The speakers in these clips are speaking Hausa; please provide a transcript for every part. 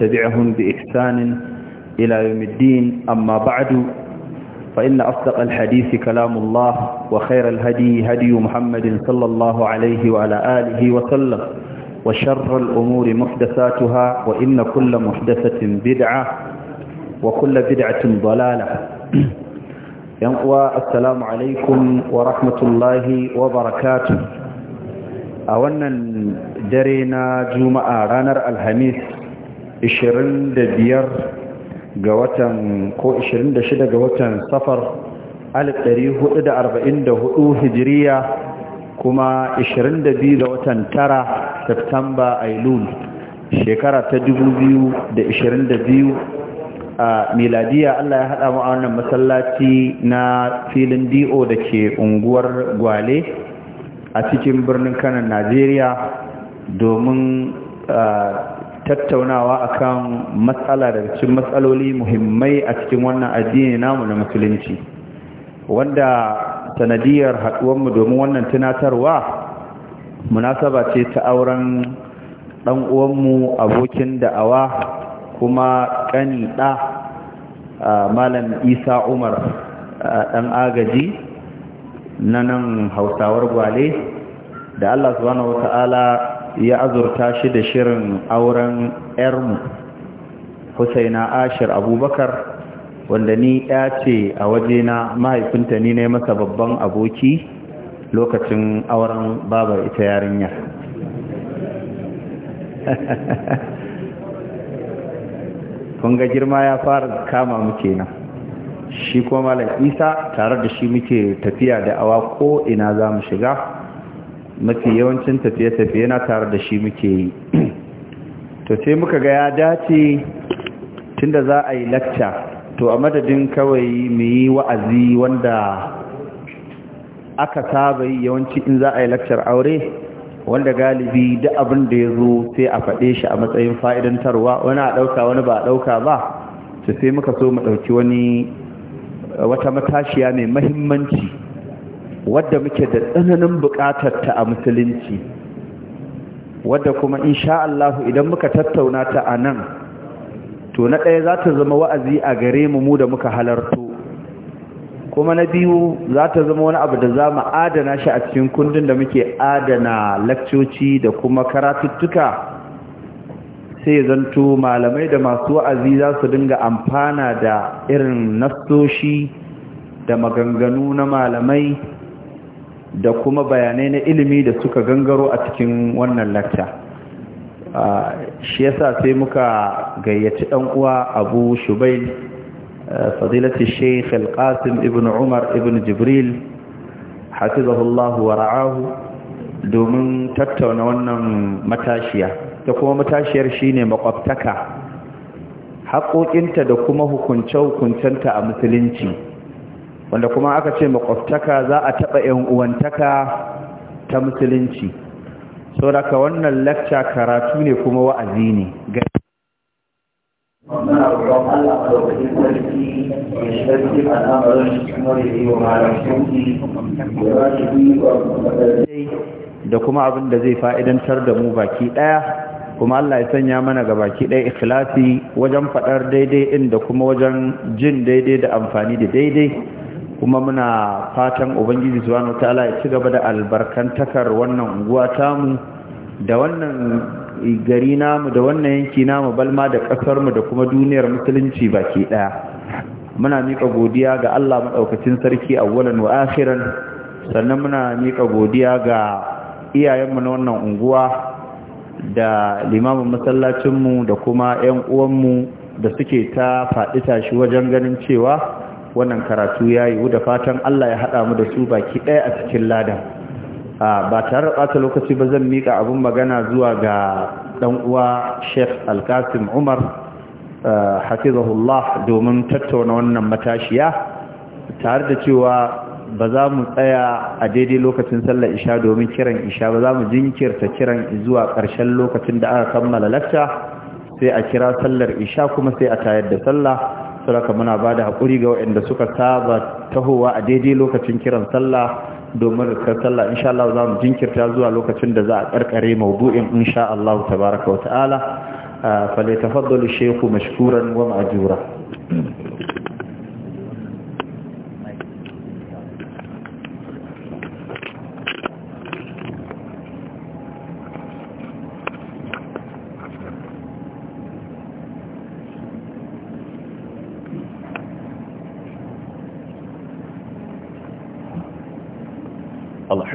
تبعهم بإحسان إلى يوم الدين أما بعد فإن أصدق الحديث كلام الله وخير الهدي هدي محمد صلى الله عليه وعلى آله وسلم وشر الأمور محدثاتها وإن كل محدثة بدعة وكل بدعة ضلالة ينقوى السلام عليكم ورحمة الله وبركاته أولا درينا جمعة رانر الهميس 25 ga watan ko 26 ga watan safar 1444 hijiriya kuma 22 ga watan tara september ailul shekara ta 2022 a miladiya Allah ya haɗa mu wannan masallaci na filin do da ke unguwar gwale a cikin birnin kanan najeriya domin tattaunawa akan matsala daga cikin matsaloli muhimmai a cikin wannan addini namu na musulunci wanda sanadiyar haɗuwanmu domin wannan tunatarwa munasaba ce ta auren ɗan uwanmu abokin da'awa kuma ƙani ɗa malam isa umar ɗan agaji na nan hausawar gwale da allah subhanahu wa ta'ala ya azurta shi da shirin auren ‘yarmu Husaina Ashir Abubakar wanda ni ya ce a wajena mahaifinta ni ne masa babban aboki lokacin auren babar ita yarinyar. Kunga girma ya fara kama muke nan. Shi kuma Malam Isa tare da shi muke tafiya da awa ko ina za mu shiga. mafi yawancin tafiye-tafiye na tare da shi muke yi to sai muka ga ya dace tunda za a yi lakca to a madadin kawai mu yi wa'azi wanda aka saba yi yawanci in za a yi lakcar aure wanda galibi duk abin da ya zo sai a faɗe shi a matsayin fa'idantarwa wani a ɗauka wani ba a ɗauka ba to sai muka so mu ɗauki wani wata matashiya mai mahimmanci wadda muke da tsananin buƙatar ta a musulunci wadda kuma insha Allah idan muka tattauna ta a nan to na ɗaya za ta zama wa'azi a gare mu mu da muka halarto kuma na biyu za ta zama wani abu da za mu adana shi a cikin kundin da muke adana lakcoci da kuma karatuttuka sai zanto malamai da masu wa'azi za su dinga amfana da irin nastoshi da maganganu na malamai da kuma bayanai na ilimi da suka gangaro a cikin wannan lakta shi yasa sai muka gayyaci ɗan uwa abu shubain, fadilati sheikh al-qasim ibn umar ibn jibril hafizahullahu wa ra'ahu domin tattauna wannan matashiya ta kuma matashiyar shine makwabtaka haƙoƙinta da kuma hukunce-hukuncenta a musulunci wanda kuma aka ce makwabtaka za a taɓa ‘yan uwantaka ta musulunci sauraka wannan lakca karatu ne kuma wa'azi ne gari da kuma abin da zai fa'idantar da mu baki ɗaya kuma Allah ya sanya mana ga baki ɗaya ikhlasi wajen faɗar daidai inda kuma wajen jin daidai da amfani da daidai kuma muna fatan ubangiji na ta'ala ya ci gaba da albarkantakar wannan unguwa tamu da wannan gari namu da wannan yanki namu balma da ƙasarmu da kuma duniyar musulunci baki ɗaya. muna miƙa godiya ga Allah maɗaukacin sarki a wa akhiran sannan muna miƙa godiya ga iyayenmu na wannan unguwa da limamin masallacinmu da kuma 'yan uwanmu da suke ta faɗi tashi wajen ganin cewa wannan karatu ya yiwu da fatan Allah ya haɗa mu da su baki ɗaya a cikin ladan ba tare da ɓata lokaci ba zan miƙa abin magana zuwa ga ɗan uwa sheikh alkasim umar hafizahullah domin tattauna wannan matashiya tare da cewa ba za mu tsaya a daidai lokacin sallar isha domin kiran isha ba za mu jinkirta kiran zuwa ƙarshen lokacin da aka kammala lacca sai a kira sallar isha kuma sai a tayar da sallah saraka muna ba da haƙuri ga waɗanda suka saba tahowa a daidai lokacin kiran sallah domin rikar sallah insha Allah za mu jinkirta zuwa lokacin da za a karkare maudu'in insha Allah tabaraka wa ta'ala fa li tafaddal shaykhu mashkuran wa ma'jura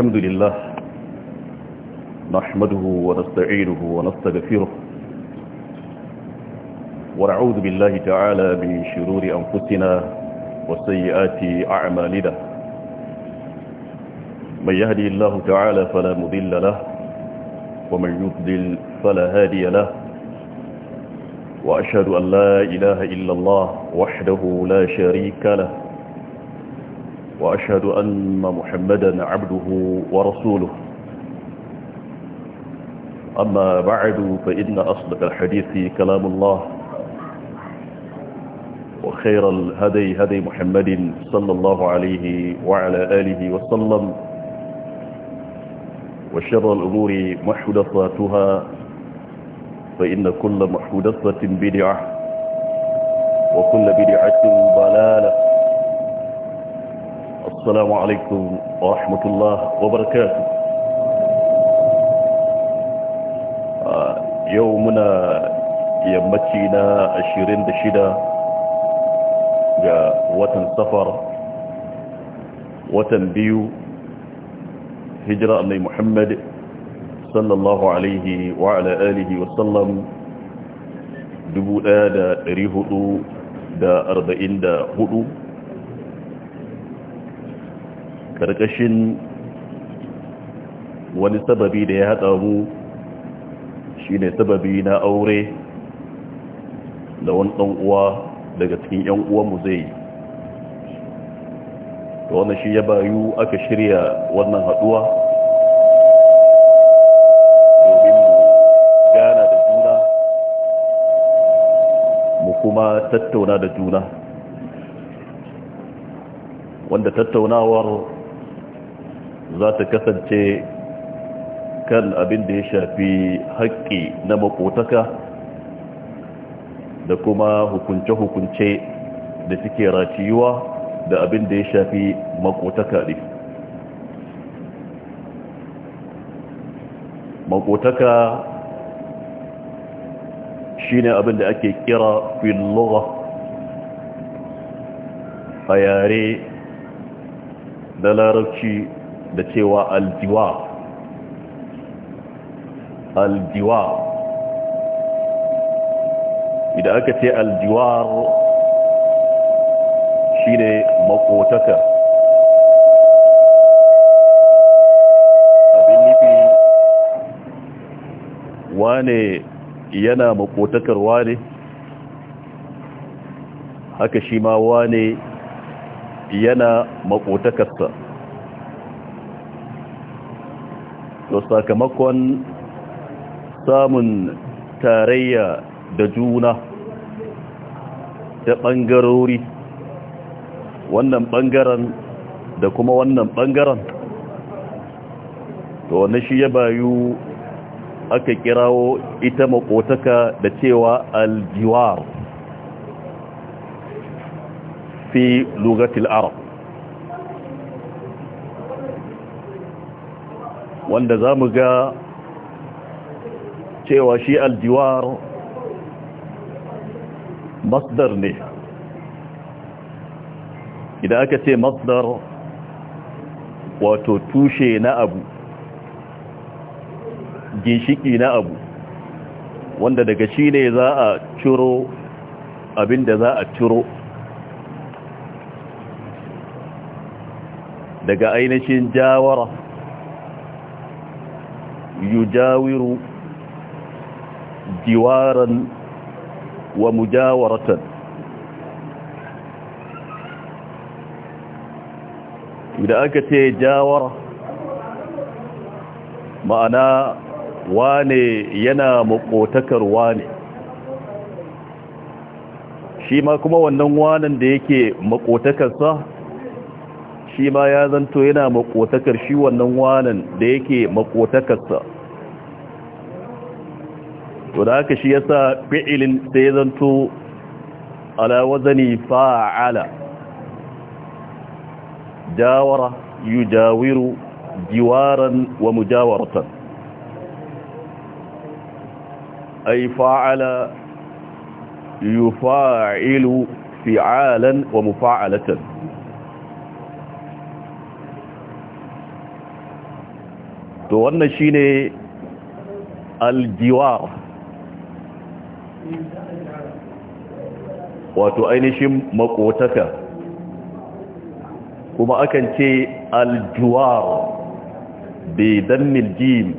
الحمد لله نحمده ونستعينه ونستغفره ونعوذ بالله تعالى من شرور أنفسنا وسيئات أعمالنا من يهدي الله تعالى فلا مضل له ومن يضلل فلا هادي له وأشهد أن لا إله إلا الله وحده لا شريك له وأشهد أن محمدا عبده ورسوله أما بعد فإن أصدق الحديث كلام الله وخير الهدي هدي محمد صلى الله عليه وعلى آله وسلم وشر الأمور محدثاتها فإن كل محدثة بدعة وكل بدعة ضلالة السلام عليكم ورحمة الله وبركاته آه، يومنا يمتينا عشرين دشدا وطن سفر وطن بيو هجرة أمي محمد صلى الله عليه وعلى آله وسلم دبو آدى ريهو دا أربعين دا هدو karkashin wani sababi da ya haɗa mu shi ne sababi na aure da wani uwa daga cikin 'yan uwanmu zai yi da wannan shi ya bayu aka shirya wannan haɗuwa domin mu gana da juna mu kuma tattauna da juna wanda tattaunawar za ta kasance kan abin da ya shafi haƙƙi na makotaka da kuma hukunce-hukunce da suke raciyuwa da abin da ya shafi makotaka ne makotaka shi ne abin da ake kira filora a yare da larabci da cewa aljiwa aljiwa idan aka ce aljiwa shi ne makotaka abin nufi wane yana makotakar wane haka shi ma wane yana makotakarsa sakamakon samun tarayya da juna ta ɓangarori wannan ɓangaren da kuma wannan ɓangaren to wani shi ya bayu aka kirawo ita makotaka da cewa aljiwar fi lugatil arab wanda za mu ga cewa shi aljiwar masdar ne idan aka ce masdar wato tushe na abu ginshiki na abu wanda daga shi ne za a ciro abin da za a ciro daga ainihin jawara yujawiru jiwaran wa mujawaratan idan aka ce jawar ma'ana wane yana makotakar wane shi ma kuma wannan wanan da yake makotakarsa shi ma ya zanto yana makotakar shi wannan wanan da yake makotakarsa to da haka shi ya sa fi'ilin sai ya zanto ala wazani fa'ala jawara yu jawiru jiwaran wa mujawaratan ay fa'ala yufa'ilu fi'alan wa mufa'alatan to wannan shine aljiwar wato ainihin makotaka kuma akan ce aljuwar bi dammil jim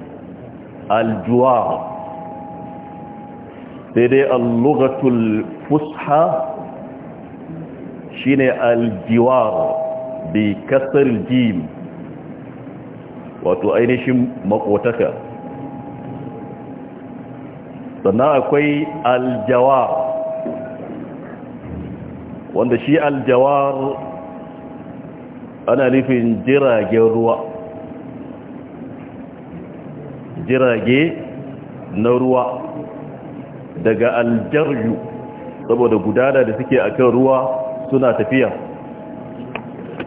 aljuwar sai dai al-lughatul fusha shine aljiwar Bai kasar jim wato ainihin makotaka sannan akwai aljawar wanda shi aljawar ana nufin jiragen ruwa jirage na ruwa daga aljaryu saboda gudana da suke akan ruwa suna tafiya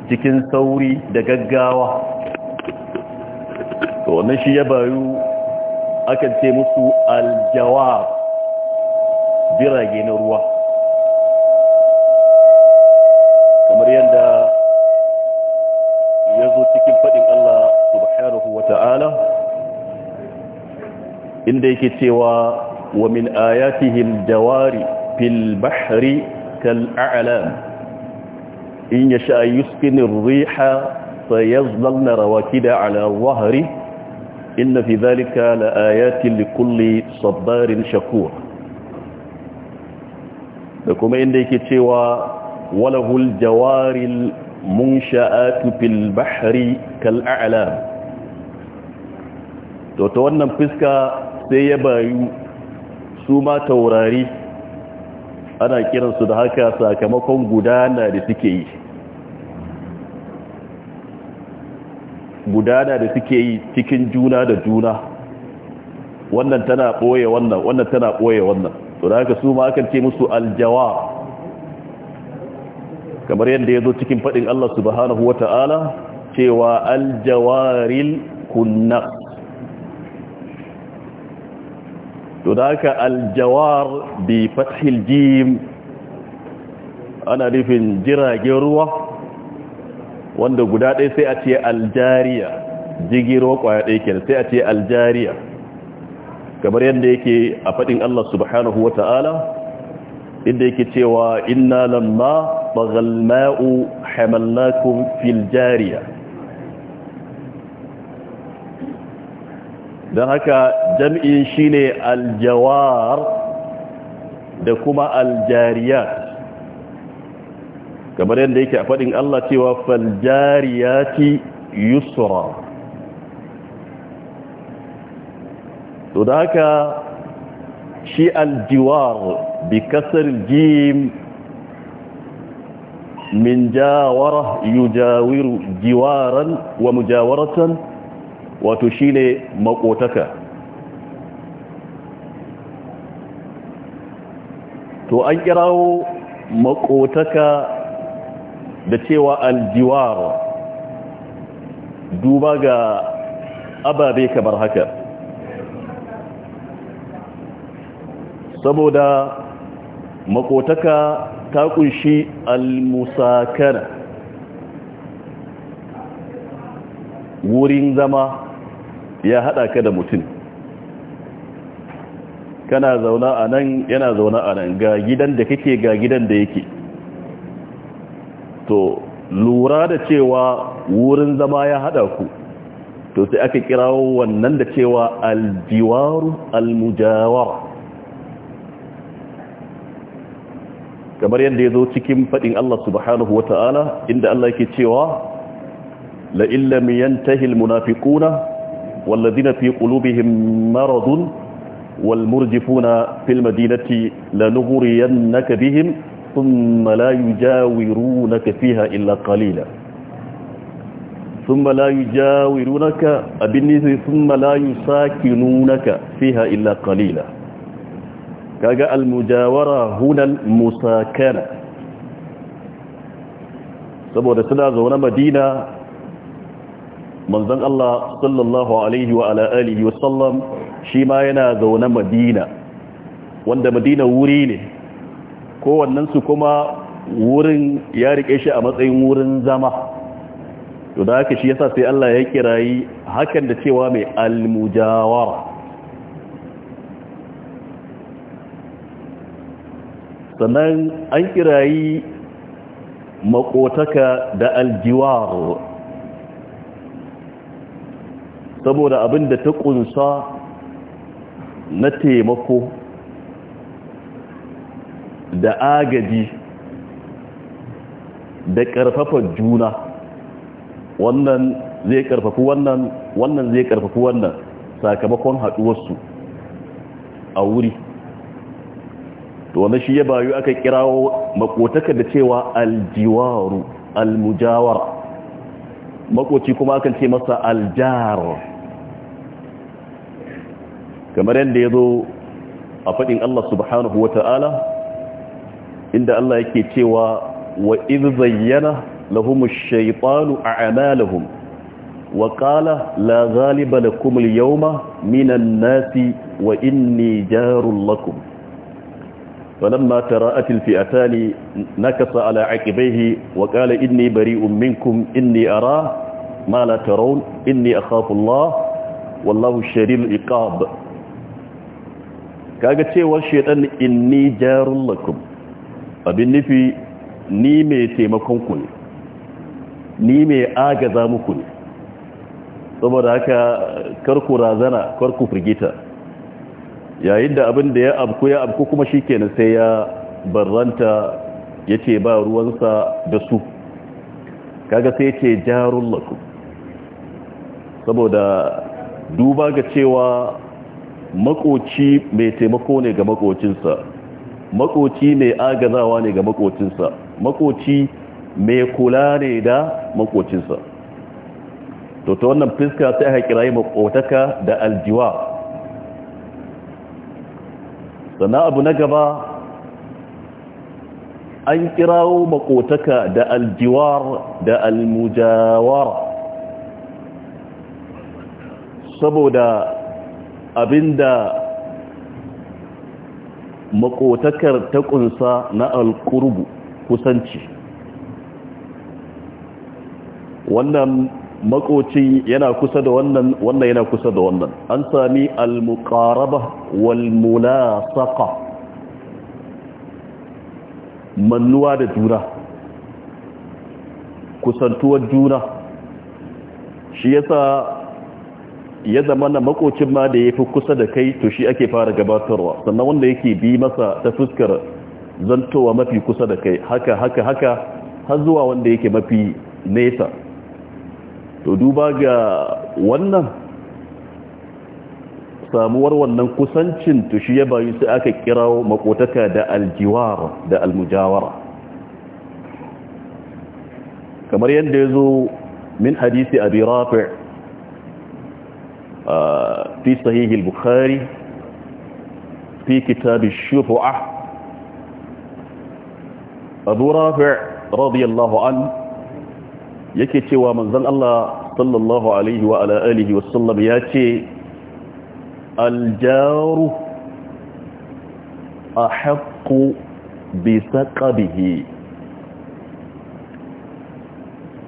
cikin sauri da gaggawa wannan shi ya bayu akan ce musu aljawar birage na ruwa kamar yadda ya zo cikin faɗin Allah subhanahu wa ta'ala inda yake cewa wa min ayatihim jawari fil bahri kal a'lam in yasha yuskinu ar-riha fayazlalna rawakida ala wahri inna fi zalika la ayatin li kulli sabbarin shakur da kuma inda yake cewa walahul jawaril munsha'atu fil bahri kal a'lam to wannan fiska sai ya bayu su ma taurari ana kiransu da haka sakamakon gudana da suke yi gudana da suke yi cikin juna da juna wannan tana ɓoye wannan wannan tana ɓoye wannan to da haka su ma akan ce musu aljawa kamar yadda ya zo cikin faɗin Allah subhanahu wa ta'ala cewa aljawaril kunna to da haka aljawar bi fathil jim ana nufin jiragen ruwa wanda guda ɗaya sai a ce aljariya jigiro kwaya ɗaya kenan sai a ce aljariya kamar yadda yake a faɗin Allah subhanahu wa ta'ala inda yake cewa inna lamma bagal ma'u fil jariya don haka jam'in shine aljawar da kuma aljariya. kamar yadda yake a faɗin Allah cewa faljariyati yusra to da haka shi aljiwar bi kasar jim min jawara yujawiru jiwaran wa mujawaratan wato shine maƙotaka to an kirawo maƙotaka. da cewa aljiwar duba ga ababe kamar haka saboda makotaka ta kunshi almusakana wurin zama ya hada ka da mutum kana zauna a nan yana zauna a nan ga gidan da kake ga gidan da yake to lura da cewa wurin zama ya hada ku to sai aka kirawo wannan da cewa aljiwaru almujawara kamar yadda ya zo cikin faɗin Allah subhanahu wa ta'ala inda Allah yake cewa la'illam yantahil munafiquna wallazina fi qulubihim maradun والمرجفون في المدينة لنغرينك بهم ثم لا يجاورونك فيها إلا قليلا ثم لا يجاورونك أبنه ثم لا يساكنونك فيها إلا قليلا كاقى المجاورة هنا المساكنة سبو رسلا زون مدينة منذن الله صلى الله عليه وعلى آله وسلم شمائنا زون مدينة وند مدينة وريني su kuma wurin ya riƙe shi a matsayin wurin zama to da haka shi yasa sai Allah ya kirayi hakan da cewa mai almujawara sannan an kirayi makotaka da aljiwar saboda abin da ta kunsa na taimako da agaji da ƙarfafa juna wannan zai ƙarfafi wannan wannan zai ƙarfafi wannan sakamakon haɗuwarsu a wuri to wannan shi ya bayu aka kirawo makotaka da cewa aljiwaru almujawara makoci kuma akan ce masa aljar kamar yadda ya zo a faɗin Allah subhanahu wa ta'ala inda Allah yake cewa wa idh zayyana lahum ash-shaytanu a'malahum waƙala qala la ghaliba lakum minan nasi wa inni jarul lakum falamma tara'at al-fi'atan nakasa ala 'aqibayhi wa qala inni bari'un minkum inni ara ma la tarawun inni akhafu Allah wallahu shadid al-iqab kaga cewa shaytan inni jarul lakum abin nufi ni mai taimakon ku ne ni mai agaza muku ne saboda haka karku razana karku firgita yayin da abin da ya abku ya abku kuma shi kenan sai ya barranta ya ce ba ruwansa da su kaga sai ce jarun laku saboda duba ga cewa makoci mai taimako ne ga makocinsa makoci mai agazawa ne ga makocinsa makoci mai kula ne da makocinsa to ta wannan fiska sai aka kirayi makotaka da aljiwa sannan abu na gaba an kirawo makotaka da aljiwar da almujawar saboda abinda makotakar ta kunsa na alkurbu kusanci wannan makoci yana kusa da wannan wannan yana kusa da wannan an sami almuqaraba wal mulasaqa mannuwa da juna kusantuwar juna shi yasa ya zama na makocin ma da ya fi kusa da kai to shi ake fara gabatarwa sannan wanda yake bi masa ta fuskar zantowa mafi kusa da kai haka haka haka har zuwa wanda yake mafi nesa to duba ga wannan samuwar wannan kusancin to shi ya bayu sai aka kirawo makotaka da aljiwar da almujawara kamar yadda ya zo min hadisi abi rafi' في صحيح البخاري في كتاب الشفعة أبو رافع رضي الله عنه يكتي ومنزل الله صلى الله عليه وعلى آله وسلم ياتي الجار أحق بسقبه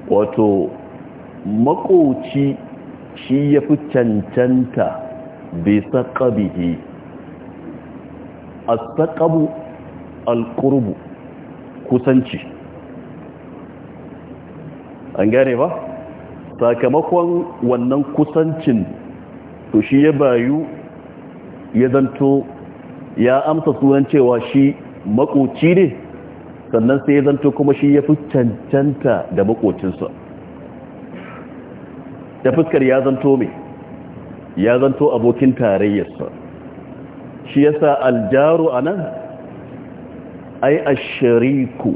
wato makoci shi ya fi cancanta bai saƙabihi a saƙabu alƙurbu kusanci an gane ba sakamakon wannan kusancin to shi ya bayu ya zanto ya amsa sunan cewa shi makoci ne sannan sai ya zanto kuma shi ya fi cancanta da makocinsa ta fuskar ya zanto mai ya zanto abokin tarayyarsa shi yasa aljaru a nan ai ashiriku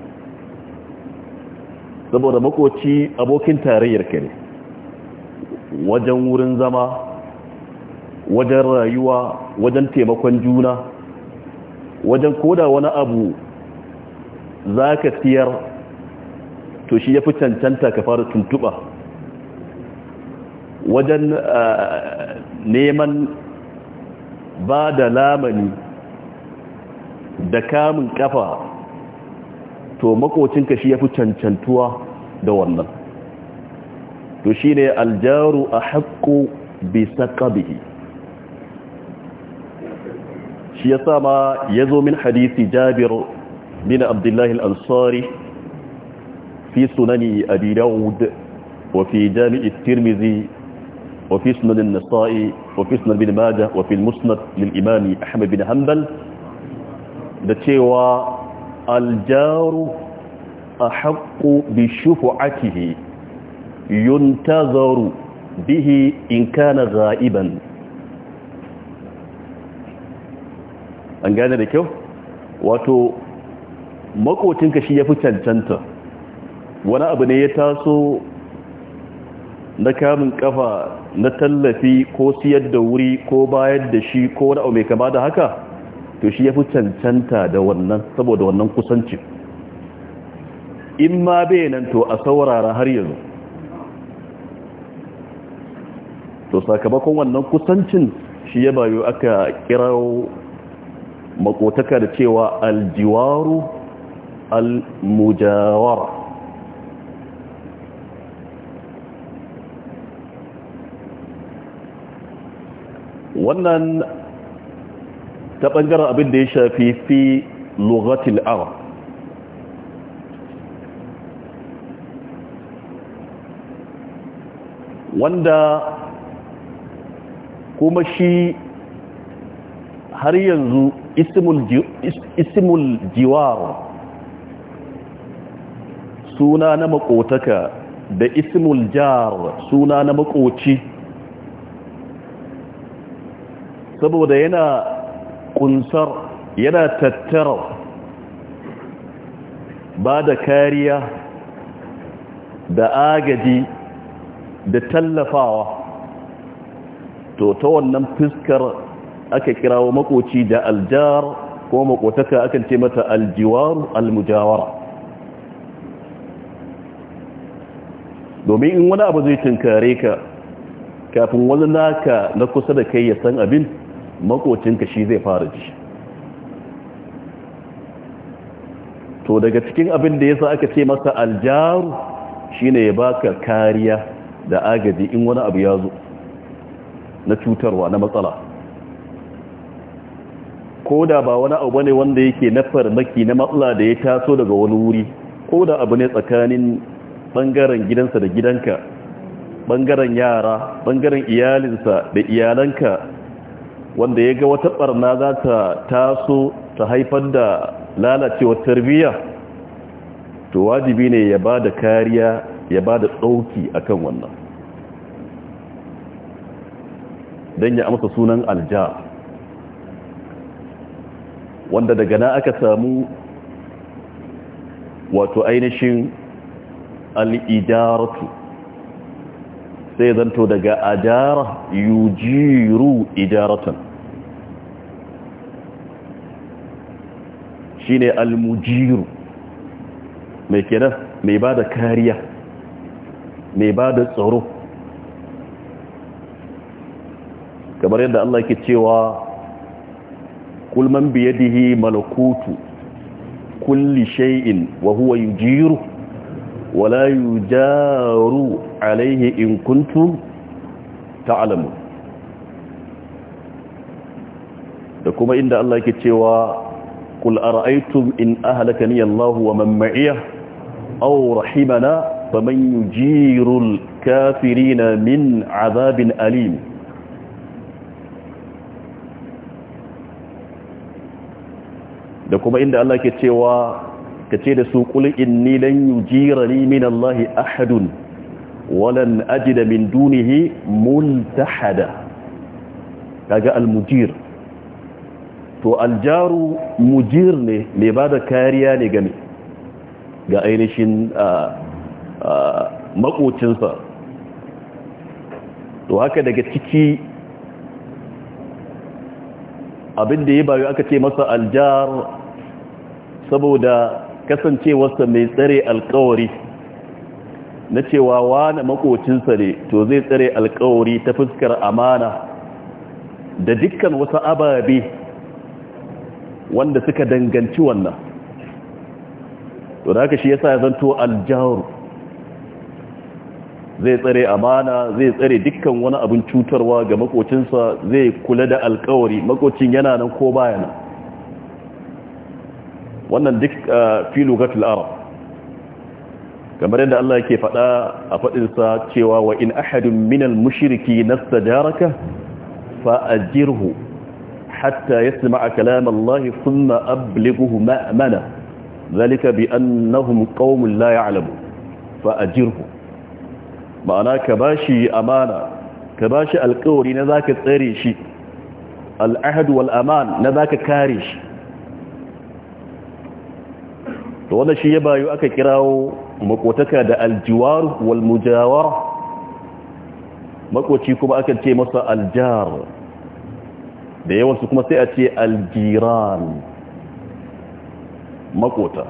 saboda makoci abokin tarayyar ka ne wajen wurin zama wajen rayuwa wajen taimakon juna wajen koda wani abu za ka siyar to shi ya fi cancanta ka fara tuntuɓa wajen ah, neman ba da lamani da kamun kafa to makocinka shi ya fi cancantuwa da wannan to shi ne aljaru a haƙƙo bisa ƙabihi shi ya sama ya zo min hadisi jabir bin abdullahi al'ansari fi sunani abi dawud wa fi jami'i tirmizi وفي سند النسائي وفي سند بن ماجه وفي المسند للإمام أحمد بن حنبل da cewa aljaru a haƙƙu bi shufu'atihi yuntazaru bihi in kana za'iban an gane da kyau wato makocinka shi ya fi cancanta wani abu ne ya taso na kamun kafa na tallafi ko siyar da wuri ko bayar da shi ko wani abu mai kama da haka to shi ya fi cancanta da wannan saboda wannan kusanci in ma bai nan to a saurara har yanzu to sakamakon wannan kusancin shi ya bayo aka kirawo makotaka da cewa aljiwaru almujawara wannan ta ɓangaren abin da ya shafi fi lughatil arab wanda kuma shi har yanzu ismul jiwar suna na makotaka da ismul jar suna na makoci saboda yana kunsar yana tattara ba da kariya da agaji da tallafawa to ta wannan fuskar aka kirawo makoci da aljar ko makotaka akan ce mata aljiwaru almujawara domin in wani abu zai tunkare ka kafin wani naka na kusa da kai ya san abin makocinka shi zai fara ji to daga cikin abin da yasa aka ce masa aljaru shine ya baka kariya da agaji in wani abu ya zo na cutarwa na matsala ko da ba wani abu ne wanda yake na farmaki na matsala da ya taso daga wani wuri ko da abu ne tsakanin bangaren gidansa da gidanka bangaren yara bangaren iyalinsa da iyalanka wanda ya ga wata barna za ta taso ta haifar da lalacewar tarbiyya to wajibi ne ya ba da kariya ya ba da ɗauki a kan wannan don ya amsa sunan alja wanda daga na aka samu wato ainihin al'idaratu sai zanto daga ajara yujiru ijaratan shine almujiru mai kenan mai bada kariya mai bada tsaro kamar yadda Allah ke cewa kulman biyadihi malakutu kulli shay'in wa huwa yujiru wala jaru alaihi in kuntu ta'lamu da kuma inda Allah yake cewa qul ara'aytum in ahlakani Allah wa man ma'iya aw rahimana faman yujirul kafirina min 'adabin alim da kuma inda Allah ke cewa ka ce da su in ni lan yujirani min Allah ahadun walan da min dunihi multahada kaga almujir to aljaru mujir ne mai bada kariya ne game ga ainihin makocinsa to haka daga ciki abinda ya bayo aka ce masa aljar saboda kasancewarsa mai tsare alkawari na cewa wani makocinsa ne to zai tsare alkawari ta fuskar amana da dukkan wasu ababe wanda suka danganci wannan to da haka shi yasa ya zanto aljawar zai tsare amana zai tsare dukkan wani abin cutarwa ga makocinsa zai kula da alkawari makocin yana nan ko baya nan wannan duk uh, fi lugatul arab kamar yadda Allah ke faɗa a faɗinsa cewa wa in ahadun minal mushriki nastajaraka fa ajirhu hatta yasma'a kalam Allah thumma ablighuhu ma'mana zalika bi annahum qaumun la ya'lamun fa ajirhu ma'ana ka bashi amana ka bashi alƙawari na zaka tsare shi al'ahd wal amana na zaka kare shi to wannan shi ya bayu aka kirawo makotaka da aljiwar wal mujawar makoci kuma aka ce masa aljar da su kuma sai a ce aljiran makota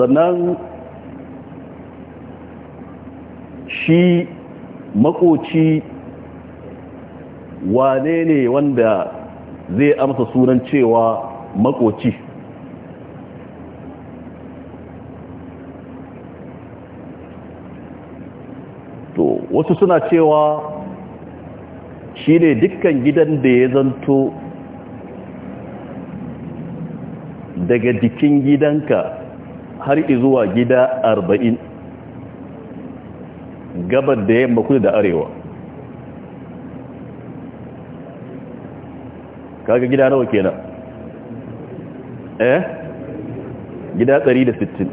sannan shi makoci wane ne wanda zai amsa sunan cewa makoci to wasu suna cewa shi ne dukkan gidan da ya zanto daga jikin gidanka har izuwa gida arba'in gabar da yamma kudu da arewa kaga gida nawa kenan eh gida 160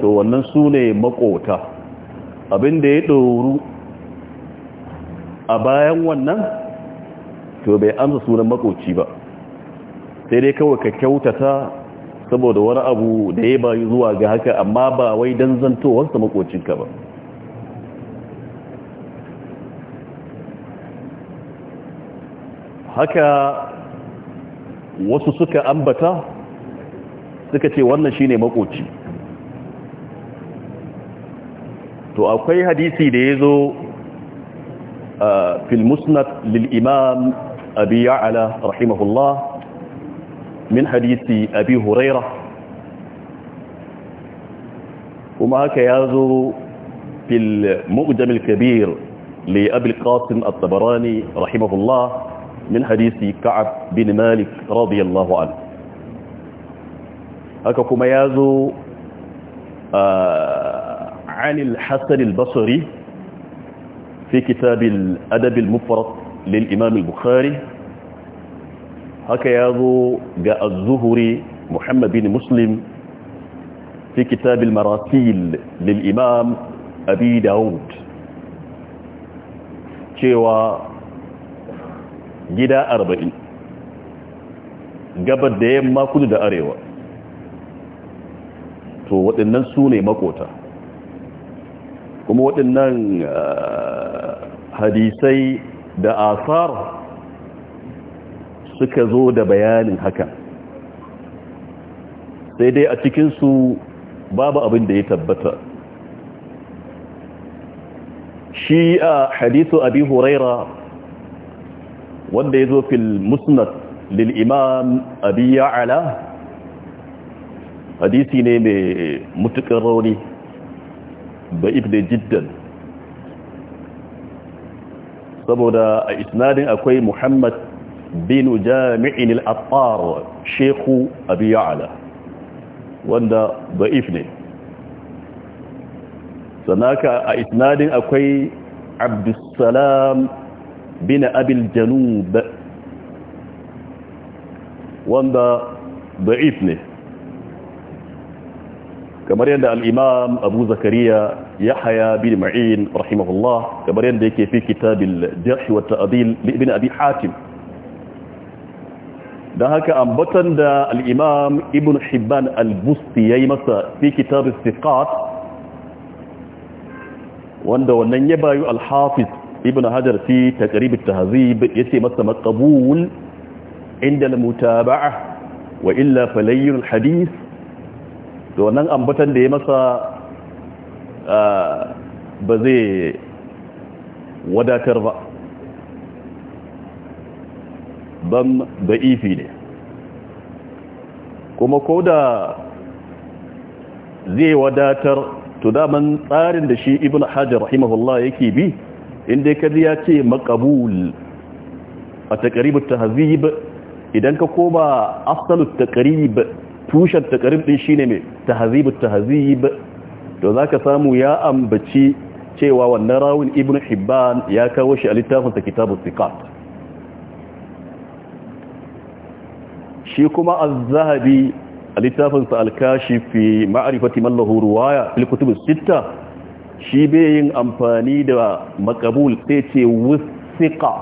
to wannan sune ne abin abinda ya ɗoru a bayan wannan to bai amsa sunan makoci ba sai dai kawai ka kyautata saboda wani abu da ya bayu zuwa ga haka amma ba wai don sa makocinka ba haka wasu suka ambata suka ce wannan shine makoci to akwai hadisi da yazo a fil musnad lil imam abi ya'la rahimahullah min hadisi abi hurayra kuma haka yazo fil mu'jam al kabir li abi al qasim at-tabarani rahimahullah من حديث كعب بن مالك رضي الله عنه haka kuma ya zo عن الحسن البصري في كتاب الأدب المفرط للإمام البخاري haka ya zo ga az-zuhri Muhammad bin Muslim fi kitab al-marasil lil Imam Abi Dawud cewa gida arba'in gabar da yamma kudu da arewa to waɗannan su ne makota kuma waɗannan ah, hadisai da asar suka zo da bayanin hakan sai dai a cikinsu babu abin da ya tabbata shi a ah, hadisu abi huraira wanda ya zo fil musnad lil abi ya'ala hadisi ne mai mutukar rauni ba ibne jiddan saboda a isnadin akwai muhammad bin jami'in al-attar shehu abi ya'ala wanda ba ne sanaka a isnadin akwai abdussalam بن أبي الجنوب وانبا ضعيفني كما رأينا الإمام أبو زكريا يحيى بن معين رحمه الله كما رأينا في كتاب الجرح والتأذيل لابن أبي حاتم دهك أنبطن ده الإمام ابن حبان البستي ييمس في كتاب الثقات وانده وننيبا الحافظ ibn hajar fi taqrib at-tahzib yace masa maqbul inda al-mutaba'ah wa illa falayr al-hadith to wannan ambatan da ya masa ba zai wadatar ba ban da'ifi ne kuma ko da zai wadatar to daman tsarin da shi ibn hajar rahimahullah yake bi inda ka ya ce makabul a takaribin tahazib idan ka koma asalut takarib tushen takarib din shine mai tahazibin tahazib to za ka samu ya ambaci cewa wannan rawin ibn hibban ya kawo shi a littafinsa kitabun sikat shi kuma az-zahabi a littafinsa al-kashi fi ma'rifati man lahu riwaya fil shi bai yin amfani da makabul sai ce wusiƙa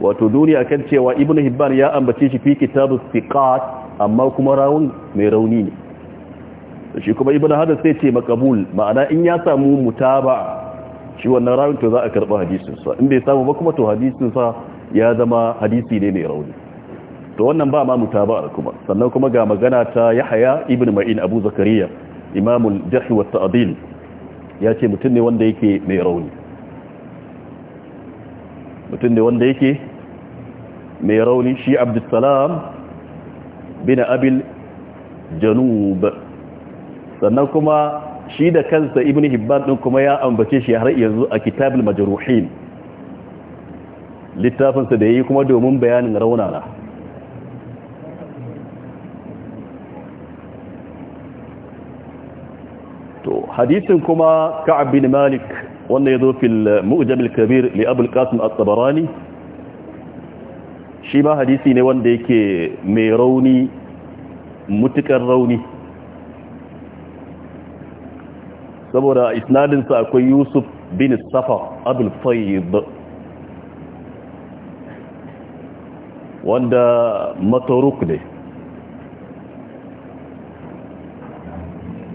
wato duniya kan cewa Ibn hibban ya ambace shi fi kitabu siqat amma kuma rawun mai rauni ne shi kuma Ibn hadas sai ce makabul ma'ana in ya samu mutaba shi wannan rawun to za a karba hadisin sa in bai samu ba kuma to hadisin sa ya zama hadisi ne mai rauni to wannan ba ma mutaba'ar kuma sannan kuma ga magana ta Yahya ibn Ma'in Abu Zakariya imamul jahi wa ta'dil ya ce mutum ne wanda yake mai rauni mutum ne wanda yake mai rauni shi salam bin abil janub sannan kuma shi da kansa ibn hibban din kuma ya ambace shi har yanzu a kitabul majruhin littafinsa da yayi kuma domin bayanin raunana to hadisin kuma ka'ab bin malik wanda ya zo fil mu'jam al-kabir li abul qasim at-tabarani shi ma hadisi ne wanda yake mai rauni mutukar rauni saboda isnadinsa akwai yusuf bin safa abul wanda mataruk ne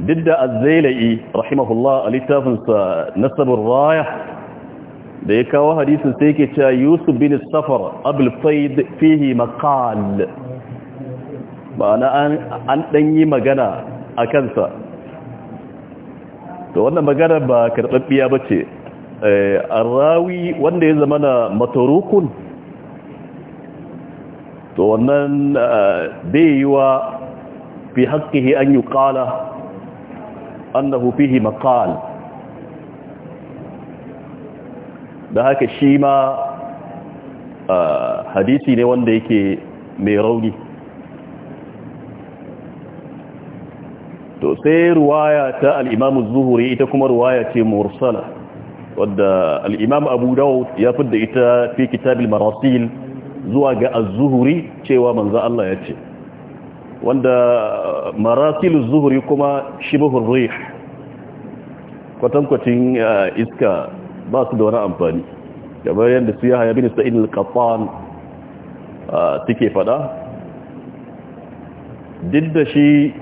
duk da azzailai rahimahullah a littafinsa nasabin raya da ya kawo hadisin sai ke cewa yusuf bin safar abulfaid fihi makal ma'ana an ɗanyi magana a kansa to wannan magana ba karɓaɓɓiya ba ce a rawi wanda ya zama na matarukun to wannan bai yi wa fi haƙƙihi an yi ƙala annahu fihi maqal da haka shi ma hadisi ne wanda yake mai rauni to sai ruwaya ta al'imamu zuhuri ita kuma ruwaya ce mursala wadda al'imam abu dawud ya fidda ita fi kitabil marasil zuwa ga az cewa manzo Allah ya ce wanda maratilu zuhuri kuma shibahun rih kwatankwacin eh, iska ba su da wani amfani gabar yadda su ya haya bin sa'id al-qattan take eh, fada duk da shi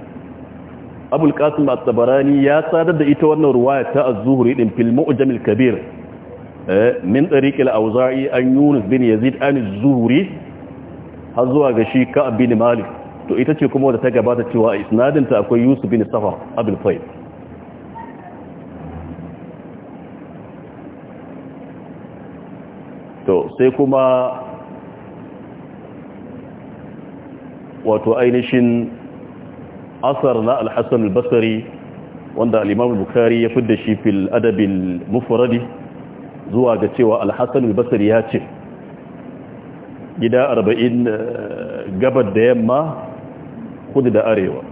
abul qasim at-tabarani ya sadar da ita wannan ruwaya ta az-zuhri din fil Jamil kabir eh, min tariq auza'i an yunus bin yazid an zuhri har zuwa ga shi ka bin malik to ita ce kuma wadda ta gabata cewa a isnadinta akwai yusuf bin safar abin fayil to sai kuma wato ainihin asar na alhassan albasari wanda al'imam bukari ya fidda shi fil adabin mufuradi zuwa ga cewa alhassan albasari ya ce gida arba'in eh, gabar da yamma kudu da arewa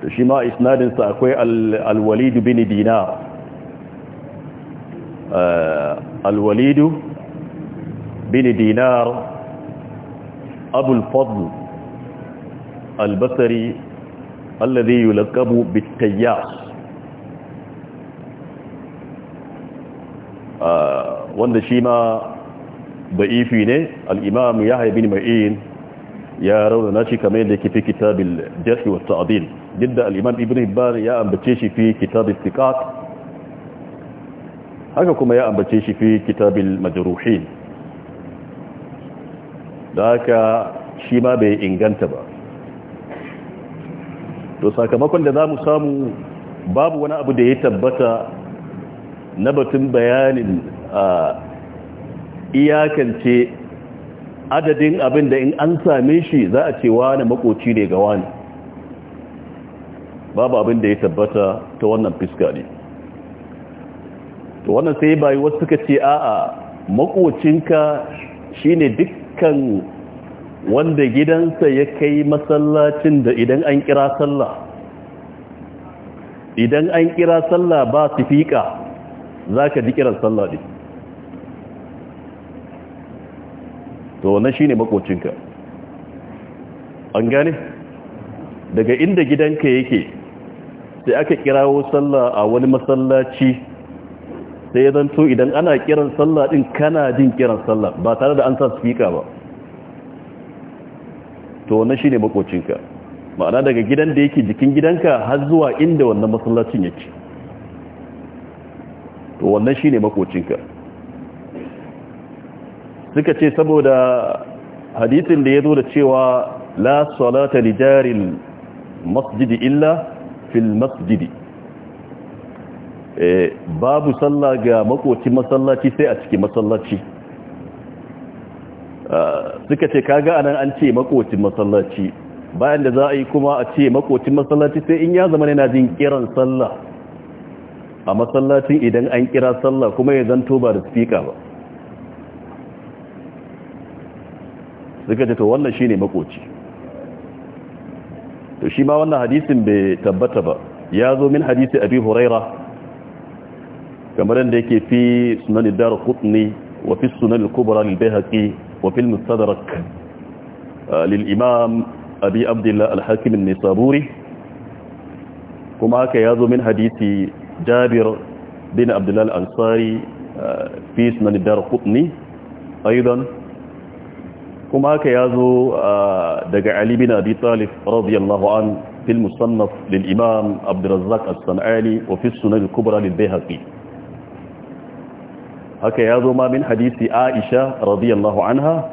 to shi ma isnadinsa akwai alwalidu bin dinar uh, alwalidu bin dinar abul fadl albasari alladhi yulaqabu bitayyas uh, wanda shi ma ba'ifi ne al'imam ya bin ma'in ya raunana shi kamar yadda yake fi kitabin jarh wa abin duk da ibn hibban ya ambace shi fi kitabin tikat haka kuma ya ambace shi fi kitabin majaruhi da haka shi ma bai inganta ba to sakamakon da za mu samu babu wani abu da ya tabbata na batun bayanin a iyakance adadin abin da in an same shi za a ce wani makoci ne ga wani babu abin da ya tabbata ta wannan fiskali ne to wannan sai bayi wasu suka ce a'a makocinka shine dukkan wanda gidansa ya kai masallacin da idan an kira sallah idan an kira sallah ba su fiƙa za ka ji kiran sallah to wannan shine makocinka an gane daga inda gidanka yake sai aka kirawo sallah a wani masallaci sai ya zanto idan ana kiran sallah din kana jin kiran sallah ba tare da an sa speaker ba to wannan shine makocinka ma'ana daga gidan da yake jikin gidanka har zuwa inda wannan masallacin yake to wannan shine makocinka suka ce saboda hadisin da ya zo da cewa la salata li jaril masjidi illa fil masjidi eh, babu sallah ga makoci masallaci sai a cikin masallaci ah, suka ce kaga anan an ce makoci masallaci bayan da za a yi kuma a ce makoci masallaci sai in ya zama yana jin kiran sallah a masallacin idan an kira sallah kuma ya zanto ba da speaker ba suka ce to wannan shine makoci to shi ma wannan hadisin bai tabbata ba ya zo min hadisi abi huraira kamar da yake fi sunan idar qutni wa fi sunan al-kubra lil bayhaqi wa fi al-mustadrak uh, lil imam abi abdullah al-hakim an-nisaburi kuma haka ya zo min hadisi jabir bin abdullah al-ansari uh, fi sunan idar qutni ايضا kuma haka ya zo ah, daga Ali bin Abi Talib radiyallahu an fil musannaf lil Imam Abdurrazzaq As-San'ani wa fi Sunan al-Kubra lil Baihaqi haka ya zo ma min hadisi Aisha radiyallahu anha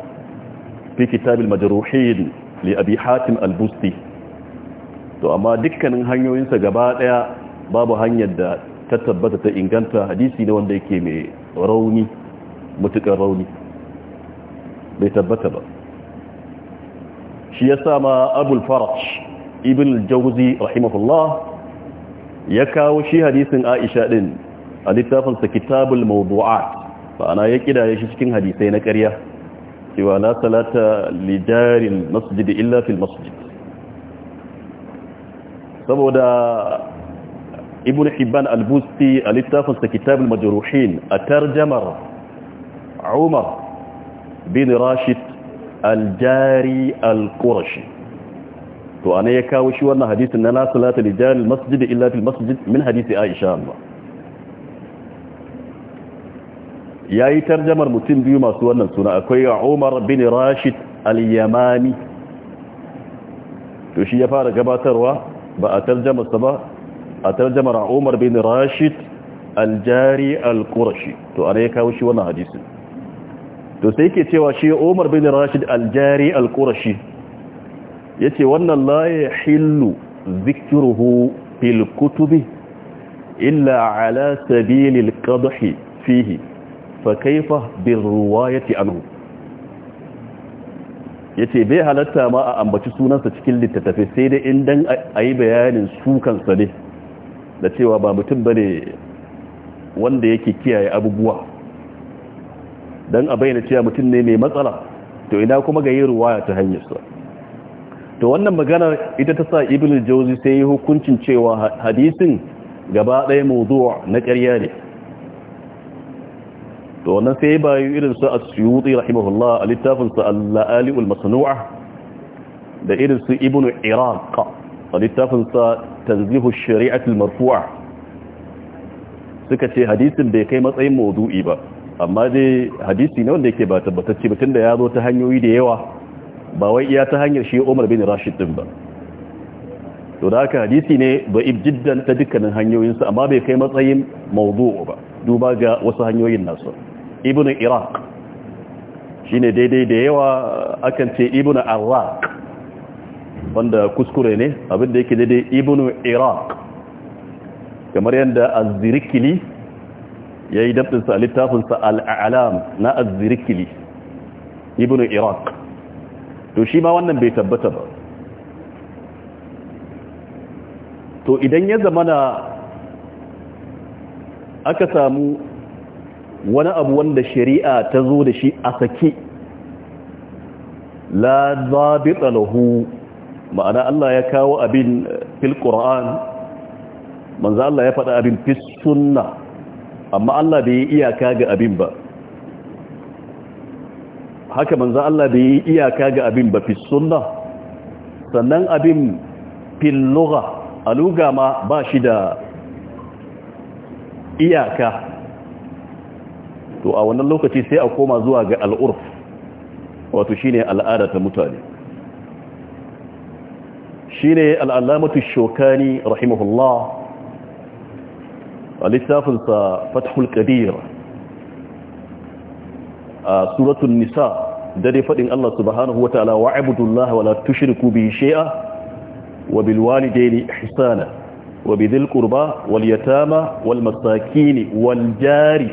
fi kitab al-Majruhin li Abi Hatim al-Busti to amma dukkanin hanyoyin sa gaba daya babu hanyar da ta tabbata ta inganta hadisi ne wanda yake mai rauni mutukar rauni bai tabbata ba shi ya sama abul faraj ibn al-jawzi rahimahullah ya kawo shi hadisin aisha din a littafin sa kitabul mawdu'at fa ana ya kidaye shi cikin hadisai na ƙarya cewa la salata li jarin masjid illa fil masjid saboda ibn hibban al-busti a littafin sa kitabul majruhin a tarjamar umar bin rashid aljari alqurashi to ana ya kawo shi wannan hadisin na la salata li jari almasjid illa fil masjid min hadisi aisha Allah yayi tarjamar mutum biyu masu wannan suna akwai Umar bin Rashid al-Yamani to shi ya fara gabatarwa ba a tarjamar sa ba a tarjamar Umar bin Rashid al-Jari al-Qurashi to ana ya kawo shi wannan hadisin to sai yake cewa shi Umar bin Rashid al-Jari al-Qurashi yace wannan la yahillu zikruhu fil kutubi illa ala sabil al-qadh fihi fa kayfa bir riwayati anhu yace bai halatta ma a ambaci sunansa cikin littattafai sai dai in dan ayi bayanin su kansa ne da cewa ba mutum bane wanda yake kiyaye abubuwa dan a bayyana cewa mutum ne mai matsala to ina kuma ga yi ruwaya ta hanyar sa to wannan maganar ita ta sa ibn jauzi sai yi hukuncin cewa hadisin gaba ɗaya mawdu'a na ƙarya ne to wannan sai bayu irin su as-suyuti rahimahullah a littafin sa al-la'ali masnua da irin su ibn iraq a littafin sa tanzihu shari'atul marfua suka ce hadisin bai kai matsayin mawdu'i ba amma dai hadisi ne wanda yake ba tabbatacce ba tunda ya zo ta hanyoyi da yawa ba wai iya ta hanyar shi Umar bin Rashid din ba to da haka hadisi ne ba ibjiddan ta dukkanin sa amma bai kai matsayin mawdu'u ba duba ga wasu hanyoyin nasu ibnu iraq shine daidai da yawa akan ce ibnu arraq wanda kuskure ne abin abinda yake daidai ibnu iraq kamar yadda az-zirkili ya yi dabtinsa a littafinsa al'alam na azirikili ibn iraq to shi ma wannan bai tabbata ba to idan ya zama na aka samu wani abu wanda shari'a ta zo da shi a sake la zabita lahu ma'ana Allah ya kawo abin fil qur'an manzo Allah ya faɗa abin fis sunna amma Allah bai yi iyaka ga abin ba haka manzo Allah bai yi iyaka ga abin ba fi sunna sannan abin fil lugha a ma ba shi da iyaka to a wannan lokaci sai a koma zuwa ga al'urf wato shine al'ada ta mutane shine al'amatu shokani rahimahullah a littafinsa fathul qadir a suratun nisa da dai fadin Allah subhanahu wataala wa abudullaha wala tushriku bihi shay'a wa bil walidayni ihsana wa bidhil qurba wal yatama wal masakin wal jari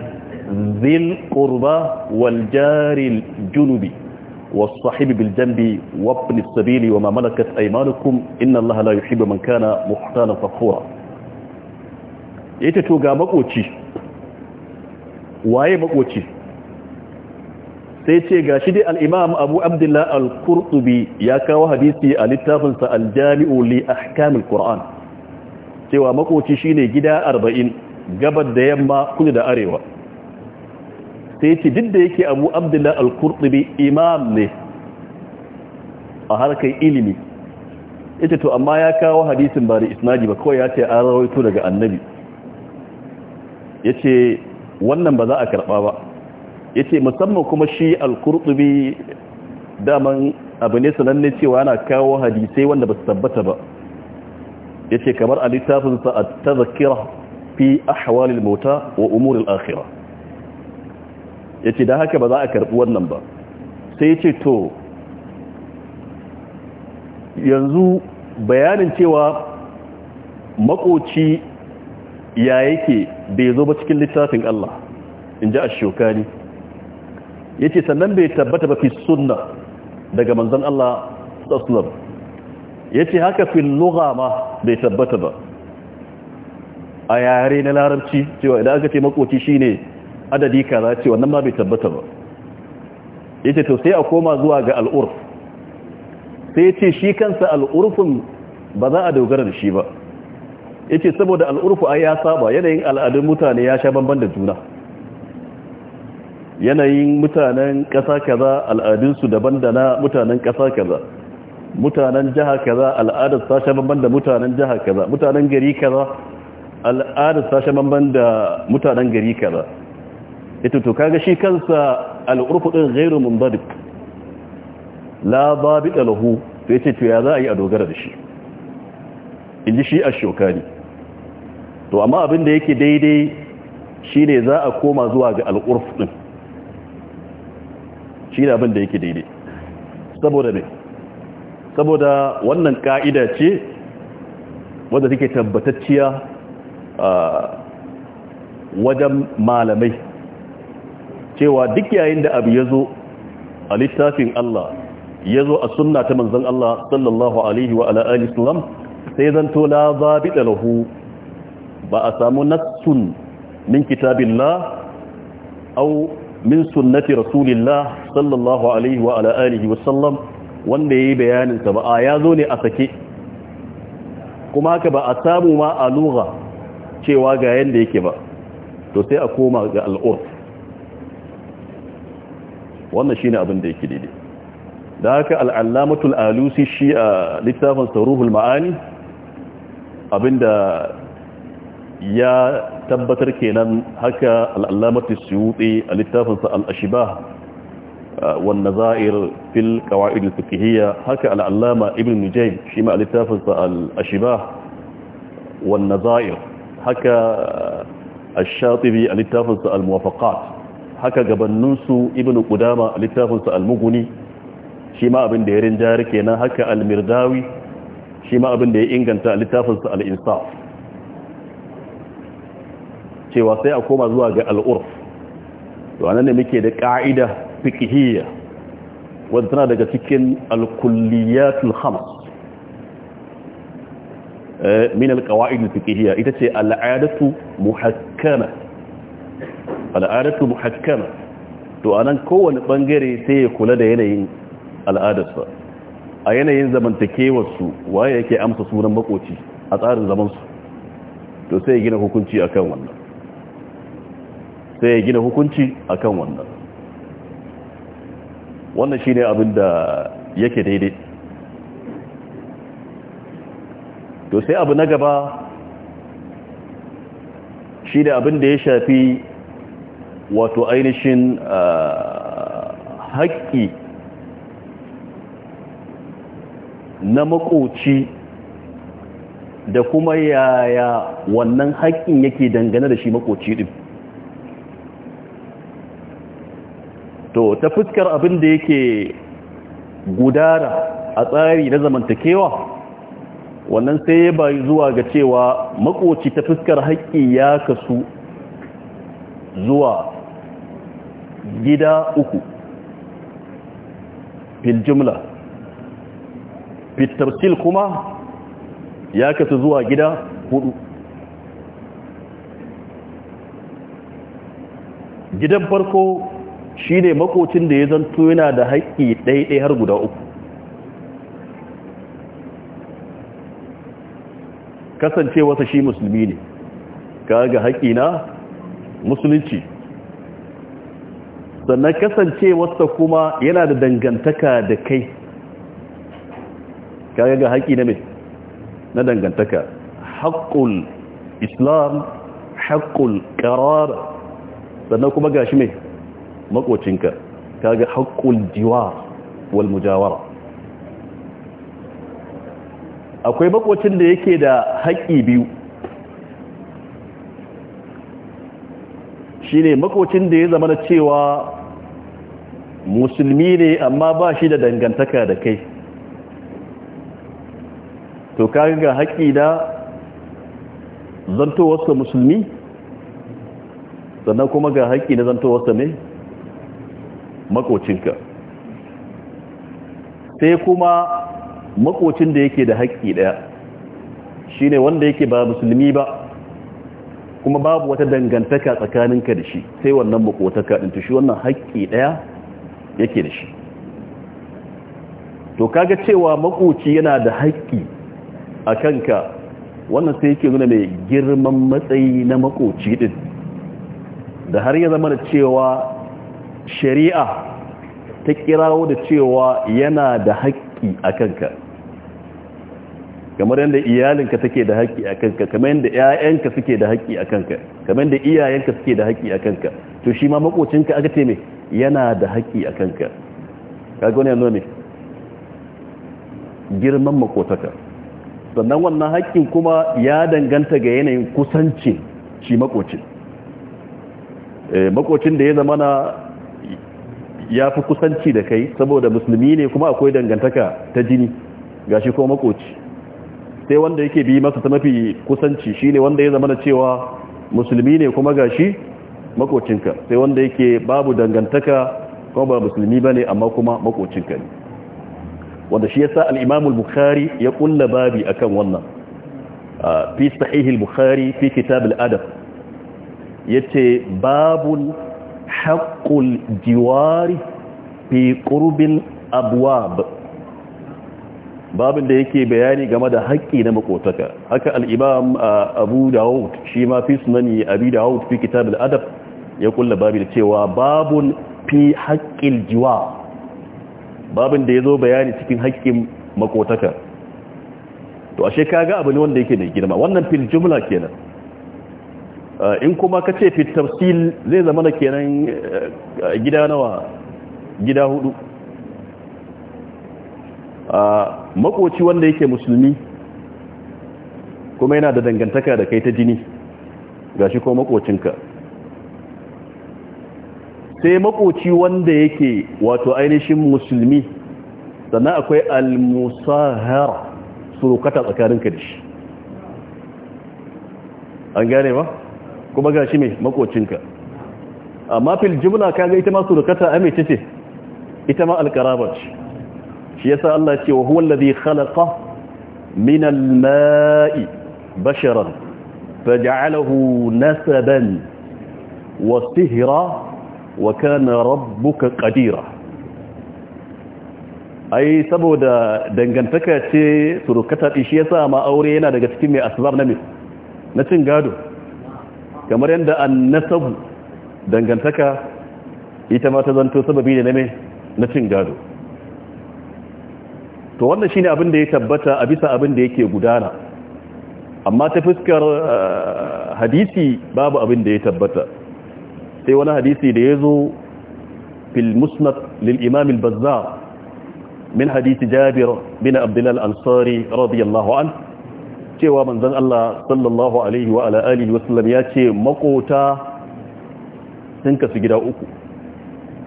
dhil qurba wal jari al junubi wa بالجنب وابن wa وما ملكت أيمانكم إن الله لا يحب من kana مختالا فخورا ya ce to ga makoci waye makoci sai ce ga shi dai al'imam abu abdullah al-kurtubi ya kawo hadisi a littafinsa aljami'u li ahkamil kur'an cewa makoci shine gida arba'in gabar da yamma kudu da arewa sai ce duk da yake abu abdullah al-kurtubi imam ne a harkar ilimi ita to amma ya kawo hadisin ba da isnadi ba kawai ya ce an rawaito daga annabi ya ce wannan ba za a karɓa ba ya ce musamman kuma shi alkurtubi daman abu ne sananne cewa yana kawo hadisai wanda ba su tabbata ba ya ce kamar a littafinsa a tazakira fi ahwalil mota wa umurin akhira ya ce da haka ba za a karɓi wannan ba sai ya ce to yanzu bayanin cewa makoci ya yake bai zo ba cikin littafin Allah in ji ashokani ya ce sannan bai tabbata ba fi sunna daga manzan Allah sassalam ya ce haka fi lura ma bai tabbata ba a yare na larabci cewa idan aka ce makoci shine adadi kaza ce wannan ma bai tabbata ba ya ce to sai a koma zuwa ga al'urf sai ce shi kansa al'urfin ba za a dogara da shi ba ce saboda al'urfu ai ya saba yanayin al'adun mutane ya sha bamban da juna yanayin mutanen ƙasa kaza al'adunsu daban da na mutanen ƙasa kaza mutanen jiha kaza al'adar ta sha bamban da mutanen jiha kaza mutanen gari kaza al'adar ta sha bamban da mutanen gari kaza ita to kaga shi kansa al'urfu din ghairu mundadik la babida lahu to yace to ya za a yi a dogara da shi in ji shi a shokari to amma abin da yake daidai shi ne za a koma zuwa ga al'urf ɗin shi ne abin da yake daidai saboda ne saboda wannan ƙa'ida ce wadda take tabbatacciya a wajen malamai cewa duk yayin da abu ya zo a littafin Allah ya zo a sunna ta manzan Allah sallallahu Alaihi wa ala'ali sallam sai zan tola la zabita lahu ba a samu nassun min kitabillah au min sunnati rasulillah sallallahu alaihi wa ala alihi wa sallam wanda yayi bayanin sa ba a ya zo ne a sake kuma haka ba a samu ma a lugha cewa ga yanda yake ba to sai a koma ga al'urf wannan shi ne abin da yake daidai da haka al'allamatul alusi shi a littafin saruhul ma'ani abinda ya tabbatar kenan haka al'alamatu suyuti a littafinsa al'ashiba wanda za'ir fil kawa'id al-fiqhiyya haka al'alama ibn nujaym shi ma a littafinsa al'ashiba wanda za'ir haka al a littafinsa al-muwafaqat haka gabaninsu ibn qudama a littafinsa al-mughni shi ma abin da ya rinjar kenan haka al-mirdawi shi ma abin da ya inganta littafinsa alinsa cewa sai a koma zuwa ga al'urf wannan ne muke da ƙa'ida fikihiyya wadda tana daga cikin alkulliyatul hamas eh, min alkawa'idul fikihiyya ita ce al'adatu muhakkana al'adatu muhakkana to anan kowane bangare sai ya kula da yanayin al'adarsa a yanayin zamantakewarsu waye yake amsa sunan makoci a tsarin zamansu to sai ya gina hukunci a kan wannan sai ya gina hukunci a kan wannan wannan shi ne abin da yake daidai to sai abu na gaba shi da abin da ya shafi wato ainihin ah, haƙƙi na makoci da kuma yaya wannan haƙƙin yake dangane da shi makoci ɗin to ta fuskar abin da yake gudara a tsari na zamantakewa wannan sai ya bayi zuwa ga cewa makoci ta fuskar haƙƙi ya kasu zuwa gida uku fil jumla fitarsil kuma ya kasu zuwa gida hudu gidan farko shi ne makocin da ya zanto yana da haƙƙi ɗaiɗai har guda uku kasance wasa shi musulmi ne kaga haƙƙi na musulunci sannan kasance wasa kuma yana da dangantaka da kai kaga ga haƙi na mai na dangantaka haƙƙul islam haƙƙul ƙarar sannan kuma ga shi mai makocinka kaga haƙƙul jiwar wal mujawara akwai makocin da yake da haƙƙi biyu shi ne makocin da ya zama na cewa musulmi ne amma ba shi da dangantaka da kai to kaga ga haƙi da zantowarsa musulmi sannan kuma ga haƙi da zantowarsa ne makocinka sai kuma makocin da yake da haƙi ɗaya shi ne wanda yake ba musulmi ba kuma babu wata dangantaka tsakaninka da shi sai wannan makotaka ɗinta shi wannan haƙi ɗaya yake da shi to kaga cewa makoci yana da haƙi a kanka wannan sai yake nuna mai girman matsayi na makoci din da har ya zama da cewa shari'a ta kirawo da cewa yana da haƙƙi a kanka kamar yadda iyalinka take da haƙƙi a kanka kamar yadda ƴaƴanka suke da haƙƙi a kanka kamar yadda iyayenka suke da haƙƙi a kanka to shi ma makocinka aka ce yana da haƙƙi a kanka kaga wani yanzu ne girman makotaka sannan wannan haƙƙin kuma ya danganta ga yanayin kusanci shi makocin eh, makocin da ya zama na ya fi kusanci da kai saboda musulmi ne kuma akwai dangantaka ta jini ga shi kuma makoci sai wanda yake bi masa ta mafi kusanci shi ne wanda ya zama na cewa musulmi ne kuma ga shi makocinka sai wanda yake babu dangantaka kuma ba musulmi ba ne amma kuma makocinka ne wanda shi yasa al-Imam al-Bukhari ya kulla babi akan wannan fi sahih al-Bukhari fi kitab al-adab yace babul haqqul jiwari fi qurbil abwab babin da yake bayani game da haƙƙi na makotaka haka al-Imam Abu Dawud shi ma fi sunani Abi Dawud fi kitab al-adab ya kulla babi da cewa babun fi haqqil jiwari babin da ya zo bayani cikin haƙƙin makotaka to ashe ka ga abu ne wanda yake da girma wannan fil jumla kenan eh, in kuma ka ce fil tafsil zai zama kenan eh, gida nawa gida hudu eh, makoci wanda yake musulmi kuma yana da dangantaka da kai ta jini gashi ko makocinka sai makoci wanda yake wato ainihin musulmi sannan akwai al-musahara surukata tsakanin da shi an gane ba kuma ga shi mai makocinka amma fil ka kaga ita ma surukata amince ce ita ma alkaraba ce shi yasa Allah ce wa huwa alladhi khalaqa min al-ma'i basharan faj'alahu nasaban wa sihra wa kana rabbuka qadira ai saboda dangantaka ce surukata din shi yasa ma aure yana daga cikin mai asbab na na cin gado kamar yanda annasab dangantaka ita ma ta zanto sababi ne na na cin gado to wannan shine abin da ya tabbata a bisa abin da yake gudana amma ta fuskar eh, hadisi babu abin da ya tabbata sai wani hadisi da ya zo fil musnad lil al-bazzar min hadisi jabir bin Abdullal ansari radiyallahu an cewa manzon Allah sallallahu alaihi wa ala alihi wasallam ya ce makota sun kasu gida uku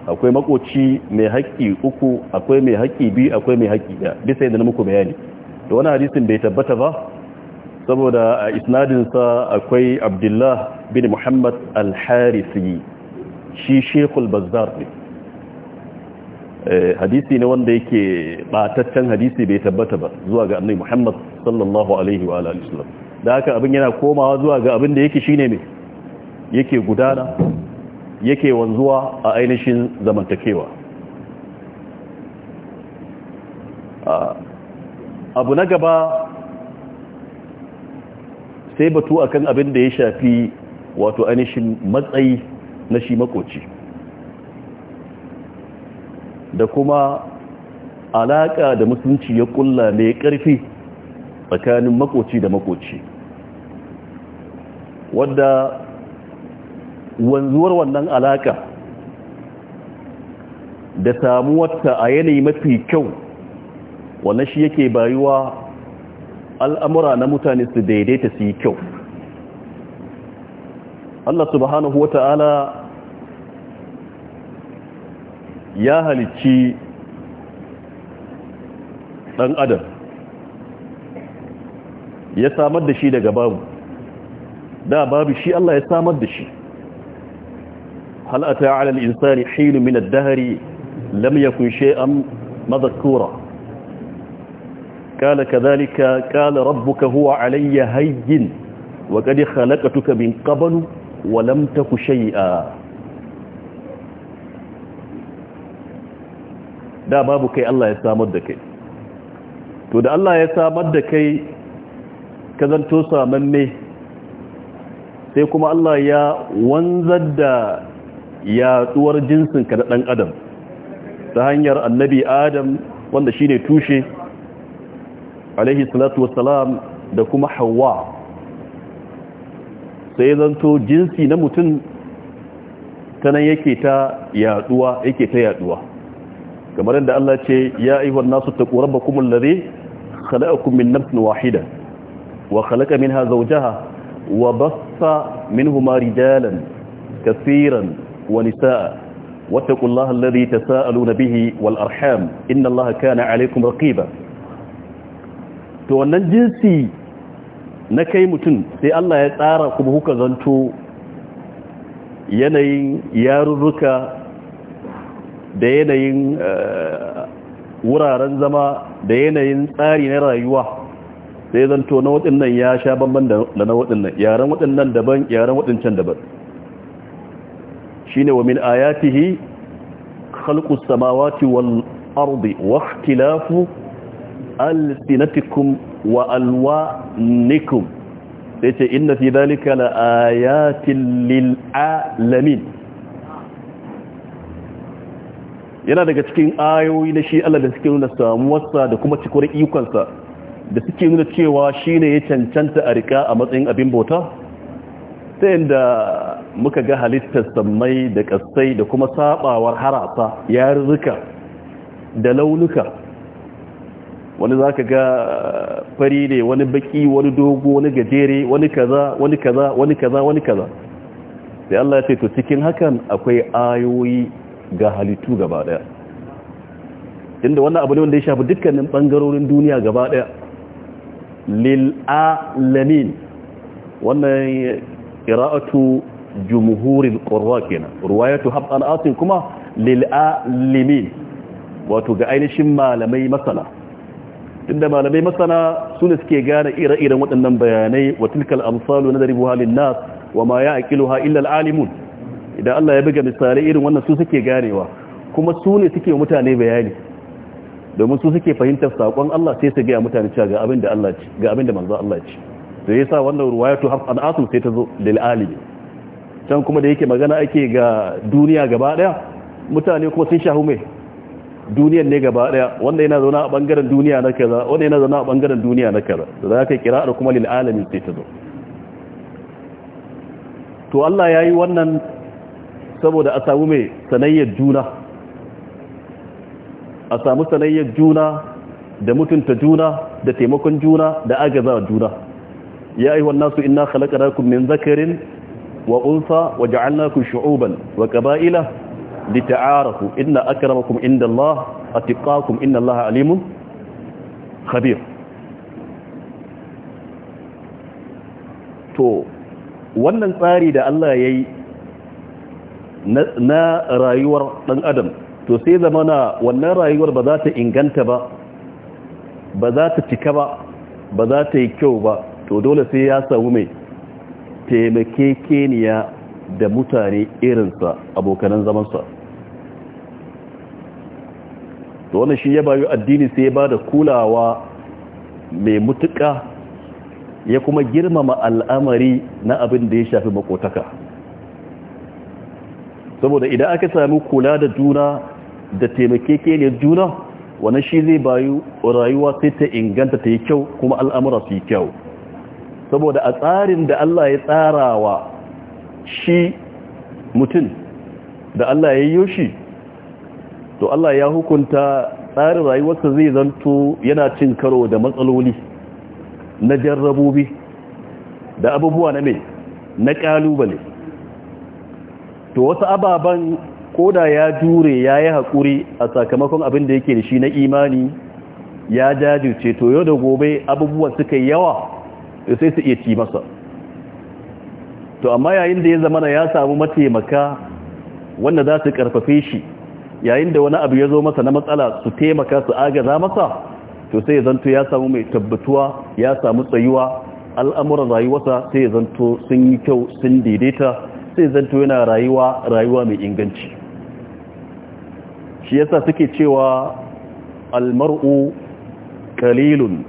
akwai makoci mai haƙƙi uku akwai mai haƙƙi biyu akwai mai haƙƙi ɗaya bisa yadda na muku bayani da wani hadisin bai tabbata ba saboda a isnadinsa akwai abdullah bin muhammad al-harisi shi shekul bazar ne eh, hadisi ne wanda yake bataccen hadisi bai tabbata ba zuwa ga annai muhammad sallallahu alaihi wa alihi da haka abin yana komawa zuwa ga abin da yake ne me yake gudana yake wanzuwa a ainihin zamantakewa ah, abu na gaba sai batu kan abin da ya shafi wato ainihin matsayi na shi makoci da kuma alaƙa da musulunci ya ƙulla mai ƙarfi tsakanin makoci da makoci wadda wanzuwar wannan alaƙa da samuwarta a yanayi mafi kyau wannan shi yake bayuwa al'amura na mutane su daidaita su yi kyau Allah subhanahu wa ta'ala ya halicci ɗan adam ya samar da shi daga babu da babu shi Allah ya samar da shi halata ala al'insani hilu min ad-dahari lam yakun shay'an madhkura قال كذلك قال ربك هو علي هين وقد خلقتك من قبل ولم تك شيئا da babu kai Allah ya samar da kai to da Allah ya samar da kai ka zanto samanne sai kuma Allah ya wanzar da yaduwar jinsinka na ɗan adam ta hanyar annabi adam wanda shine tushe alaihi salatu wassalam da kuma hawa sai zanto jinsi na mutum tana nan yake ta yaduwa yake ta yaduwa kamar da Allah ce ya ayyuhan nasu taqurrabakum allazi khalaqakum min nafsin wahida wa khalaqa minha zawjaha wa bassa minhuma rijalan kaseeran wa nisaa wattaqullaha allazi tasaaluna bihi wal arham inna allaha kana alaykum rakiba. to wannan jinsi na kai mutum sai Allah ya tsara kuma huka zanto yanayin yarurruka da yanayin eh, wuraren zama da yanayin tsari na rayuwa sai zanto na waɗannan ya sha banban da na waɗannan yaren waɗannan daban yaren waɗancan daban shine wa min ayatihi khalqus samawati wal ardi wa ikhtilafu alsinatikum wa Alwa nikum sai ce inna fi dalika la ayatin lil alamin yana daga cikin ayoyi na shi Allah da suke nuna samuwarsa da kuma cikin ikonsa da suke nuna cewa shi ne ya cancanta a rika a matsayin abin bauta ta yadda muka ga halittar sammai da kasai da kuma sabawar harasa yarurruka da launuka wani za ka ga uh, fari ne wani baki wani dogo wani gajere wani kaza wani kaza wani kaza wani kaza sai Allah ya ce to cikin hakan akwai ayoyi ga halittu gaba daya inda wannan abu ne wanda ya shafi dukkanin bangarorin duniya gaba daya lil alamin wannan qira'atu jumhuril qurra kenan riwayatu hab'an atin kuma lil alamin wato ga ainihin malamai masala tunda malamai masana suna ne suke gane ire-iren waɗannan bayanai wa tilkal amsalu na daribu halin nas wa ma ya ha illa alalimun idan Allah ya buga misali irin wannan su suke ganewa kuma su ne suke mutane bayani domin su suke fahimtar sakon Allah sai su ga mutane cewa ga abin da Allah ce ga abin da manzo Allah ce to yasa wannan ruwayatu haf al asu sai ta zo da alim can kuma da yake magana ake ga duniya gaba daya mutane kuma sun shahu mai duniyar ne gaba daya wanda yana zauna a bangaren duniya na kaza wanda yana zauna a bangaren duniya na kaza da za ka kira da kuma lil alamin sai ta zo to Allah ya yi wannan saboda a samu mai sanayyar juna a samu sanayyar juna da mutunta juna da taimakon juna da agaza juna ya ayyuha nasu inna khalaqnakum min zakarin wa unsa waja'alnakum shu'uban wa qaba'ila lita'arafu inna akramakum indallahi atqakum innallaha alimun khabir to wannan tsari da Allah ya yi na rayuwar ɗan adam to sai zamana wannan rayuwar ba za ta inganta ba ba za ta cika ba ba za ta yi kyau ba to dole sai ya samu mai keniya da mutane irinsa abokanan zamansa to wannan shi ya bayu addini sai ya ba da kulawa mai mutuka ya kuma girmama al'amari na abin da ya shafi makotaka saboda idan aka sami kula da juna da taimakekeniyar juna wannan shi zai bayu rayuwa sai ta inganta ta yi kyau kuma al'amura su yi kyau saboda a tsarin da Allah ya tsara wa shi mutum da Allah ya yi yoshi to Allah ya hukunta tsarin rayuwarsa zai zanto yana cin karo da matsaloli na jarrabobi da abubuwa na mai na kalubale to wasu ababen koda ya jure ya yi haƙuri a sakamakon abin da yake da shi na imani ya jajirce to yau da gobe abubuwan suka yawa sai su iya ci masa to amma yayin da ya zama ya samu mataimaka wanda za su karfafe shi yayin da wani abu ya zo masa na matsala su taimaka su agaza masa to sai ya zanto ya samu mai tabbatuwa ya samu tsayuwa al'amuran rayuwarsa sai ya zanto sun yi kyau sun daidaita sai zanto yana rayuwa rayuwa mai inganci shi yasa suke cewa almar'u kalilun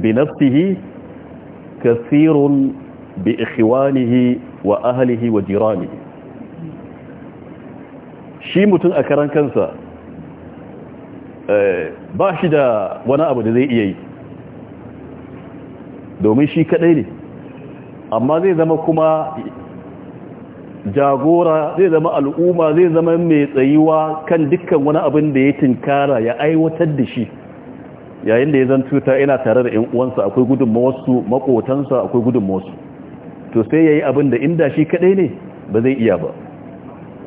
bi nafsihi kasirun bi ikhwanihi wa ahlihi wa jiranihi shi mutum a karan kansa eh, ba shi da wani abu da zai iya yi domin shi kadai ne amma zai zama kuma jagora zai zama al'umma zai zama mai tsayuwa kan dukkan wani abin da ya tinkara ya aiwatar da shi yayin da ya zan tuta yana tare da yan uwansa akwai mawasu makotansa akwai mawasu to sai ya yi abin da inda shi kadai ne ba zai iya ba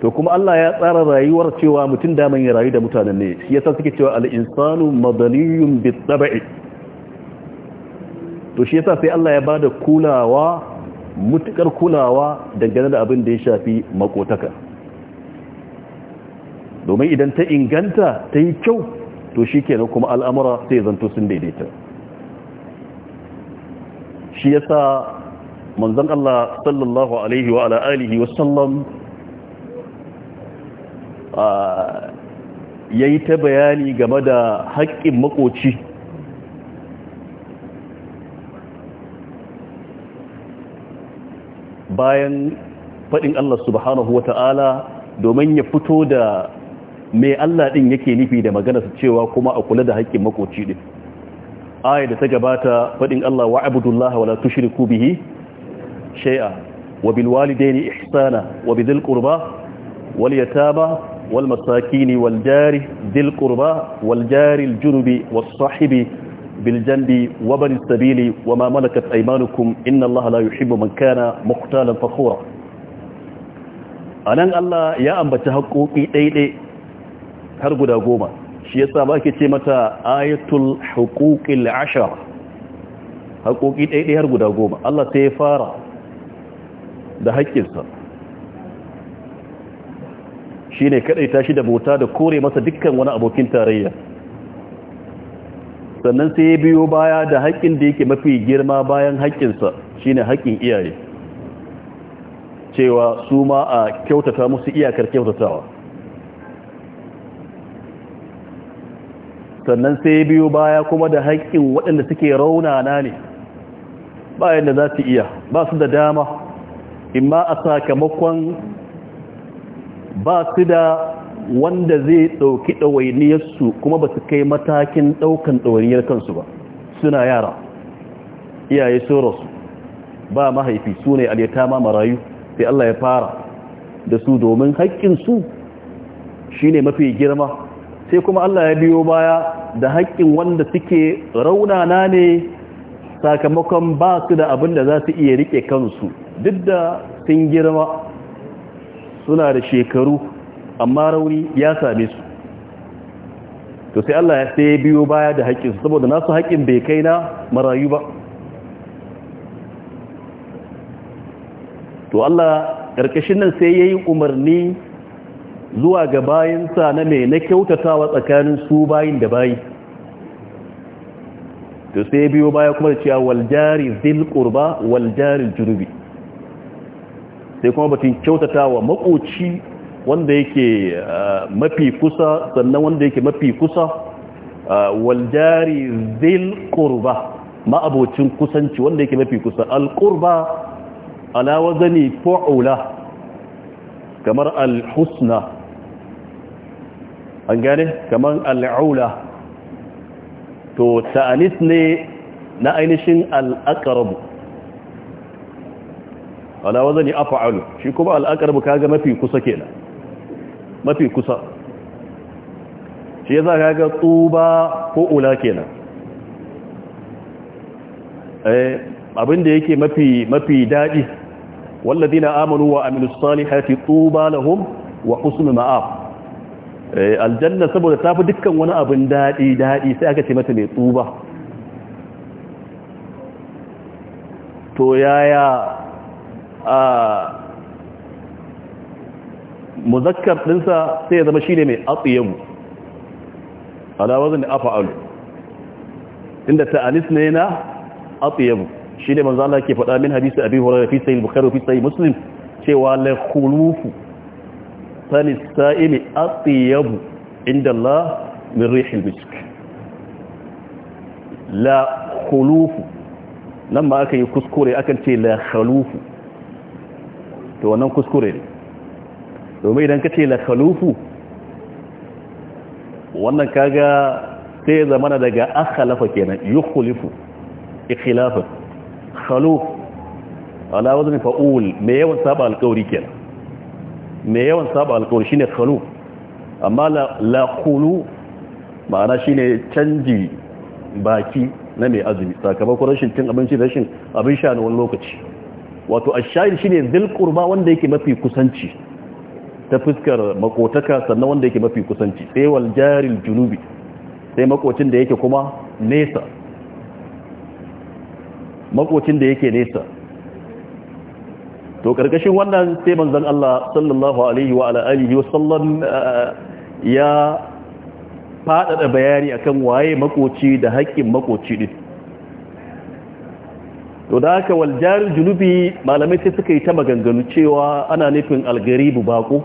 to kuma Allah ya tsara rayuwar cewa mutum daman ya rayu da mutanen ne shi yasa suke cewa al-insanu madaniyun bit-tab'i to shi yasa sai Allah ya bada kulawa mutukar kulawa dangane da abin da ya shafi makotaka domin idan ta inganta ta yi kyau to shi kenan kuma al'amura sai zanto sun daidaita shi yasa manzon Allah sallallahu alaihi wa ala alihi wa sallam ya yi ta bayani game da haƙƙin makoci bayan faɗin Allah subhanahu wa ta'ala domin ya fito da mai Allah ɗin yake nufi da magana su cewa kuma a kula da haƙƙin makoci ɗin aya da ta gabata faɗin Allah wa abudullahi wa la tushriku bihi shai'a wa bil walidaini ihsana wa bidhil qurba wal والمساكين والجار ذي القربى والجار الجنب والصاحب بالجنب وبن السبيل وما ملكت أيمانكم إن الله لا يحب من كان مختالا فخورا anan Allah ya ambaci haƙoƙi ɗaiɗe har guda goma shi yasa ba ke ce mata ayatul haƙoƙil ashar haƙoƙi ɗaiɗe har guda goma Allah sai ya fara da haƙƙinsa Shi ne kadaita shi da bota da kore masa dukkan wani abokin tarayya sannan sai ya biyo baya da haƙƙin da yake mafi girma bayan haƙƙinsa shi ne haƙƙin iyaye cewa su ma a kyautata musu iyakar kyautatawa sannan sai ya biyo baya kuma da haƙƙin waɗanda suke raunana ne bayan da za su iya ba su da dama in ma a sakamakon ba su da wanda zai ɗauki ɗawainiyarsu kuma ba su kai matakin ɗaukan ɗawainiyar kansu ba suna yara iyaye su ba mahaifi su ne ma marayu sai Allah ya fara da su domin haƙƙinsu shi ne mafi girma sai kuma Allah ya biyo baya da haƙƙin wanda suke raunana ne sakamakon ba su da abin da za su iya riƙe kansu duk da sun girma suna da shekaru amma rauni ya same su to sai Allah ya sai biyo baya da su saboda nasu haƙƙin bai kai na marayu ba to Allah ƙarƙashin nan sai ya umarni zuwa ga sa na mai na kyautatawa tsakanin su bayin da bayi to sai biyo baya kuma da cewa waljari zil ƙurba waljari jurubi sai kuma batun kyautata wa makoci wanda yake uh, mafi kusa sannan wanda yake mafi kusa uh, waljari zil kurba ma'abocin kusanci wanda yake mafi kusa alkurba alawa zane fa'ula kamar alhusna an gane kamar al'aula to ta'anis ne na ainihin al'akarabu ala wazani af'alu shi kuma al'aqrabu kaga mafi kusa kenan mafi kusa shi yasa kaga tuba ko ula kenan eh abinda yake mafi mafi dadi walladina amanu wa amilus salihati tuba lahum wa husnu ma'ab eh, aljanna saboda tafi dukkan wani abin dadi dadi sai aka ce mata mai tuba to yaya muzakkar dinsa sai ya zama shi ne mai atsiyamu alawazin da afa'alu inda ta'anis ne na atsiyamu shi ne manzo Allah ke faɗa min hadisi abi hurairah fi sahih bukhari fi musulun muslim cewa la khulufu sani sa'imi atyabu inda Allah min rihil bisk la khulufu nan ma aka yi kuskure akan ce la khalufu to wannan kuskure ne domin idan ka ce la khalufu wannan kaga sai zamana daga akhalafa kenan yukhlifu ikhlafan khaluf ala wazni fa'ul me yawan saba alƙawari kenan me yawan saba alƙawari shine khaluf amma la la ma'ana shine canji baki na mai azumi sakamakon rashin cin abinci rashin abin sha na wani lokaci wato ashayir shine zil qurba wanda yake mafi kusanci ta fuskar makotaka sannan wanda yake mafi kusanci sai wal jaril junubi sai makocin da yake kuma nesa makocin da yake nesa to karkashin wannan sai manzon Allah sallallahu alaihi wa ala alihi wasallam ya faɗaɗa bayani akan waye makoci da haƙƙin makoci din to da haka wal junubi malamai sai suka yi ta maganganu cewa ana nufin algaribu bako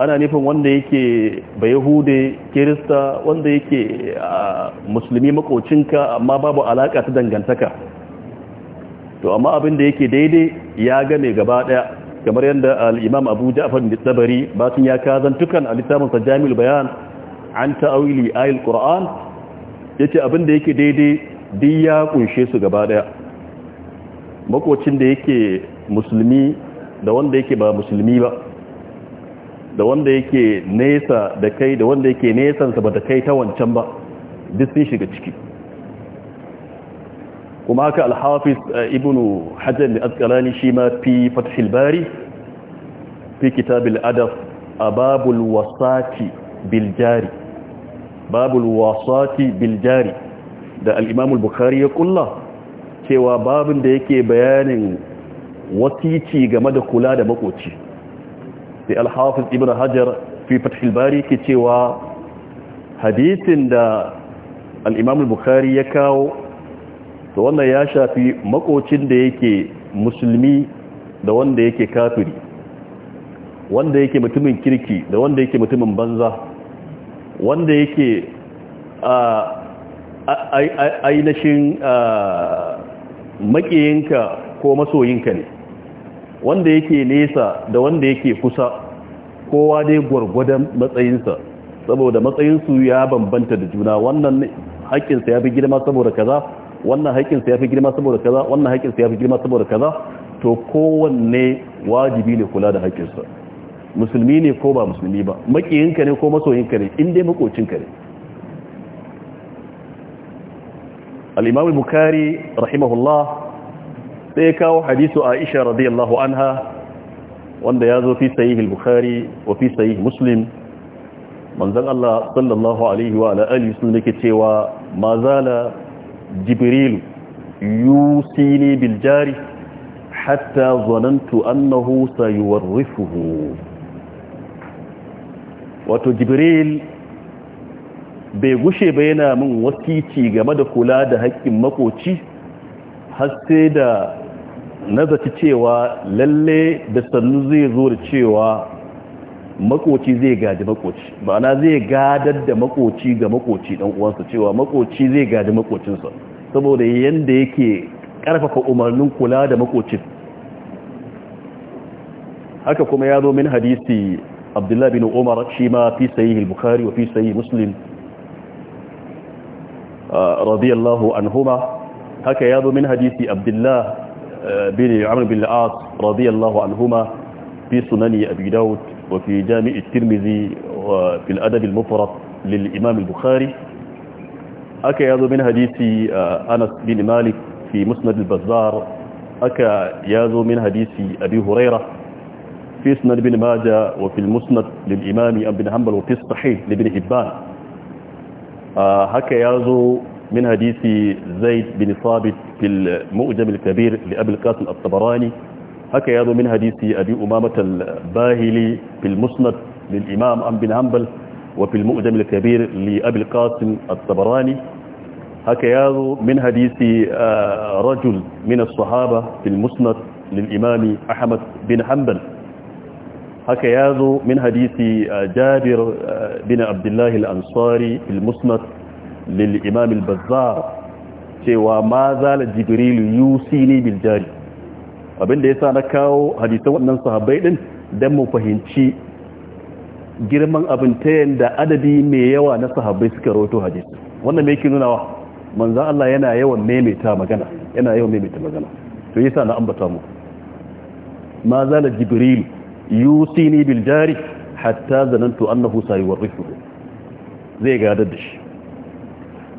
ana nufin wanda yake bayahude kirista wanda yake musulmi makocinka amma babu alaka ta dangantaka to amma abin da yake daidai ya gane gaba daya kamar yadda al'imam Abuja abu ja'far al-tabari batun ya kazantukan a littafin sa jami'ul bayan an ta'awili ayil qur'an yace abin da yake daidai duk ya kunshe su gaba daya makocin da yake musulmi da wanda yake ba musulmi ba da wanda yake nesa da kai da wanda yake nesansa ba da kai ta wancan ba duk sun shiga ciki kuma haka alhafiz eh, ibnu hajar da askalani shi ma fi fathil bari fi kitabil adab a babul wasati biljari babul wasati biljari da al'imamul Bukhari ya kulla cewa babin da yake bayanin wasici game da kula da makoci sai alhafiz ibn hajar fi fathil bari ke cewa hadisin da al'imam bukhari ya kawo to wannan ya shafi makocin da yake musulmi da wanda yake kafiri wanda yake mutumin kirki da wanda yake mutumin banza wanda yake ainihin makiyinka ko masoyinka ne wanda yake nesa da wanda yake kusa kowa dai gwargwadon matsayinsa saboda matsayinsu ya bambanta da juna wannan haƙƙinsa ya fi girma saboda kaza wannan haƙƙinsa ya fi girma saboda kaza wannan haƙƙinsa ya fi girma saboda kaza to kowanne wajibi ne kula da haƙƙinsa musulmi ne ko ba musulmi ba makiyinka ne ko masoyinka ne in dai makocinka ne al-imam al-bukhari rahimahullah sai kawo hadisu aisha radiyallahu anha wanda ya zo fi sahih al-bukhari wa fi sahih muslim manzon Allah sallallahu alaihi wa alihi wasallam yake cewa mazala jibril yusini bil jari hatta zanantu annahu sayuwarrifuhu wato jibril bai gushe ba yana min wasici game da kula da haƙƙin makoci har sai da zaci cewa lalle da sannu zai zo da cewa makoci zai gaji makoci ma'ana zai gadar da makoci ga makoci dan uwansa cewa makoci zai gaji makocinsa saboda yanda yake karfafa umarnin kula da makocin haka kuma ya zo min hadisi abdullahi bin umar shi ma fi sayi bukhari wa fi sayi muslim آه، رضي الله عنهما هكا يابو من حديث عبد الله آه، بن عمر بن العاص رضي الله عنهما في سنن أبي داود وفي جامع الترمذي وفي الأدب المفرط للإمام البخاري هكا يابو من حديث آه، أنس بن مالك في مسند البزار أكا يازو من حديث أبي هريرة في سنن بن ماجة وفي المسند للإمام أم بن حنبل وفي الصحيح لابن حبان آه، هكا يازو من حديث زيد بن صابت في المؤجم الكبير لأبي القاسم الطبراني هكا يازو من حديث أبي أمامة الباهلي في المسند للإمام أم بن هنبل وفي المؤجم الكبير لأبي القاسم الطبراني هكا يازو من حديث آه، رجل من الصحابة في المسند للإمام أحمد بن حنبل haka ya zo min hadisi uh, jabir uh, bin abdullahi al'ansari ilmusnat lil'imam al-bazzar cewa ma zala jibril yusi ne biljari abinda ya sa na kawo hadisan waɗannan sahabbai ɗin don mu fahimci girman abin ta yadda adadi mai yawa na sahabbai suka roto hadisi wannan mai ke nunawa manzan Allah yana yawan maimaita magana yana yawan maimaita magana to yi sa na ambata mu ma zala jibril yusini bil jari hatta zanantu annahu sayuwarrithu zai gadar da shi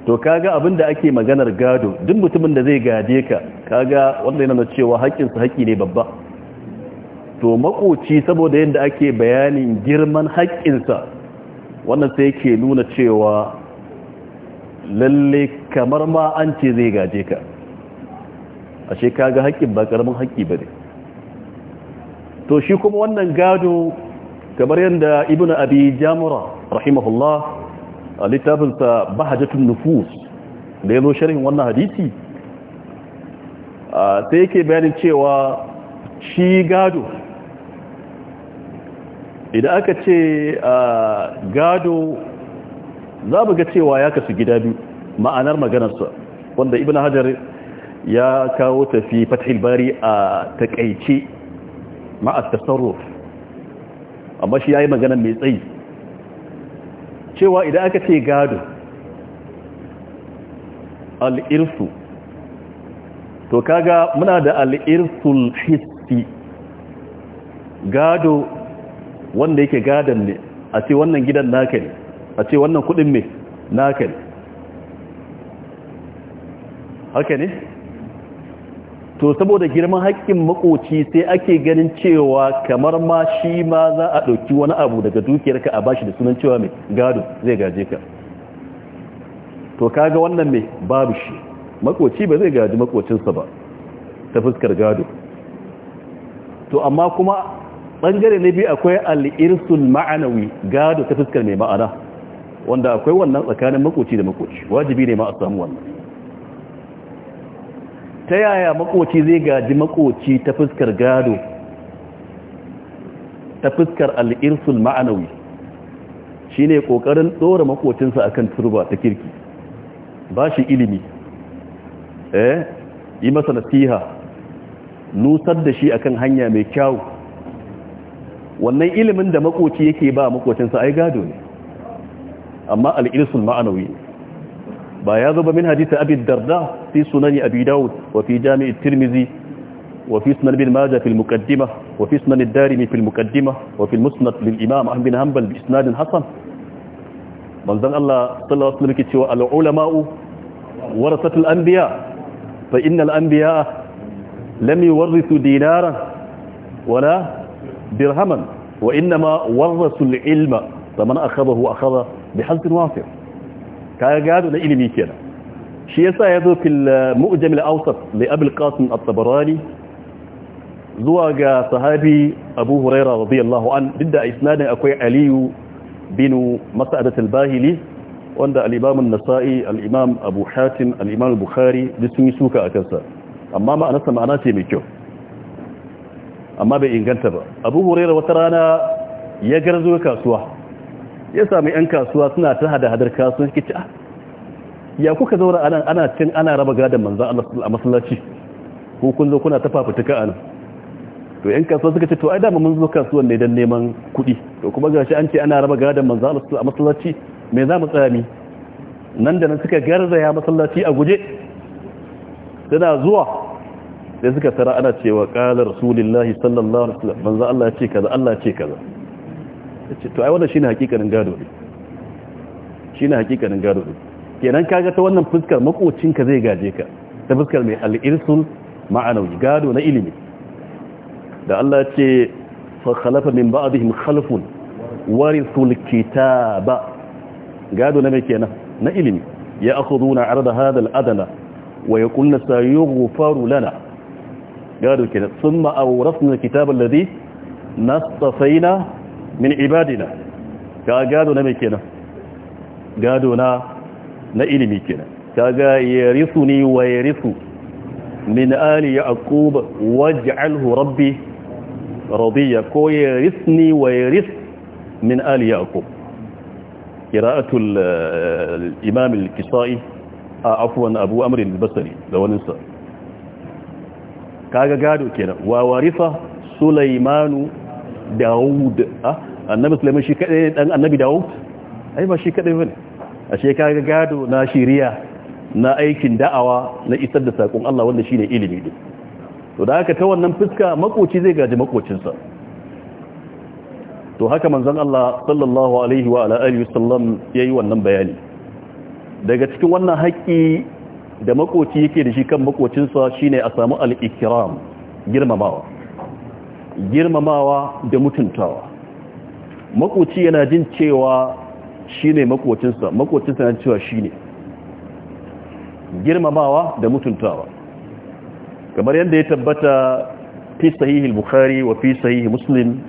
to kaga abinda ake maganar gado duk mutumin da zai gade ka kaga wanda yana cewa haƙƙin su haƙƙi ne babba to makoci saboda yadda ake bayanin girman haƙƙinsa wannan sai yake nuna cewa lalle kamar ma an ce zai gaje ka ashe kaga haƙƙin ba ƙaramin haƙƙi bane to shi kuma wannan gado kamar yadda ibn abi jamura rahimahullah a littafinsa bahajatun nufus da ya zo sharhin wannan hadisi sai yake bayanin cewa shi gado idan aka ce gado za mu ga cewa ya kasu gida biyu ma'anar maganarsa wanda ibn hajar ya kawo tafi fatih bari a takaice a tasarruf amma shi yayi magana mai tsayi cewa idan aka ce gado al-irsu to kaga muna da al-irsul hissi gado wanda yake gadon ne a ce wannan gidan naka ne a ce wannan kudin me naka ne haka ne to saboda girman haƙƙin makoci sai ake ganin cewa kamar ma shi ma za a ɗauki wani abu daga dukiyarka a bashi da sunan cewa mai gado zai gaje ka to kaga wannan mai babu shi makoci ba zai gaji makocinsa ba ta fuskar gado to amma kuma ɓangare na biyu akwai al'irsul ma'anawi gado ta fuskar mai ma'ana wanda akwai wannan tsakanin makoci da makoci wajibi ne ma a samu wannan ta yaya makoci zai gaji makoci ta fuskar gado ta fuskar al'irsul ma'anawi shi ne ƙoƙarin ɗora makocinsa akan turba ta kirki ba shi ilimi eh yi masa nasiha nusar da shi akan hanya mai kyau wannan ilimin da makoci yake ba makocinsa ai gado ne amma al'irsul ma'anawi ba ya zo ba min hadisi abi darda fi sunan abi daud wa fi jami' at-tirmidhi wa fi sunan ibn majah fi al-muqaddimah wa fi sunan ad-darimi fi al-muqaddimah wa fi al-musnad lil imam ahmad bin hanbal bi isnad hasan manzon Allah sallallahu alaihi wasallam yake cewa al-ulama'u warasatul anbiya fa innal anbiya lam yuwarrisu dinaran wala dirhaman wa innama warasul ilma faman akhadahu akhadha bihadin wafir kayan gado na ilimi kenan shi yasa ya zo fil mu'ujami al-awsat li abul qasim tabarani zuwa ga sahabi abu huraira radiyallahu an duk da isnadin akwai aliyu binu mas'adat al-bahili wanda al-imam nasai al-imam abu hatim al-imam bukhari duk sun yi suka a kansa amma ma'anarsa ma'ana ce mai kyau amma bai inganta ba abu huraira wata rana ya garzo kasuwa ya sami 'yan kasuwa suna ta hada-hadar kasuwa suke ci ah, ya kuka zaura anan ana cin ana raba gadon manza a masallaci ko kun zo kuna ta fafutuka nan to 'yan kasuwa suka ce to ai dama mun zo kasuwan ne don neman kuɗi to kuma gashi an ce ana raba gadon manza a masallaci me za mu tsami nan da nan suka garzaya masallaci a guje suna zuwa sai suka tara ana cewa kalar rasulillahi sallallahu alaihi wasallam manzo Allah ya ce kaza Allah ya ce kaza ce to ai wannan shine hakikanin gado ne shine hakikanin gado ne kenan kaga ta wannan fuskar makocinka zai gaje ka ta fuskar mai al-irsul ma'anawi gado na ilimi da Allah ce fa khalafa min ba'dihim khalfun warithul kitaba gado na mai kenan na ilimi ya akhuduna arda hadha al-adana wa yaqulna sayughfaru lana gado kenan thumma awrathna al-kitaba alladhi nastafaina min ibadina ka gado na mai kenan gado na na ilimi kenan kaga yarisuni wa yarisu min ali yaqub waj'alhu rabbi radiya ko yarisni wa yaris min ali yaqub qira'atu al-imam al-kisai afwan abu amr al-basri da wannan sa kaga gado kenan wa warisa sulaimanu daud ah annabi sulaiman shi kadai dan annabi dawo ai ba shi kadai bane ashe ka ga gado na shiriya na aikin da'awa na isar da sakon Allah wanda shine ilimi din to da haka ta wannan fuska makoci zai gaji makocinsa to haka manzon Allah sallallahu alaihi wa alihi sallam yayi wannan bayani daga cikin wannan haƙi da makoci yake da shi kan makocinsa shine a samu al-ikram girmamawa girmamawa da mutuntawa makoci yana jin cewa shi ne makocinsa makocinsa yana cewa shi ne girmamawa da mutuntawa kamar yadda ya tabbata fi sahihi bukhari wa fi sahihi muslim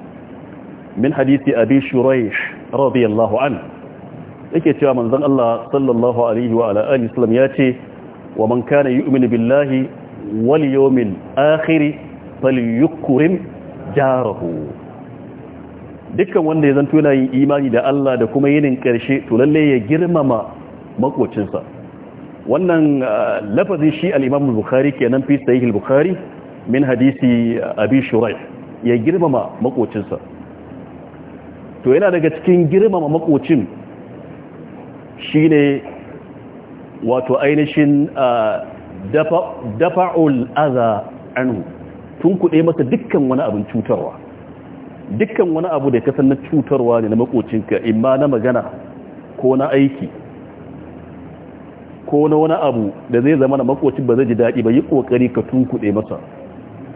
min hadithi abi shuraish radiyallahu an yake cewa manzon Allah sallallahu alaihi wa ala alihi wasallam yace wa man kana yu'minu billahi wal yawmil akhir falyukrim jarahu dukkan wanda ya zanto yana yin imani da Allah da kuma yinin karshe to lalle ya girmama makocinsa wannan ah, lafazin shi al-Imam al-Bukhari kenan fi sahih al-Bukhari min hadisi ah, Abi Shuraih ya girmama makocinsa to yana daga cikin girmama makocin shine wato ainihin ah, dafa dafa'ul adha anhu tun kuɗe masa dukkan wani abin cutarwa dukkan wani abu da kasan na cutarwa ne na makocinka imma na magana ko na aiki ko na wani abu da zai zama na makocin ba zai ji daɗi ba yi ƙoƙari ka tunkuɗe masa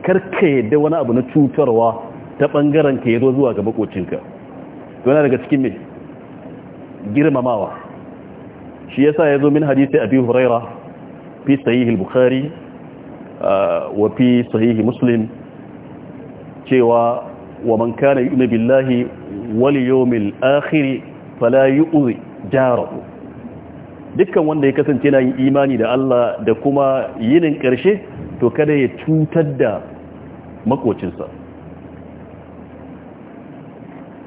karka yadda wani abu na cutarwa ta ɓangaren ka ya zo zuwa ga makocinka yana daga cikin mai girmamawa shi ya sa ya zo min hadisi abi huraira fi sahihi bukhari ah, wa fi sahihi muslim cewa ومن كان يؤمن بالله واليوم الاخر فلا يؤذي جاره dukkan wanda ya kasance yana yin imani da Allah da kuma yinin ƙarshe to kada ya cutar da makocinsa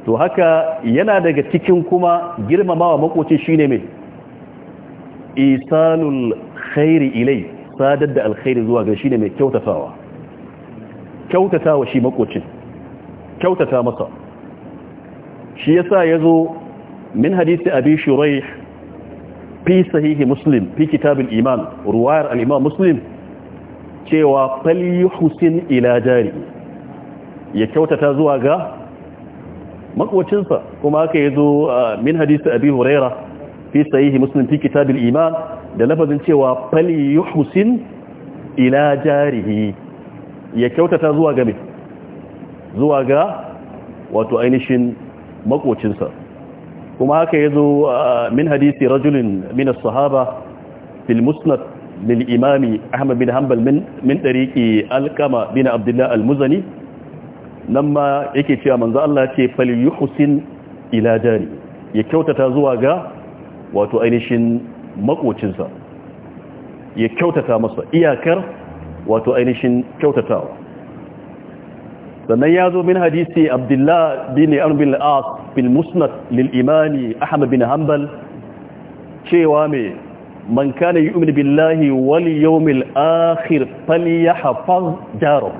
to haka yana daga cikin kuma girmamawa makoci shine mai isanul khairi ilai sadar da alkhairi zuwa ga shine mai kyautatawa kyautatawa shi makocin kyautata masa shi ya sa ya zo min hadisi abi shuraih fi sahihi muslim fi kitabin iman ruwayar al-imam muslim cewa husin ila jari ya kyautata zuwa ga makwacinsa kuma haka zo min hadisi abi huraira fi sahihi muslim fi kitabin iman da lafazin cewa husin ila jarihi ya kyautata zuwa ga mai zuwa ga wato ainihin makocinsa kuma haka ya yazo min hadisi rajulin min as-sahaba fil musnad lil imami ahmad bin hanbal min min tariqi alqama bin abdullah al-muzani nan ma yake cewa manzo Allah ce fal yuhsin ila dari ya kyautata zuwa ga wato ainihin makocinsa ya kyautata masa iyakar wato ainihin kyautatawa sannan ya zo min hadisi abdullah bin arbin al'as bil musnad lil imani ahmad bin hanbal cewa mai man kana yu'minu billahi wal yawmil akhir falyahfaz jarum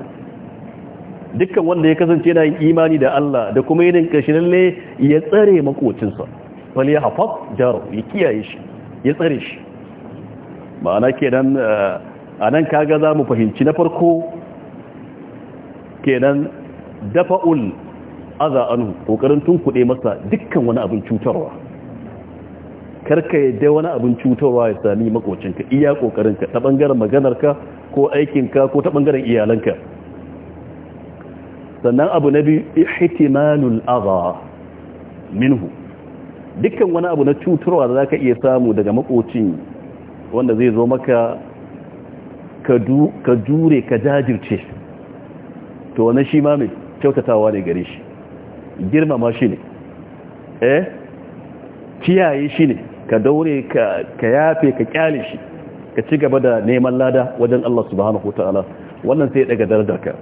dukkan wanda ya kasance yana yin imani da Allah da kuma yin kashi lalle ya tsare makocinsa falyahfaz jarum ya kiyaye shi ya tsare shi ma'ana kenan eh, anan kaga za mu fahimci na farko kenan dafa'ul aza anu kokarin tunkuɗe masa dukkan wani abin cutarwa karka yadda wani abin cutarwa ya sami makocinka iya kokarinka ta bangaren maganarka ko aikinka ko ta bangaren iyalanka sannan abu na biyu ihtimalul aza minhu dukkan wani abu na cutarwa da zaka iya samu daga makocin wanda zai zo maka ka jure ka jajirce to wannan shi ma mai kyautatawa ne gare shi girmama shi ne eh kiyaye shi ne ka daure ka yafe ka kyale shi ka ci gaba da neman lada wajen Allah subhanahu wataala wannan sai daga darajarka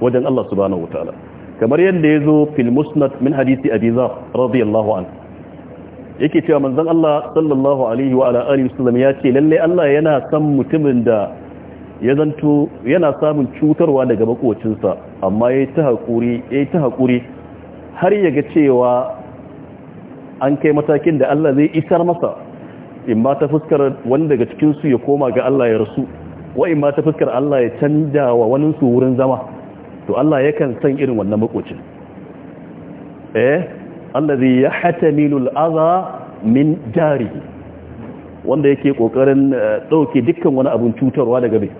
wajen Allah subhanahu wataala kamar yadda ya zo fil musnad min hadisi abi zar radiyallahu an yake cewa manzon Allah sallallahu alaihi wa ala alihi wasallam ya ce lalle Allah yana san mutumin da ya zanto yana samun cutarwa daga makocinsa amma ya yi ta haƙuri har ya ga cewa an kai matakin da Allah zai isar masa in ma ta fuskar wani daga cikinsu ya koma ga Allah ya rasu wa in ma ta fuskar Allah ya canja wa waninsu wurin zama to Allah ya kan san irin wannan makocin eh ya hata milul aza min jari wanda yake kokarin dauke eh, dukkan wani abun cutarwa daga bai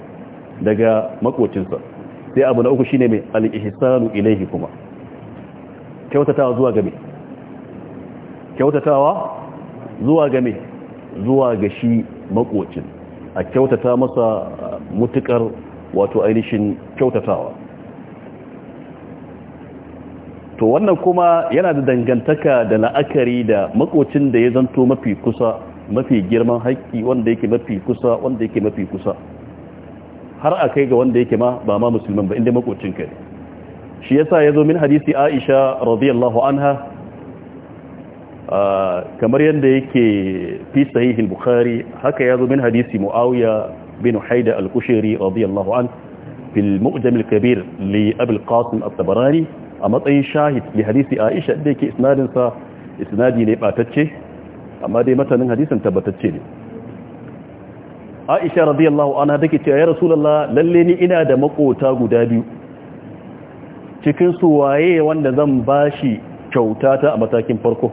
daga makocinsa sai abu na uku shine mai al-ihsanu kuma kyautatawa zuwa game kyautatawa zuwa game zuwa ga shi makocin a kyautata masa mutukar wato ainihin kyautatawa to wannan kuma yana da dangantaka da la'akari da makocin da ya zanto mafi kusa mafi girman haƙƙi wanda yake mafi kusa wanda yake mafi kusa har a kai ga wanda yake ma ba ma musulman ba inda makocin kai shi yasa ya zo min hadisi aisha radiyallahu anha kamar yadda yake fi sahihil bukhari haka ya zo min hadisi muawiya bin haida al kushiri radiyallahu an fil mu'jam al-kabir li abul qasim at-tabarani a matsayin shahid li hadisi aisha da yake isnadin sa isnadi ne batacce amma dai matanin hadisin tabbatacce ne aisha radiyallahu anha take cewa ya rasulullah lalle ni ina da makota guda biyu cikin su waye wanda zan bashi kyauta ta a matakin farko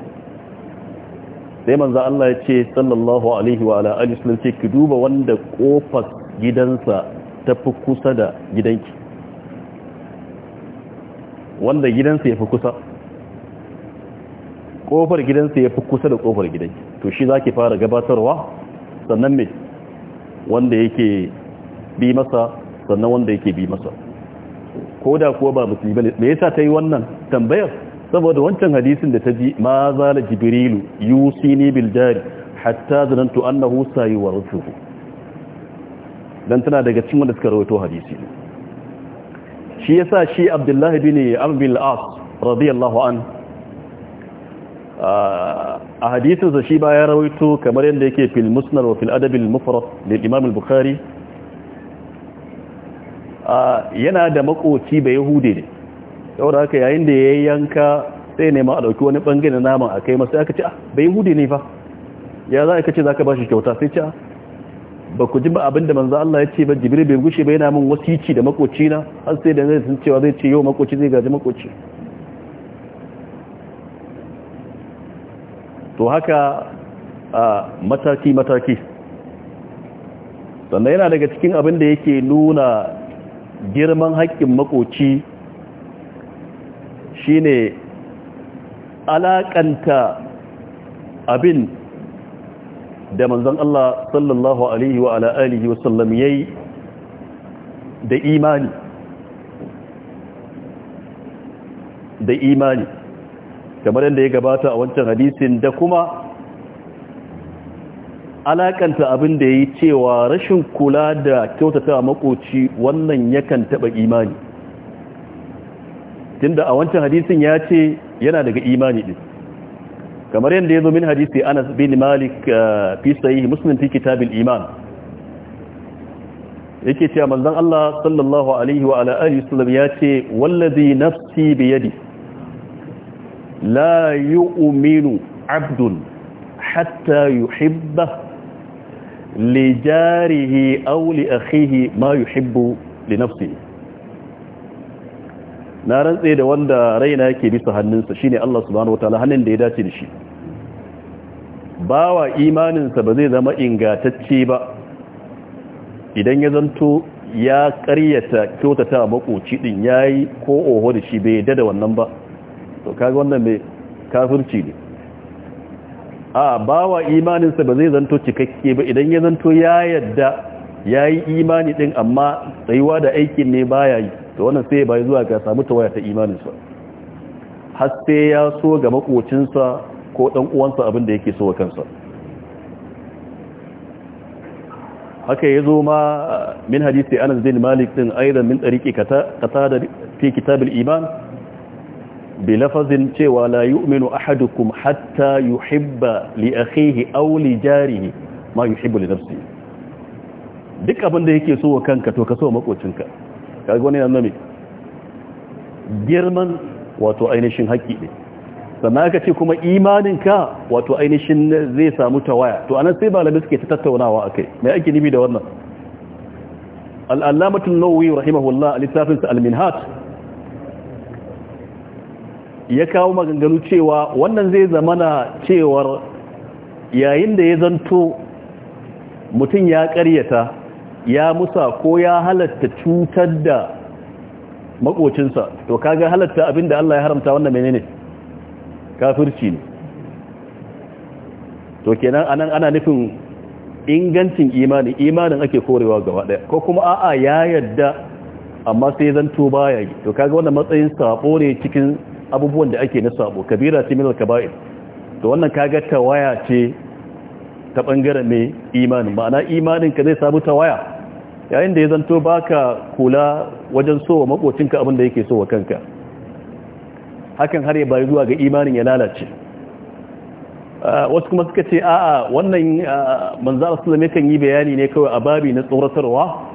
sai manzo Allah ya ce sallallahu alaihi wa ala alihi sallam ce ki duba wanda kofar gidansa ta fi kusa da gidanki wanda gidansa ya fi kusa kofar gidansa ya fi kusa da kofar gidanki to shi zaki fara gabatarwa sannan mai wanda yake bi masa sannan wanda yake bi masa ko da kuwa ba musulmi bane me yasa ta yi wannan tambayar saboda wancan hadisin da ta ji ma zala jibrilu yusini bil jari hatta zanantu annahu sayuwarthuhu dan tana daga cikin wanda suka rawaito hadisi shi yasa shi abdullahi bin amr bin al-as radiyallahu anhu a hadisinsa shi ba ya rawaito kamar yadda yake fil musnad wa fil adabil mufrad lil imam al-bukhari yana da makoci bai yahudi ne saboda haka yayin da ya yanka sai ne ma a dauki wani bangare naman akai masa aka ce a ah, bai yahudi ne fa ya za ka ce zaka bashi kyauta sai ce ah, ba ku ji ba abinda manzo Allah ya ce ba jibril bai gushe ba yana min wasici da makoci na har sai da zai san cewa zai ce yau makoci zai gaji makoci to haka a mataki-mataki sannan yana daga cikin abin da yake nuna girman haƙƙin makoci shine alaƙanta abin da manzon Allah sallallahu alaihi wa ala'alihi wa sallam yayi da imani da imani kamar yadda ya gabata a wancan hadisin da kuma alakanta abin da ya yi cewa rashin kula da kyautata makoci wannan yakan taɓa imani tunda a wancan hadisin ya ce yana daga imani ɗin kamar yadda ya zo min hadisi anas bin malik eh, fi sayi muslim fi kitabin iman yake cewa manzon Allah sallallahu alaihi wa ala alihi wasallam ya ce wallazi nafsi bi yadihi la يؤمن عبد حتى yuhibba لجاره أو لأخيه ما يحب ma yuhibbu na rantse da wanda raina yake bisa hannunsa shine Allah subhanahu wataala hannun da ya dace da shi bawa imaninsa ba zai zama ingatacce ba idan ya zanto ya karyata kyautata makoci din yayi ko oho da shi bai dada da wannan ba to kaga wannan mai kafirci ne a bawa imaninsa ba zai zanto cikakke ba idan ya zanto ya yadda ya yi imani din amma tsayuwa da aikin ne baya yi to wannan sai ba zuwa ga samu tawaya ta imaninsa har sai ya so ga makocinsa ko dan uwansa abin da yake so wa kansa haka ya zo ma min hadisi anas malik din aidan min ɗariƙe kata da fi kitab iman bi lafazin cewa la yu'minu ahadukum hatta yuhibba li akhihi aw li jarihi ma yuhibbu li nafsihi duk abin da yake so wa kanka to ka so makocinka kaga wani nan girman wato ainihin haƙi ne sannan aka ce kuma imaninka wato ainihin zai samu tawaya to anan sai malamai suke ta tattaunawa akai mai ake nufi da wannan al'allamatul nawawi rahimahullah a littafinsa al-minhat ya kawo maganganu cewa wannan zai zamana cewar yayin da ya zanto mutum ya karyata ya musa ko ya halatta cutar da makocinsa to kaga halatta abinda Allah ya haramta wannan menene kafirci ne to kenan anan ana nufin ingancin imani imanin ake korewa gaba daya ko kuma a'a ya yadda amma sai zanto baya to kaga wannan matsayin sabo ne cikin abubuwan da ake na sabo kabira ce minal kaba'ir da wannan kaga tawaya ce ta bangaren mai imanin ma'ana imanin ka zai samu tawaya yayin da ya zanto baka kula wajen so wa makocinka abin da so wa kanka hakan har ya baya zuwa ga imanin ya lalace wasu kuma suka ce a'a wannan manzo Allah kan yi bayani ne kawai a babi na tsoratarwa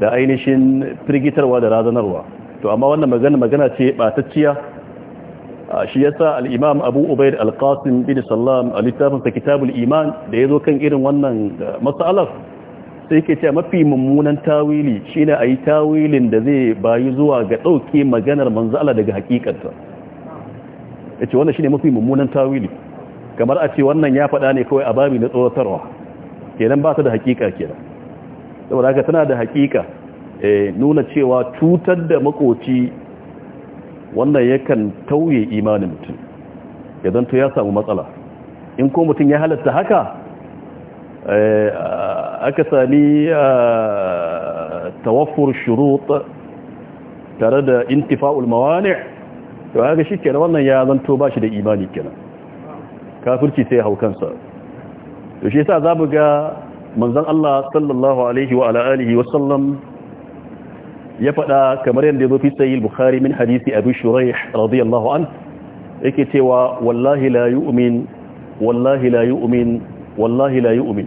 da ainihin firgitarwa da razanarwa to amma wannan magana magana ce batacciya shi yasa al-imam abu ubaid al-qasim bin sallam a sa kitabul iman da ya zo kan irin wannan eh, matsalar sai ke cewa mafi mummunan tawili shine a tawilin da zai bayi zuwa ga ɗauke maganar manzala daga hakikarta yace wannan shine mafi mummunan tawili kamar a ce wannan ya fada ne kawai a babi na tsoratarwa kenan ba ta da hakika kenan saboda haka tana da hakika Eh, nuna cewa cutar da makoci wannan yakan tauye imanin mutum ya zanto ya samu matsala in ko mutum ya halatta haka eh, aka sami eh, tawafur shurut tare da intifa'ul mawani to haka shi kenan wannan ya zanto ba shi da imani kenan kafirci sai hau kansa to shi yasa za mu ga manzon Allah sallallahu alaihi wa alihi wa sallam ya faɗa kamar yadda zo fi sayi bukhari min hadisi abu shuraih radiyallahu an yake cewa wallahi la yu'min wallahi la yu'min wallahi la yu'min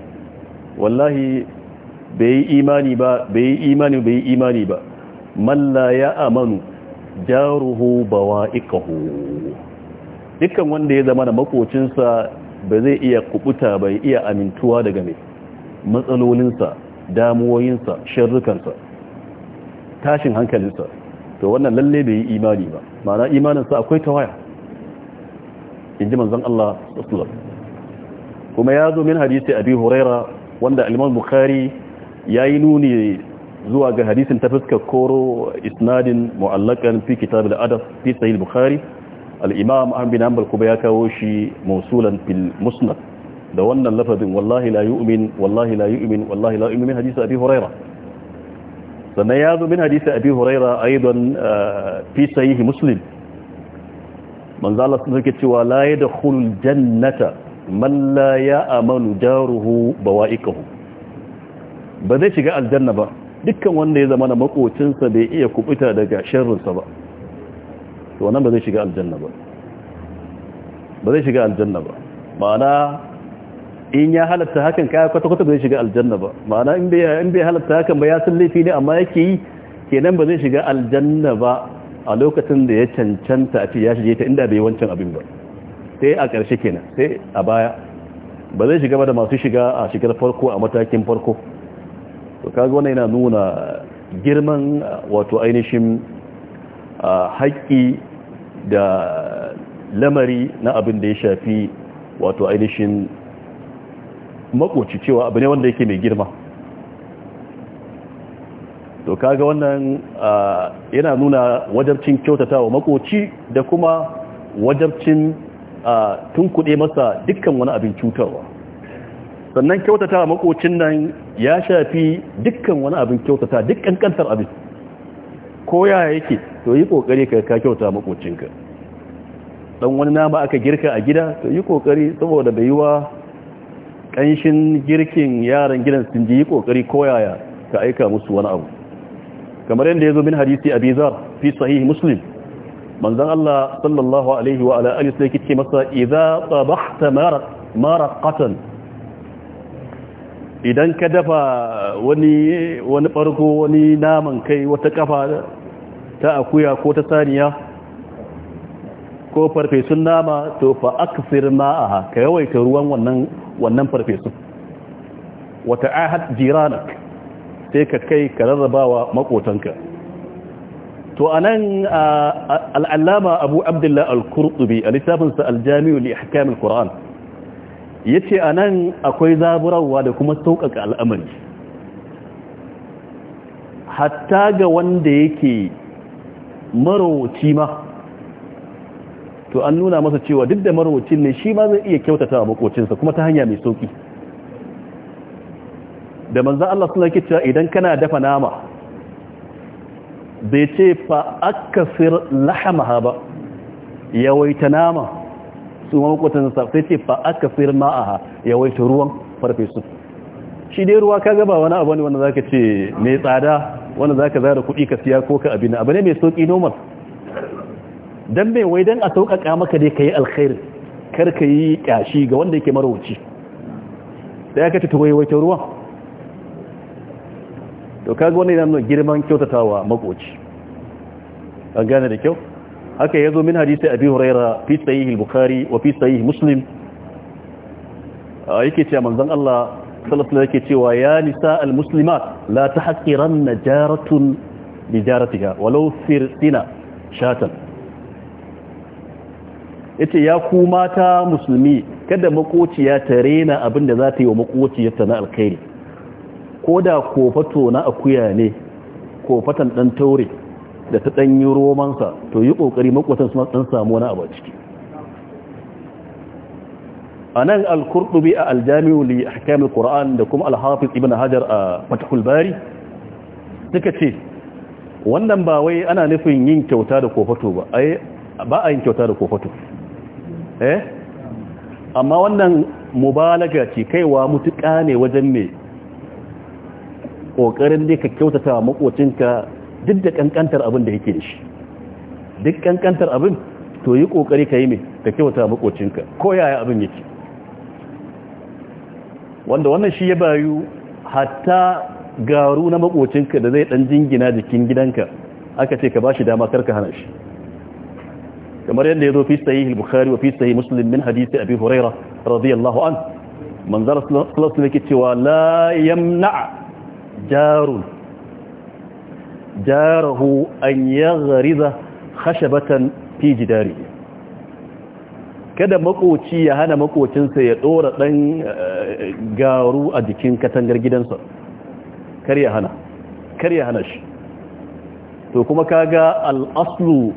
wallahi bai imani ba bai imani bai imani ba man la ya'manu jaruhu bawa'iqahu dukkan wanda ya zama da makocinsa ba zai iya kubuta bai iya amintuwa daga mai matsalolinsa damuwoyinsa sharrukansa tashin hankalinsa to wannan lalle bai yi imani ba ma'ana imaninsa akwai tawaya in ji manzon Allah sallallahu kuma ya zo min hadisi abi huraira wanda al bukari ya yi nuni zuwa ga hadisin ta fuskar koro isnadin mu'allakan fi kitab al fi sahih bukari al-imam bin hanbal kuma ya kawo shi musulan fil musnad da wannan lafazin wallahi la yu'min wallahi la yu'min wallahi la yu'min hadisi abi huraira sannan ya zo min hadisi abi huraira aidan eh, fi sahihi muslim manzo Allah sun yake cewa la yadkhulul jannata man la amanu jaruhu bawaikahu ba zai shiga aljanna ba dukkan wanda ya zama na makocinsa bai iya kubuta daga sharrinsa ba to wannan ba zai shiga aljanna ba ba zai shiga aljanna ba ma'ana in ya halatta hakan kaya kwata-kwata zai shiga aljanna ba ma'ana in bai halatta hakan ba ya san laifi ne amma yake yi kenan ba zai shiga aljanna ba a lokacin da ya cancanta a ce ya shige ta inda bai wancan abin ba sai a ƙarshe kenan sai a baya ba zai shiga ba da masu shiga a shigar farko a matakin farko to kaga wannan yana nuna girman wato ainihin haƙƙi da lamari na abin da ya shafi wato ainihin makoci cewa abu ne wanda yake mai girma to kaga wannan yana nuna wajabcin kyautata wa makoci da kuma wajabcin tunkuɗe masa dukkan wani abin cutarwa sannan kyautata wa makocin nan ya shafi dukkan wani abin kyautata dukkan kantar abin ko ya yake to yi kokari ka ka kyauta makocinka dan wani nama aka girka a gida to yi kokari saboda yi wa. ƙanshin girkin yaran gidan sun ji yi ƙoƙari koyaya ka aika musu wani abu kamar yadda ya zo min hadisi a bizar fi sahih muslim manzan Allah sallallahu alaihi wa ala alihi sai kike masa idza tabahta maraqatan idan ka dafa wani wani farko wani naman kai wata kafa ta akuya ko ta saniya ko farfesun nama to fa aksir ma'aha ka yawaita ruwan wannan wannan farfesun wata ahad jiranak sai ka kai ka rarrabawa makotanka to anan al'allama abu abdullah al-qurtubi a littafinsa al-jami'u li ahkam al-qur'an yace anan akwai zaburawa da kuma sauƙaƙa al'amari hatta ga wanda yake marowaci ma to an nuna masa cewa duk da marwacin ne shi ma zai iya kyautata wa makocinsa kuma ta hanya mai sauki da manzan Allah suna ke cewa idan kana dafa nama bai ce fa aka sir lahamaha ba yawaita nama su ma makocinsa sai ce fa aka sir ma'aha yawaita ruwan farfesu shi dai ruwa ka gaba wani abu ne wanda ka ce mai tsada wanda ka zara kuɗi ka siya ko ka abin abu ne mai sauki nomar dan bai wai dan a sauƙaƙa maka dai kai alkhairi kar ka yi kyashi ga wanda yake marauci da ya kace tuwaye wata ruwa to kaga wannan yana girman girman kyautatawa makoci an gane da kyau haka yazo min hadisi abi huraira fi sahih al-bukhari wa fi sahih muslim yake cewa manzon Allah sallallahu alaihi yake cewa ya nisa al-muslimat la tahqiranna jaratun bi jaratiha walau sirtina shatan ya ce ya ku mata musulmi kada makociya ta rena abin da za ta yi wa makociyarta na alkhairi ko da kofato na akuya ne kofatan dan taure da ta yi romansa to yi kokari makotan su dan samu wani abu a ciki a nan alkurɗubi a al-jami'u li al qur'an da kuma alhafiz ibn hajar a fatahul bari suka ce wannan ba wai ana nufin yin kyauta da kofato ba ai ba a yin kyauta da kofato eh amma wannan mubalaga ce kaiwa mutuka ne wajen me kokarin dai ka kyautata makocinka duk da kankantar abin da yake da shi duk kankantar abin to yi kokari ka yi me ka kyautata makocinka ko yaya abin yake wanda wannan shi ya bayu hatta garu na makocinka da zai dan jingina jikin gidanka aka ce ka bashi dama karka hana shi kamar yadda ya zo fi sahihi al-bukhari wa fi sahihi muslim min hadisi abi huraira radiyallahu an manzara sallallahu alaihi cewa la yamna jarun jarahu an yaghriza khashabatan fi jidari kada makoci ya hana makocinsa ya dora dan eh, garu a jikin katangar gidansa kar ya hana kar ya hana shi to kuma kaga al-aslu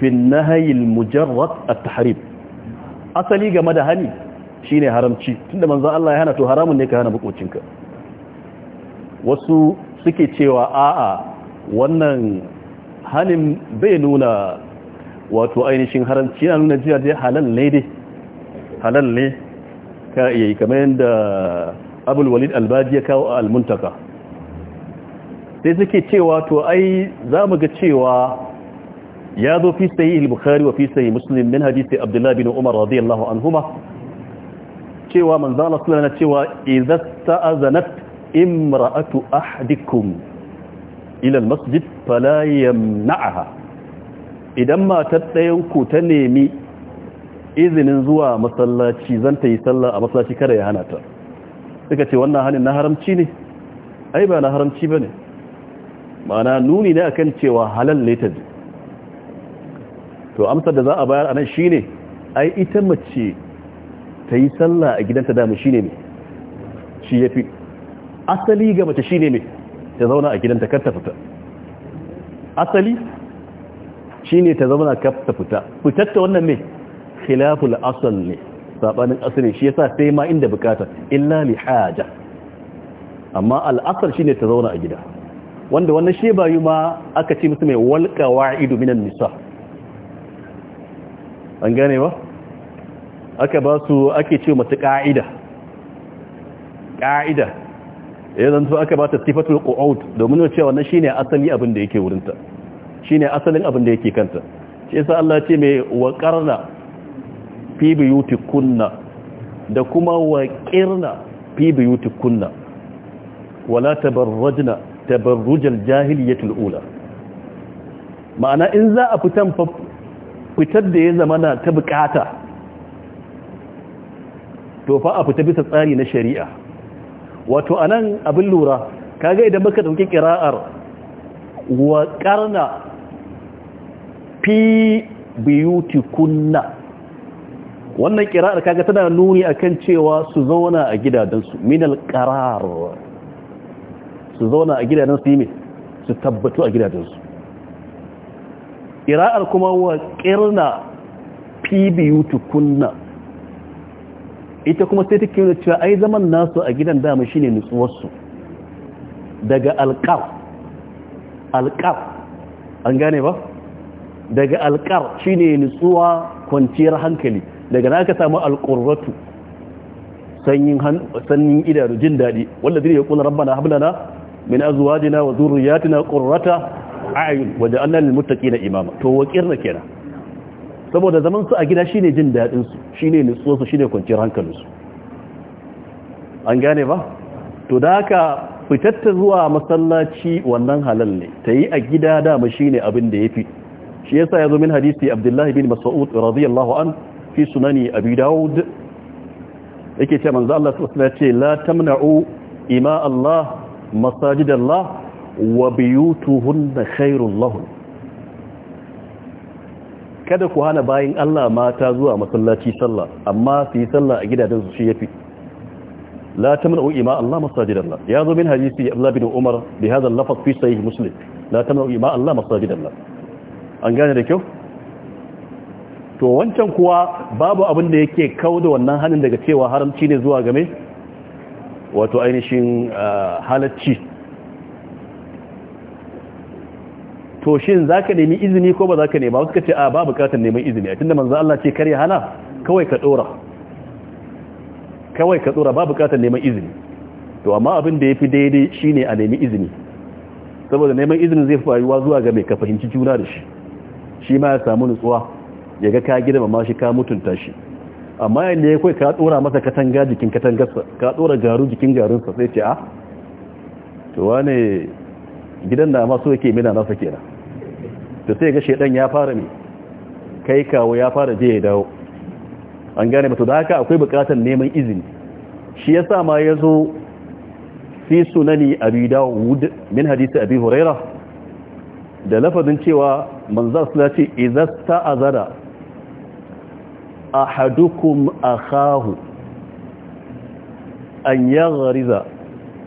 fi nahayil mujarrad at-tahrim asali game da hani shine haramci tunda manzo Allah ya hana to haramun ne ka hana bukocinka wasu suke cewa a'a wannan hanin bai nuna wato ainihin haramci yana nuna jiya dai halal ne dai halal ne ka iya kamar yadda abul walid albaji ya kawo almuntaka sai suke cewa to ai zamu ga cewa ya zo fi sayi al-bukhari wa fi sayi muslim min hadisi abdullahi bin umar radiyallahu anhuma cewa manzo Allah sallallahu alaihi cewa idza ta'azanat imra'atu ahadikum ila al-masjid fala yamna'aha idan matar ɗayan ku ta nemi izinin zuwa masallaci zan ta yi sallah a masallaci kada ya hana ta suka ce wannan hanin na haramci ne ai ba na haramci bane ma'ana nuni ne akan cewa halal ne ta ji to amsar da za a bayar anan shine ai ita mace ta yi sallah a gidanta damu shi ne shi yafi asali ga mace shine ne ta zauna a gidanta kar ta fita asali shine ta zauna kar ta fita fitar ta wannan me khilaful asal ne sabanin asali shi yasa sai ma inda bukata illa li haja amma al'asar shine ta zauna a gida wanda wannan shi bayu ma aka ce musu mai walqa wa'idu minan nisa' an gane ba aka ba su ake ce mata ƙa'ida ƙa'ida ya zanto aka ba ta sifatul ƙo'aut domin cewa wannan shine asali abin da yake wurinta shine asalin abin da yake kanta shi yasa Allah ce mai waƙarna fi kunna da kuma waƙirna fi kunna wala tabarrajna tabarrujal jahiliyatul ula ma'ana in za a fitan fitar da ya zama na ta bukata to fa a fita bisa tsari na shari'a wato a nan abin lura kaga idan baka dauki kira'ar wa karna fi kunna wannan kira'ar kaga tana nuni a kan cewa su zauna a gidajensu minal qarar su zauna a gidajensu yi su tabbatu a gidajensu ƙira'ar kuma wa ƙirna fi biyu tukunna ita kuma sai take nuna cewa ai zaman nasu a gidan dama shine nutsuwarsu daga alƙar alƙar an gane ba daga alƙar shine nutsuwa kwanciyar hankali daga na ka samu alƙurratu sanyin idanu jin daɗi wanda zai ya kuna rabbana hablana min azwajina wa zurriyatina ƙurrata. a'yun wajen annan lilmuttaki na imama to na kenan saboda zaman su a gida shine jin daɗin su shine nutsuwarsu shine kwanciyar su an gane ba to da haka fitatta zuwa masallaci wannan halal ne ta yi a gida dama shine abin da ya fi shi yasa ya zo min hadisi abdullahi bin mas'ud radiyallahu an fi sunani abi dawud yake ce manzo Allah sallallahu alaihi wasallam ce la tamna'u ima Allah masajidallah wa biyutuhunna khairul lahu. kada ku hana bayin Allah mata zuwa masallaci sallah amma fi sallah a gidajen su shi yafi la tamna'u ima Allah masajid Allah ya zo min hadisi Abdullah bin Umar bi hadha al-lafz fi sahih Muslim la tamna'u ima Allah masajid Allah an gane da kyau to wancan kuwa babu abin da yake kauda wannan hanin daga cewa haramci ne zuwa game wato ainihin ah, halacci to shin ka nemi izini ko ba za ka nema wasu ce a ba bukatar neman izini a tunda manzo Allah ce kare hana kawai ka tsora kawai ka tsora ba bukatar neman izini to amma abin da ya fi daidai shi ne a nemi izini saboda neman izini zai faruwa zuwa ga mai ka fahimci juna da shi shi ma ya samu nutsuwa ya ga ka ma shi ka mutunta shi amma da ya kai ka tsora masa katanga jikin katangarsa ka tsora garu jikin garunsa sai ce a to wane gidan da masu yake mina nasa kenan to sai ga shedan ya fara ne kai kawo ya fara je ya dawo an gane mutu da haka akwai bukatar neman izini shi yasa ma ya zo fi sunani abi daud min hadisi abi huraira da lafazin cewa sallallahu alaihi wasallam idza ta'azara ahadukum akahu an yaghriza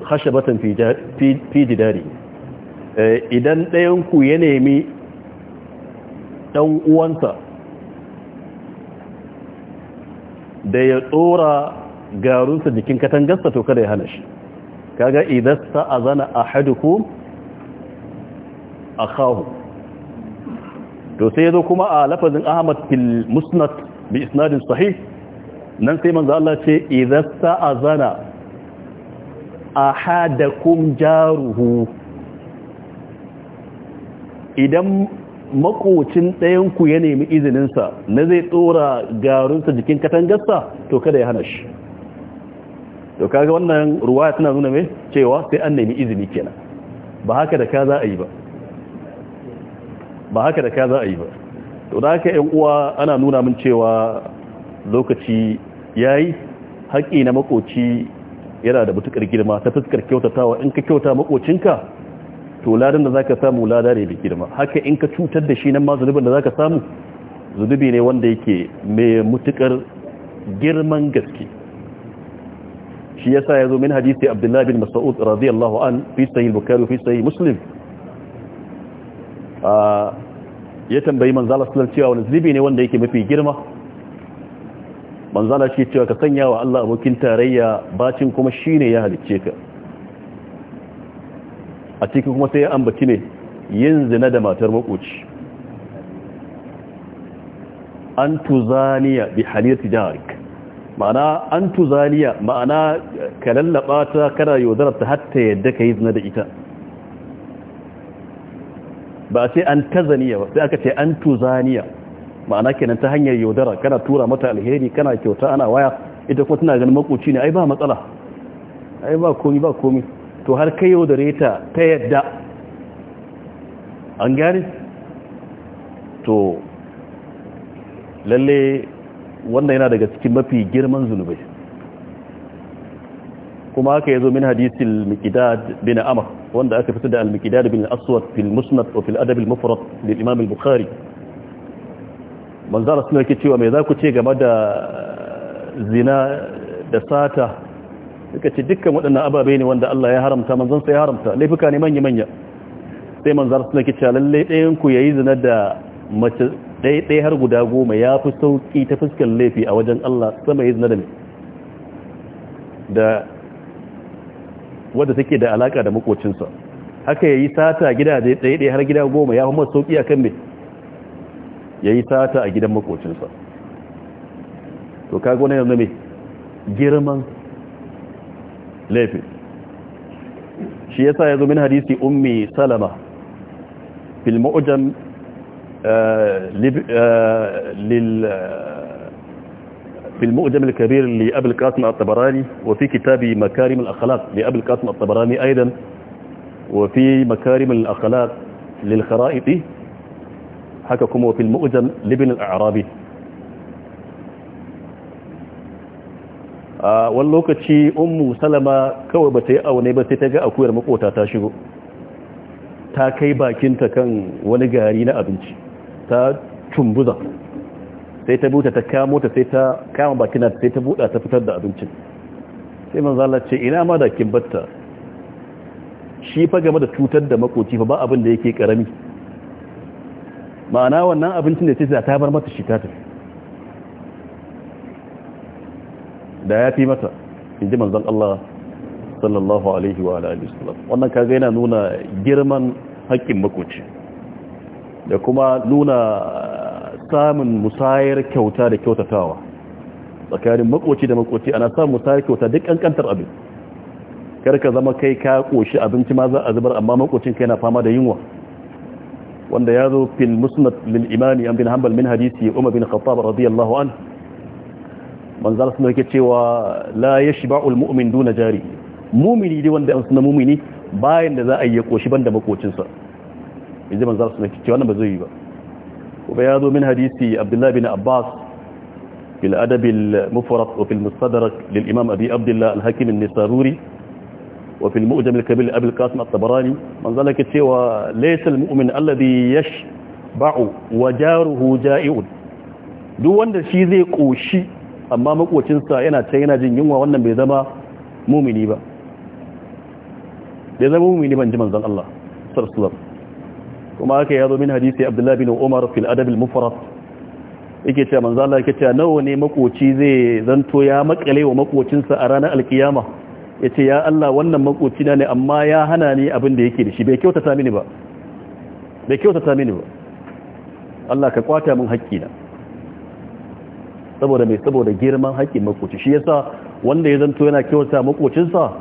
khashabatan fi fi didari eh, idan ɗayanku ya nemi ɗan uwansa da ya tsora garunsa jikin katangarsa to kada ya hana shi kaga idan sa'azana ahadukum akahu to sai yazo kuma a lafazin Ahmad fil Musnad bi isnadin sahih nan sai manzo Allah ce idan sa'azana ahadakum jaruhu idan makocin ɗayanku ya nemi izininsa na zai tsora garinsa jikin katangarsa to kada ya hana shi to kaga wannan ruwa tana nuna mai cewa sai an nemi izini kenan ba haka da ka za a yi ba ba haka da ka za a yi ba to da haka yan uwa ana nuna min cewa lokaci ya yi haƙi na makoci yana da mutukar girma ta fuskar kyautatawa in ka kyauta makocinka to ladan da zaka samu lada ne da girma haka in ka cutar da shi nan ma zunubin da zaka samu zunubi ne wanda yake mai mutukar girman gaske shi yasa yazo min hadisi Abdullah bin Mas'ud radiyallahu an fi sahih Bukhari fi sahih Muslim ah, ya tambayi Allah sallallahu alaihi cewa wani zunubi ne wanda yake mafi girma Allah shi cewa ka sanya wa Allah abokin tarayya bacin kuma shine ya halicce ka a cikin kuma sai ya ambaci ne yin zina da matar makoci an tuzaniya bi haliyar jarik ma'ana an tuzaniya ma'ana ka lallaba ta kana yaudarar ta hatta yadda ka yi zina da ita ba sai an tazaniya ba sai aka ce an tuzaniya ma'ana kenan ta hanyar yaudara kana tura mata alheri kana kyauta ana waya ita kuma tana ganin makoci ne ai ba matsala ai ba komi ba komi to har kai yau da reta ta yadda an gani to lalle wanda yana daga cikin mafi girman zunubai kuma aka yazo min hadisin miqdad bin amr wanda aka fita da al-miqdad bin aswad fil musnad wa fil adab al-mufrad lil imam al-bukhari manzara sunan yake cewa me za ku ce game da zina da sata suka ce dukkan waɗannan ababe ne wanda Allah ya haramta manzansa ya haramta laifuka ne manya-manya sai manzar suna kice lalle ɗayan ku yayi zina da mace ɗaya har guda goma ya fi sauƙi ta fuskar laifi a wajen Allah sama yi zina da da wadda take da alaka da makocinsa haka yayi sata gidaje ɗaya ɗaya har gida goma ya fi masa sauƙi kan me yayi sata a gidan makocinsa to kaga wani yanzu me girman laifin shi yasa من zo min hadisi ummi salama fil mu'jam lil في المؤجم الكبير لأبي القاسم الطبراني وفي كتاب مكارم الأخلاق لأبي القاسم الطبراني أيضا وفي مكارم الأخلاق للخرائط حككم وفي المؤجم لابن الأعرابي wani lokaci ummu salama kawai ba ta yi aune ba sai ta ga akuyar makota ta shigo ta kai bakinta kan wani gari na abinci ta cumbuza sai ta buta ta kamo ta sai ta kama bakina sai ta buɗa ta fitar da abincin sai manzala ce ina ma da kimbatta shi fa game da cutar da makoci fa ba abin da yake karami ma'ana wannan abincin da ta ta bar mata shi ta tafi da ya fi mata in ji manzan Allah sallallahu alaihi wa alaihi wasallam wannan kaga yana nuna girman haƙƙin makoci da kuma nuna samun musayar kyauta da kyautatawa tsakanin makoci da makoci ana samun musayar kyauta duk kankantar abin karka zama kai ka ƙoshi abinci ma za a zubar amma makocin kai na fama da yunwa wanda ya zo fil musnad lil imani an bin hanbal min hadisi umar bin khattab radiyallahu anhu manzal suna yake cewa la yashba'ul mu'min duna jari mumini dai wanda an suna mumini bayan da za a yi ya koshi banda makocinsa inji manzal suna yake cewa wannan ba zai yi ba kuma ya zo min hadisi abdullahi bin abbas في الأدب المفرط وفي المستدرك للإمام أبي عبد الله الحكيم النساروري وفي المؤجم الكبير لأبي القاسم الطبراني من ذلك سوى ليس المؤمن الذي يشبع وجاره جائع دو wanda shi zai koshi amma makocinsa yana ta yana jin yunwa wannan bai zama mumini ba bai zama mumini ban ji zan Allah sarsuwar kuma haka ya zo min hadisi abdullahi bin Umar fil adab al mufrad yake cewa manzan Allah yake cewa nawa ne makoci zai zanto ya makale wa makocinsa a ranar alkiyama yace ya Allah wannan na ne amma ya hana ni abin da yake da shi bai kyautata mini ba bai kyautata mini ba Allah ka kwata min haƙƙina saboda mai saboda girman haƙƙin makoci shi yasa wanda ya zanto yana kyauta makocinsa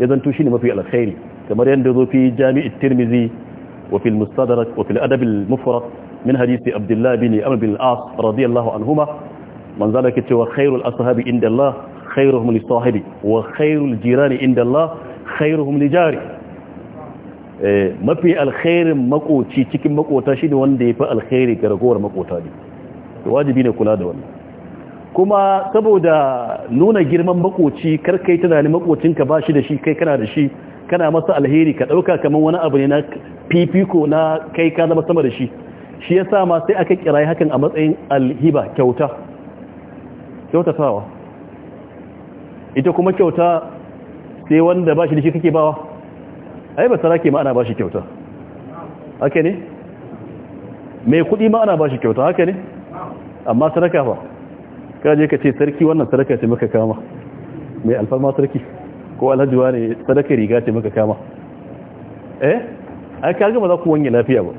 ya zanto shine mafi alkhairi kamar yadda zo fi jami'at tirmizi wa fil mustadrak wa fil adab al mufrad min hadisi abdullah bin amr bin al-as radiyallahu anhuma man zala ke cewa khairul ashabi inda Allah khairuhum li sahibi wa khairul jirani inda Allah khairuhum li jari eh, mafi alkhairin makoci cikin makota shine wanda ya fi alkhairi ga ragowar makota ne wajibi ne kula da wannan kuma saboda nuna girman makoci karkai tunanin makocinka ba shi da shi kai kana da shi kana masa alheri ka ɗauka kamar wani abu ne na fifiko na kai ka zama sama da shi shi ya sa ma sai aka kirayi hakan a matsayin alhiba kyauta kyautatawa ita kuma kyauta sai wanda ba shi da shi kake bawa ai ba sarake ma ana ba shi kyauta haka ne mai kuɗi ma ana ba shi kyauta haka ne amma sadaka ba ka je ka ce sarki wannan sadaka ce maka kama mai alfarma sarki ko alhajiwa ne sadaka riga ce maka kama eh ai ka gama za ku wani lafiya ba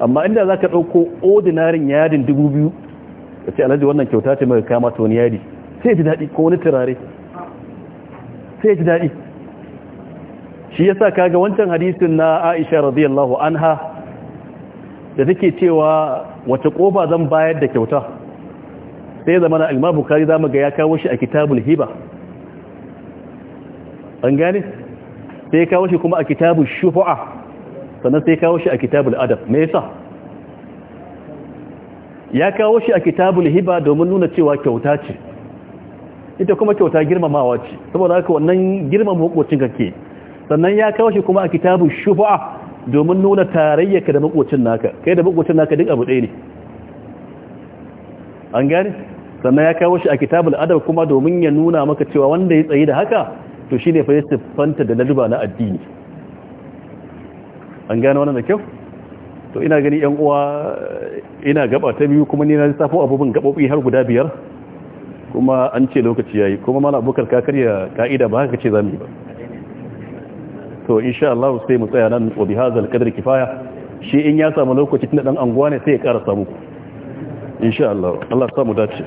amma inda za ka ɗauko ordinarin yadin dubu biyu ka ce alhaji wannan kyauta ce maka kama ta wani yadi sai ji daɗi ko wani turare sai ji daɗi shi ya sa kaga wancan hadisin na Aisha radiyallahu anha da take cewa wace ƙofa zan bayar da kyauta sai zama na alimabu kari za mu ga ya kawo shi a kitabul hiba an gane sai ya kawo shi kuma a kitabul shufa'a sannan sai ya kawo shi a kitabul adab me yasa ya kawo shi a kitabul hiba domin nuna cewa kyauta ce ita kuma kyauta girmamawa ce saboda haka wannan girmama hukuncin kake sannan ya kawo shi kuma a kitabul shufa'a domin nuna ka da makocin naka kai da makocin naka duk abu ɗaya ne an gani sannan ya kawo shi a kitabul adab kuma domin ya nuna maka cewa wanda ya tsayi da haka to shine fa ya siffanta da laduba na addini an gane wannan da kyau to ina gani yan uwa ina gaba ta biyu kuma ni na safo abubun gabobi har guda biyar kuma an ce lokaci yayi kuma mallam abubakar ka karya ka'ida ba haka ce zamu yi ba to insha Allah sai mu tsaya nan wa bihazal qadri kifaya shi in ya samu lokaci tun da dan anguwa ne sai ya karasa muku insha Allah Allah samu dace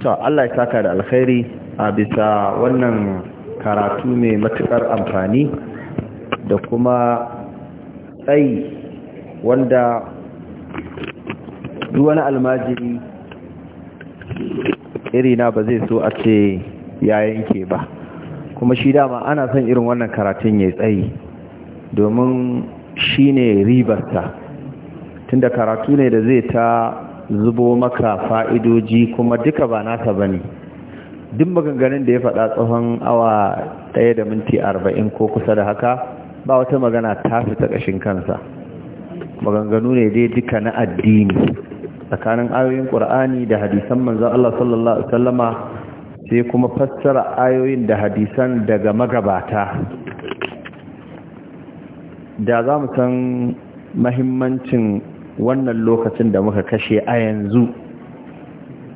to Allah ya saka da alkhairi a bisa wannan karatu mai matukar amfani da kuma tsayi wanda duk wani almajiri irina ba zai so a ce ya yanke ba kuma shi dama ana son irin wannan karatun ya tsayi domin shi ne ribarsa tunda karatu ne da zai ta zubo maka fa'idoji kuma duka ba nasa ba ne duk maganganun da ya faɗa tsohon awa ɗaya da minti arba'in ko kusa da haka ba wata magana ta fi ta ƙashin kansa maganganu ne dai duka na addini tsakanin ayoyin ƙur'ani da hadisan manzan Allah sallallahu Alaihi wasallama sai kuma fassara ayoyin da hadisan daga magabata da za mu san mahimmancin wannan lokacin da muka kashe a yanzu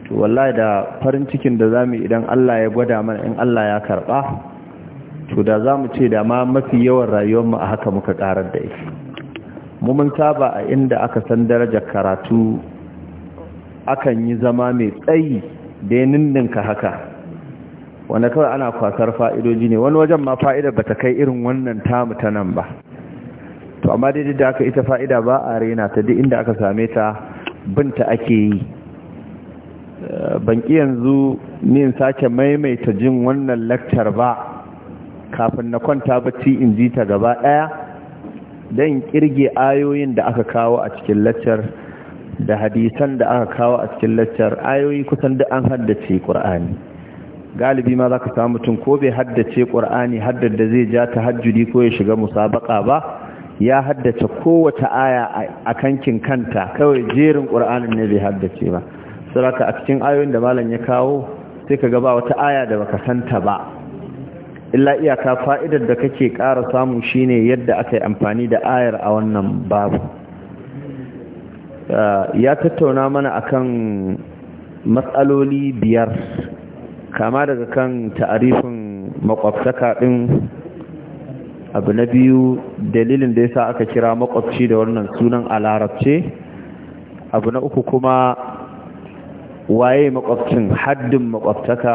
to wallahi da farin cikin da za mu idan Allah ya gwada mana in Allah ya karba to da za mu ce da ma mafi yawan rayuwar mu a haka muka karar da shi mu mun saba a inda aka san darajar karatu akan yi zama mai tsayi da ya ninninka haka wanda kawai ana kwasar fa'idoji ne wani wajen ma fa'ida ba ta kai irin wannan tamu ta nan ba to amma daidai da aka ita fa'ida ba a rena ta duk inda aka same ta binta ake yi banki yanzu ne sake maimaita jin wannan lakcar ba kafin na kwanta bacci in ji ta gaba ɗaya don kirge ayoyin da aka kawo a cikin lakcar da hadisan da aka kawo a cikin lakcar ayoyi kusan da an haddace ƙur'ani galibi ma za ka samu mutum ko bai haddace ƙur'ani haddar da zai ja ta hajjudi ko ya shiga musabaka ba ya haddace kowace aya a kankin kanta kawai jerin ƙur'anin ne bai haddace ba Sadaka a cikin ayoyin da malam ya kawo sai ka gaba wata aya da baka santa ba illa iyaka fa'idar da kake ƙara samu shine yadda aka yi amfani da ayar a wannan babu ya tattauna mana akan matsaloli biyar kama daga kan ta'arifin makwabtaka ɗin abu na biyu dalilin da ya sa aka kira makwabci da wannan sunan a larabce abu na uku kuma waye makwabcin haddin makwabtaka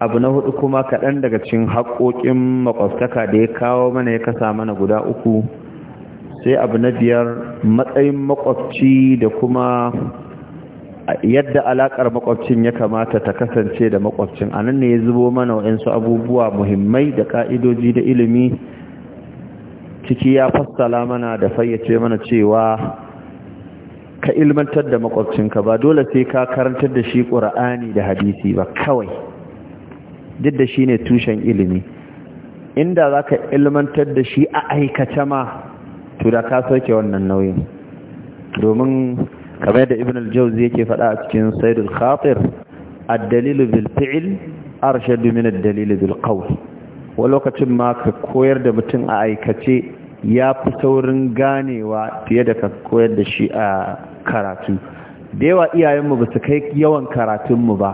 abu na hudu kuma kaɗan daga cikin haƙoƙin makwabtaka da ya kawo mana ya kasa mana guda uku sai abu na biyar matsayin makwabci da kuma yadda alakar makwabcin ya kamata ta kasance da makwabcin a nan ne ya zubo mana wa'insu abubuwa muhimmai da ka'idoji da ilimi ciki ya fassala mana da fayyace mana cewa ka ilmantar da makwabcinka ba dole sai ka karantar da shi ƙura'ani da hadisi ba kawai duk da shi ne tushen ilimi inda za ka ilmantar da shi a aikace ma to da ka sauke wannan nauyin domin kamar da ibn al-jawzi yake faɗa a cikin saidul khatir ad-dalilu bil fi'l arshadu min ad-dalil bil qawl wa lokacin ma ka koyar da mutum a aikace ya fi saurin ganewa fiye da ka koyar da shi a karatu da yawa iyayenmu ba su kai yawan karatunmu ba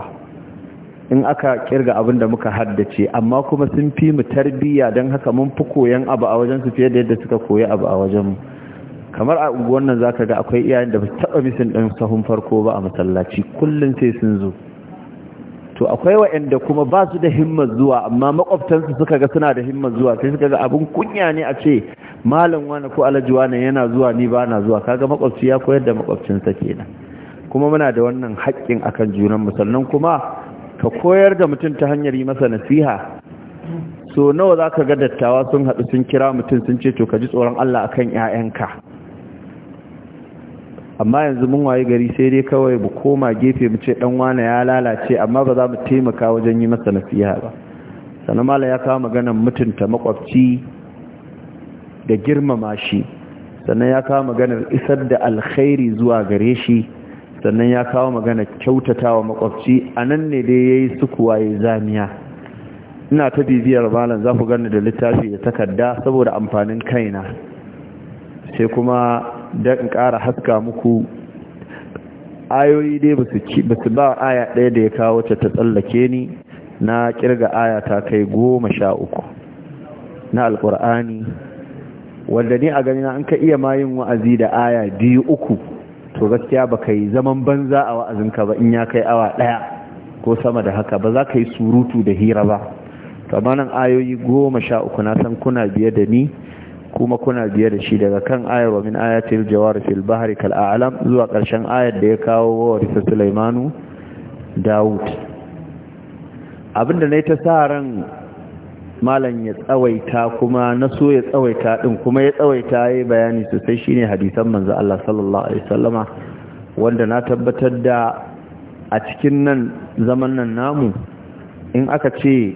in aka kirga abin da muka haddace amma kuma sun fi mu tarbiyya don haka mun fi koyan abu a wajensu fiye da yadda suka koyi abu a wajenmu kamar a unguwar nan ka ga akwai iyayen da ba taɓa misin ɗan sahun farko ba a masallaci kullum sai sun zo to akwai waɗanda kuma ba su da himmar zuwa amma makwabtansu suka ga suna da himmar zuwa sai suka ga abin kunya ne a ce malam wani ko alaji wani yana zuwa ni ba na zuwa kaga makwabci ya koyar da makwabcinsa kenan kuma muna da wannan haƙƙin akan junan mu sannan kuma ka koyar da mutum ta hanyar yi masa nasiha so nawa za ka ga dattawa sun haɗu sun kira mutum sun ce to ka ji tsoron Allah akan 'ya'yanka amma yanzu mun waye gari sai dai kawai mu koma gefe mu ce dan wane ya lalace amma ba za mu taimaka wajen yi masa nasiha ba sannan mala ya kawo maganar mutunta makwabci da girmama shi sannan ya kawo maganar isar da alkhairi zuwa gare shi sannan ya kawo maganar kyautatawa makwabci anan ne dai yayi yi sukuwa ya zamiya ina ta bibiyar malam za ku gani da littafi da takarda saboda amfanin kaina sai kuma don ƙara haska muku ayoyi dai ba su ba aya ɗaya da ya kawo ta ta tsallake ni na kirga aya ta kai goma sha uku na alƙur'ani wanda ni a ganina an ka iya mayin wa'azi da aya biyu uku to gaskiya ba ka yi zaman banza a wa'azinka ba in ya kai awa ɗaya ko sama da haka ba za ka yi surutu da hira ba nan ayoyi goma sha uku na san kuna biye da ni kuma kuna biye da shi daga kan ayar wa min ayatil jawar fil bahri kal a'lam zuwa karshen ayar da ya kawo wa risa sulaimanu daud abinda nayi ta sa ran malam ya tsawaita kuma na so ya tsawaita ɗin kuma ya tsawaita yayi bayani sosai shine hadisan manzo Allah sallallahu alaihi wasallama wanda na tabbatar da a cikin nan zaman nan namu in aka ce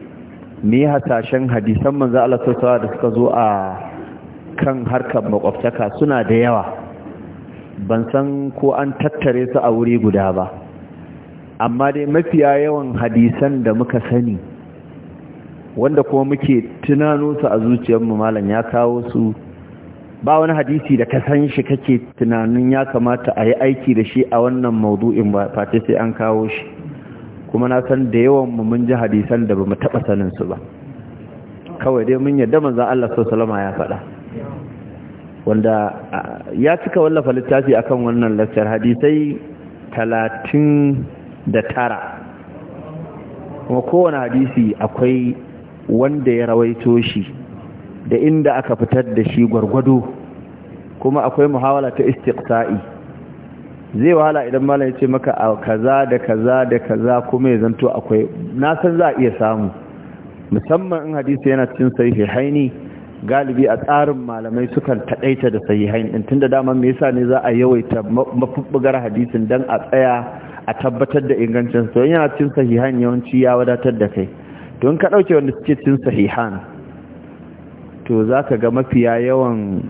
me hasashen hadisan manzo Allah sallallahu alaihi wasallama da suka zo a Kan harkar makwabtaka suna da yawa ban san ko an tattare su a wuri guda ba amma dai mafiya yawan hadisan da muka sani wanda kuma muke tunano su a zuciyarmu malam ya kawo su ba wani hadisi da ka san shi kake tunanin ya kamata a yi aiki da shi a wannan maudu'in ba fata sai an kawo shi kuma na san da yawan mu mun ji hadisan da ba mu taɓa sanin su ba kawai dai mun yadda manzon Allah sallallahu ya faɗa wanda ya cika wallafa littafi akan wannan lasar hadisai talatin da tara kuma kowane hadisi akwai wanda ya rawaito shi da inda aka fitar da shi gwargwado kuma akwai muhawala ta istiqsa'i zai wahala idan malam ya ce maka a kaza da kaza da kaza kuma ya zanto akwai na san za a iya samu musamman in hadisi yana cin sai haini galibi a tsarin malamai sukan taɗaita da sahihain din tunda dama me yasa ne za a yawaita mafubbugar hadisin dan a tsaya a tabbatar da ingancin su yana cin sahihan yawanci ya wadatar da kai to in ka ɗauke wanda suke cin sahihan to zaka ga mafiya yawan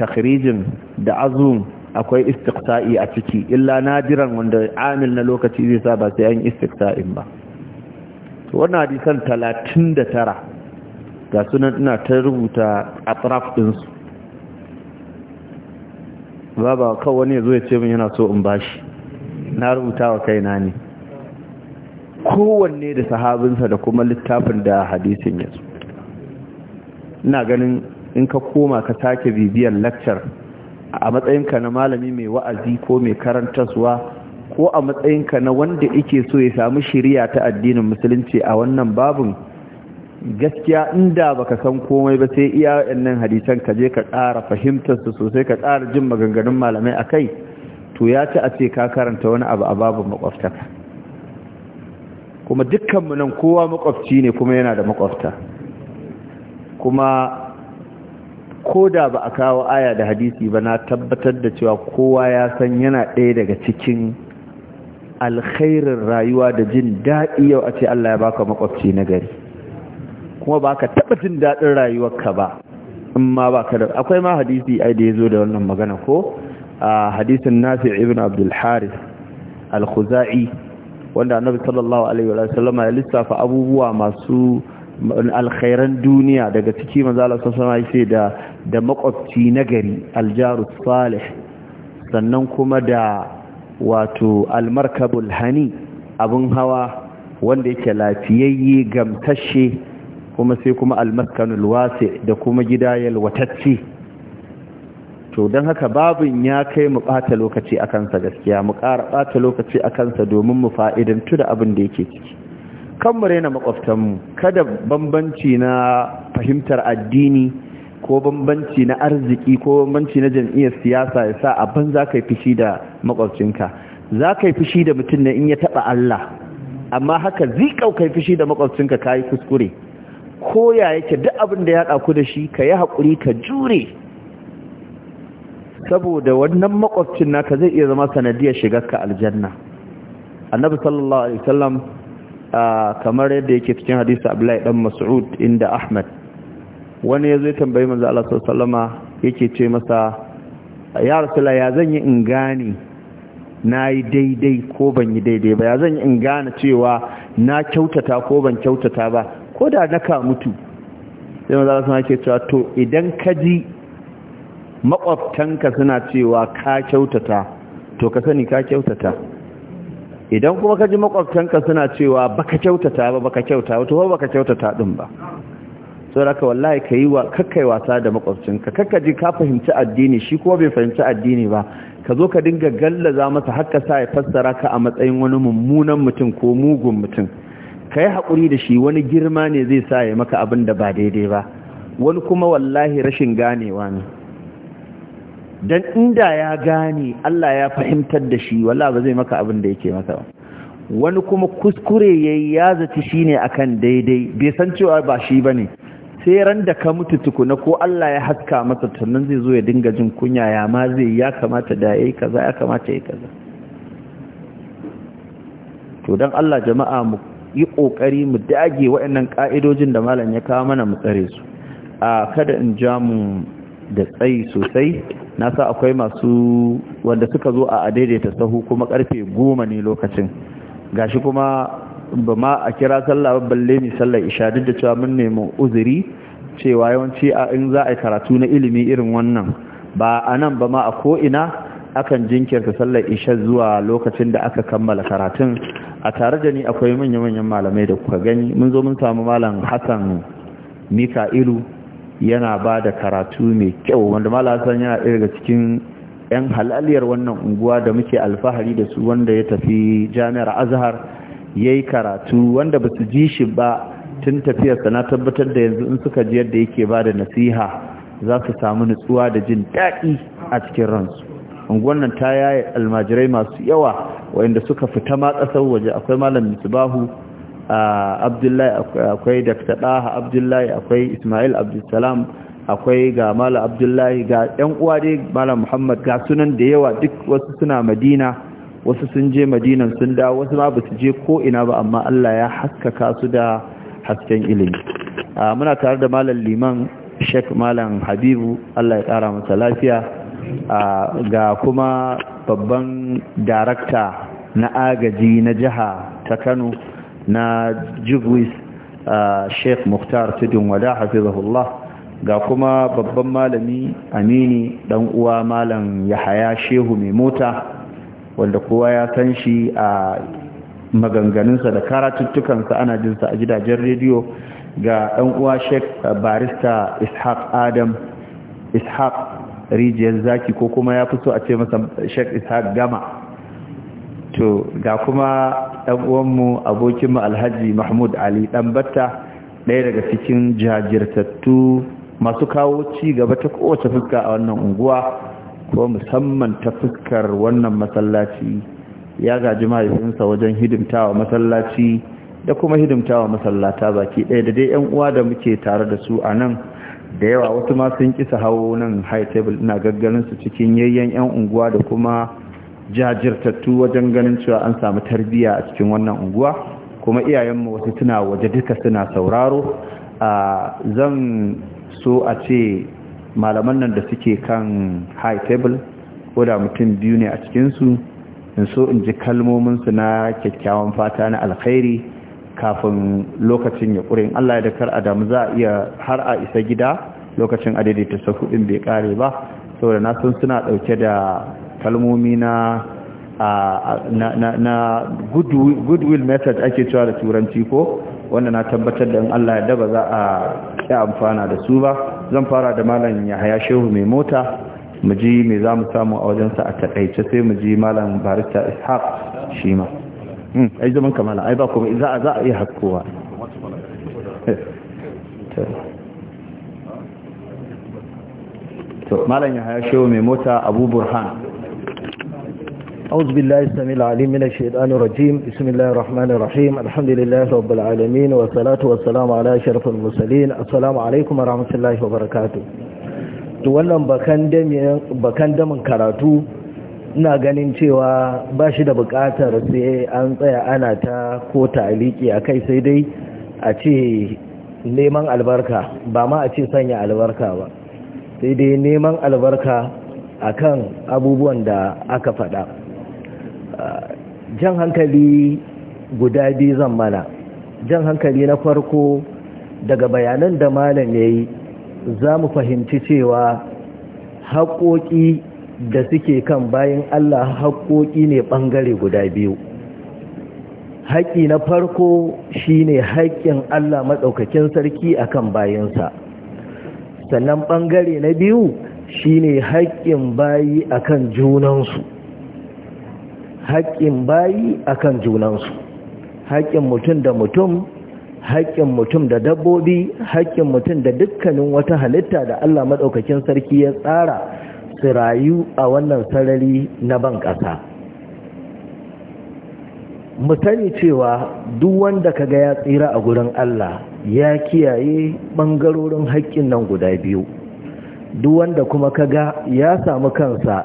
takhrijin da azum akwai istiqsa'i a ciki illa nadiran wanda amil na lokaci zai sa ba sai an istiqsa'in ba wannan hadisan 39 ga sunan ina ta rubuta a tsaraf ɗinsu ba ba kawai wani ya zo ya ce min yana so in bashi na rubuta wa kaina ne kowanne da sahabinsa da kuma littafin da hadisin ya zo ina ganin in ka koma ka sake bibiyar lakcar a matsayinka na malami mai wa'azi ko mai karantarsuwa ko a matsayinka na wanda ike so ya samu shiriya ta addinin musulunci a wannan babin gaskiya inda baka san komai ba sai iya nan hadisan ka je ka ƙara fahimtar su sosai ka ƙara jin maganganun malamai akai to ya ci a ce ka karanta wani abu a babu makwabta kuma dukkan nan kowa makwabci ne kuma yana da makwabta kuma ko da ba a kawo aya da hadisi ba na tabbatar da cewa kowa ya san yana ɗaya daga cikin alkhairin rayuwa da jin daɗi yau a ce Allah ya baka makwabci na gari kuma ba ka taɓa jin daɗin rayuwarka ba in ma ba ka da akwai ma hadisi ai da ya zo da wannan magana ko a hadisin nafi ibn abdul haris al-khuza'i wanda annabi sallallahu alaihi wa sallama ya lissafa abubuwa masu alkhairan duniya daga ciki manzo Allah sallallahu alaihi da da makwabci nagari aljaru salih sannan kuma da wato almarkabul hani abun hawa wanda yake lafiyayye gamtashe kuma sai kuma almaskanul wasi da kuma gida watacci to don haka babin ya kai mu bata lokaci a kansa gaskiya mu ƙara bata lokaci a kansa domin mu fa'idantu da abin da yake ciki kan mu raina maƙwabtanmu kada bambanci na fahimtar addini ko bambanci na arziki ko bambanci na jam'iyyar siyasa ya sa a banza ka yi da maƙwabcinka za ka yi fushi da mutum na in ya taɓa Allah amma haka zikau ka yi fushi da maƙwabcinka ka yi kuskure koya yake duk abin da ya ɗaku da shi ka yi haƙuri ka jure saboda wannan makwabcin naka zai iya zama sanadiyar shigar ka aljanna annabi sallallahu alaihi wasallam kamar yadda yake cikin hadisi Abdullahi dan Mas'ud inda Ahmad wani yazo ya tambayi manzo Allah sallallahu alaihi wasallama yake ce masa ya rasula ya zan yi in gane na daidai ko ban yi daidai ba ya zan yi in gane cewa na kyautata ko ban kyautata ba ko da na ka mutu sai maza suna ke cewa to idan ka ji makwabtanka suna cewa ka kyautata to ka sani ka kyautata idan kuma ka ji makwabtanka suna cewa baka kyautata ba baka kyauta wato ba baka kyautata din ba sau da wallahi ka yi wa kakkai wasa da makwabcinka kakka ji ka fahimci addini shi kuma bai fahimci addini ba ka zo ka dinga gallaza masa hakka sa ya fassara ka a matsayin wani mummunan mutum ko mugun mutum ka yi haƙuri da shi wani girma ne zai sa ya maka abin da ba daidai ba wani kuma wallahi rashin ganewa ne don inda ya gane Allah ya fahimtar da shi walla ba zai maka abin da yake maka ba wani kuma kuskure ya yi ya zaci shi ne a kan daidai bai san cewa ba shi ba ne sai ran da ka mutu tukuna ko Allah ya haska masa tunan zai zo ya dinga jin kunya ya ma zai ya kamata da ya yi kaza ya kamata ya yi kaza to don Allah jama'a mu yi ƙoƙari mu dage waɗannan ƙa'idojin da malam ya kawo mana mu tsare su a kada in ja mu da tsayi sosai na sa akwai masu wanda suka zo a daidaita sahu kuma karfe goma ne lokacin gashi kuma ba ma a kira sallah balle ne sallar isha duk da cewa mun nemi uzuri cewa yawanci a in za a yi karatu na ilimi irin wannan ba a nan ba ma a ko'ina akan jinkirta sallar isha zuwa lokacin da aka kammala karatun a tare da ni akwai manya-manyan malamai da kuka gani mun zo mun samu malam hassan mika'ilu yana ba da karatu mai kyau wanda malam hassan yana daga cikin 'yan halaliyar wannan unguwa da muke alfahari da su wanda ya tafi jami'ar azhar ya yi karatu wanda ba su ji shi ba tun tafiyarsa na tabbatar da yanzu in suka ji yadda yake ba da nasiha za su samu nutsuwa da jin daɗi a cikin ransu unguwan ta yaye almajirai masu yawa wayanda suka fita ma ƙasar waje akwai malam misbahu abdullahi akwai dr daha abdullahi akwai ismail abdulsalam akwai ga malam abdullahi ga yan uwa dai malam muhammad ga sunan da yawa duk wasu suna madina wasu sun je madinan sun dawo wasu ma ba su je ko ina ba amma allah ya haskaka su da hasken ilimi muna tare da malam liman shek malam habibu allah ya kara masa lafiya ga kuma babban darakta na agaji na jiha ta kano na jubis sheikh muhtar tudun wada hafizahullah ga kuma babban malami amini dan uwa malam yahaya shehu mai mota wanda kowa ya san shi a maganganunsa da karatuttukansa ana jinsa a gidajen rediyo ga dan uwa sheikh barista ishaq adam ishaq rijiyar zaki ko kuma ya fito a ce masa shek isa gama to ga kuma ɗan uwanmu abokinmu alhaji mahmud ali ɗan batta ɗaya daga cikin jajirtattu masu kawo ci gaba ta kowace fuska a wannan unguwa ko musamman ta fuskar wannan masallaci ya gaji mahaifinsa wajen hidimtawa masallaci da kuma hidimtawa masallata baki ɗaya da dai 'yan uwa da muke tare da su a nan da yawa wasu ma sun kisa hawo nan high table ina gaggarin su cikin yayyan yan unguwa da kuma jajirtattu wajen ganin cewa an samu tarbiyya a cikin wannan unguwa kuma iyayenmu wasu tuna waje duka suna sauraro a zan so a ce malaman nan da suke kan high table ko da mutum biyu ne a cikinsu in so in ji kalmominsu na kyakkyawan fata na alkhairi kafin lokacin ya ƙure Allah ya da kar a damu za a iya har a isa gida lokacin adaidaita sahu ɗin bai ƙare ba saboda na sun suna ɗauke da kalmomi na na goodwill method ake cewa da turanci ko wanda na tabbatar da in Allah ya daba za a ƙi amfana da su ba zan fara da malam yahaya shehu mai mota mu ji mai za mu samu a wajensa a taƙaice sai mu ji malam barista ishaq shima. ai zaman kamala ai ba kuma za a iya hakkowa malam ya haya shewa mai mota abu burhan أعوذ بالله السميع العليم من الشيطان الرجيم بسم الله الرحمن الرحيم الحمد لله رب العالمين والصلاة والسلام على أشرف المرسلين السلام عليكم ورحمة الله وبركاته to wannan bakan damin karatu ina ganin cewa ba shi da buƙatar sai an tsaya ana ta ko taliki a kai sai dai a ce neman albarka ba ma a ce sanya albarka ba sai dai neman albarka a kan abubuwan da aka faɗa jan hankali guda biyu zan mana jan hankali na farko daga bayanan da malam ya yi za mu fahimci cewa haƙoƙi da suke kan bayan Allah haƙoƙi ne ɓangare guda biyu haƙi na farko shi ne haƙƙin Allah maɗaukakin sarki akan bayansa sannan ɓangare na biyu shi ne haƙƙin bayi akan junansu haƙƙin bayi akan junansu haƙƙin mutum da mutum haƙƙin mutum da dabbobi haƙƙin mutum da dukkanin wata halitta da Allah maɗaukakin sarki ya tsara su rayu a wannan sarari na ban ƙasa mu sani cewa duk wanda ka ga ya tsira a gurin Allah ya kiyaye ɓangarorin haƙƙin nan guda biyu duk wanda kuma ka ga ya samu kansa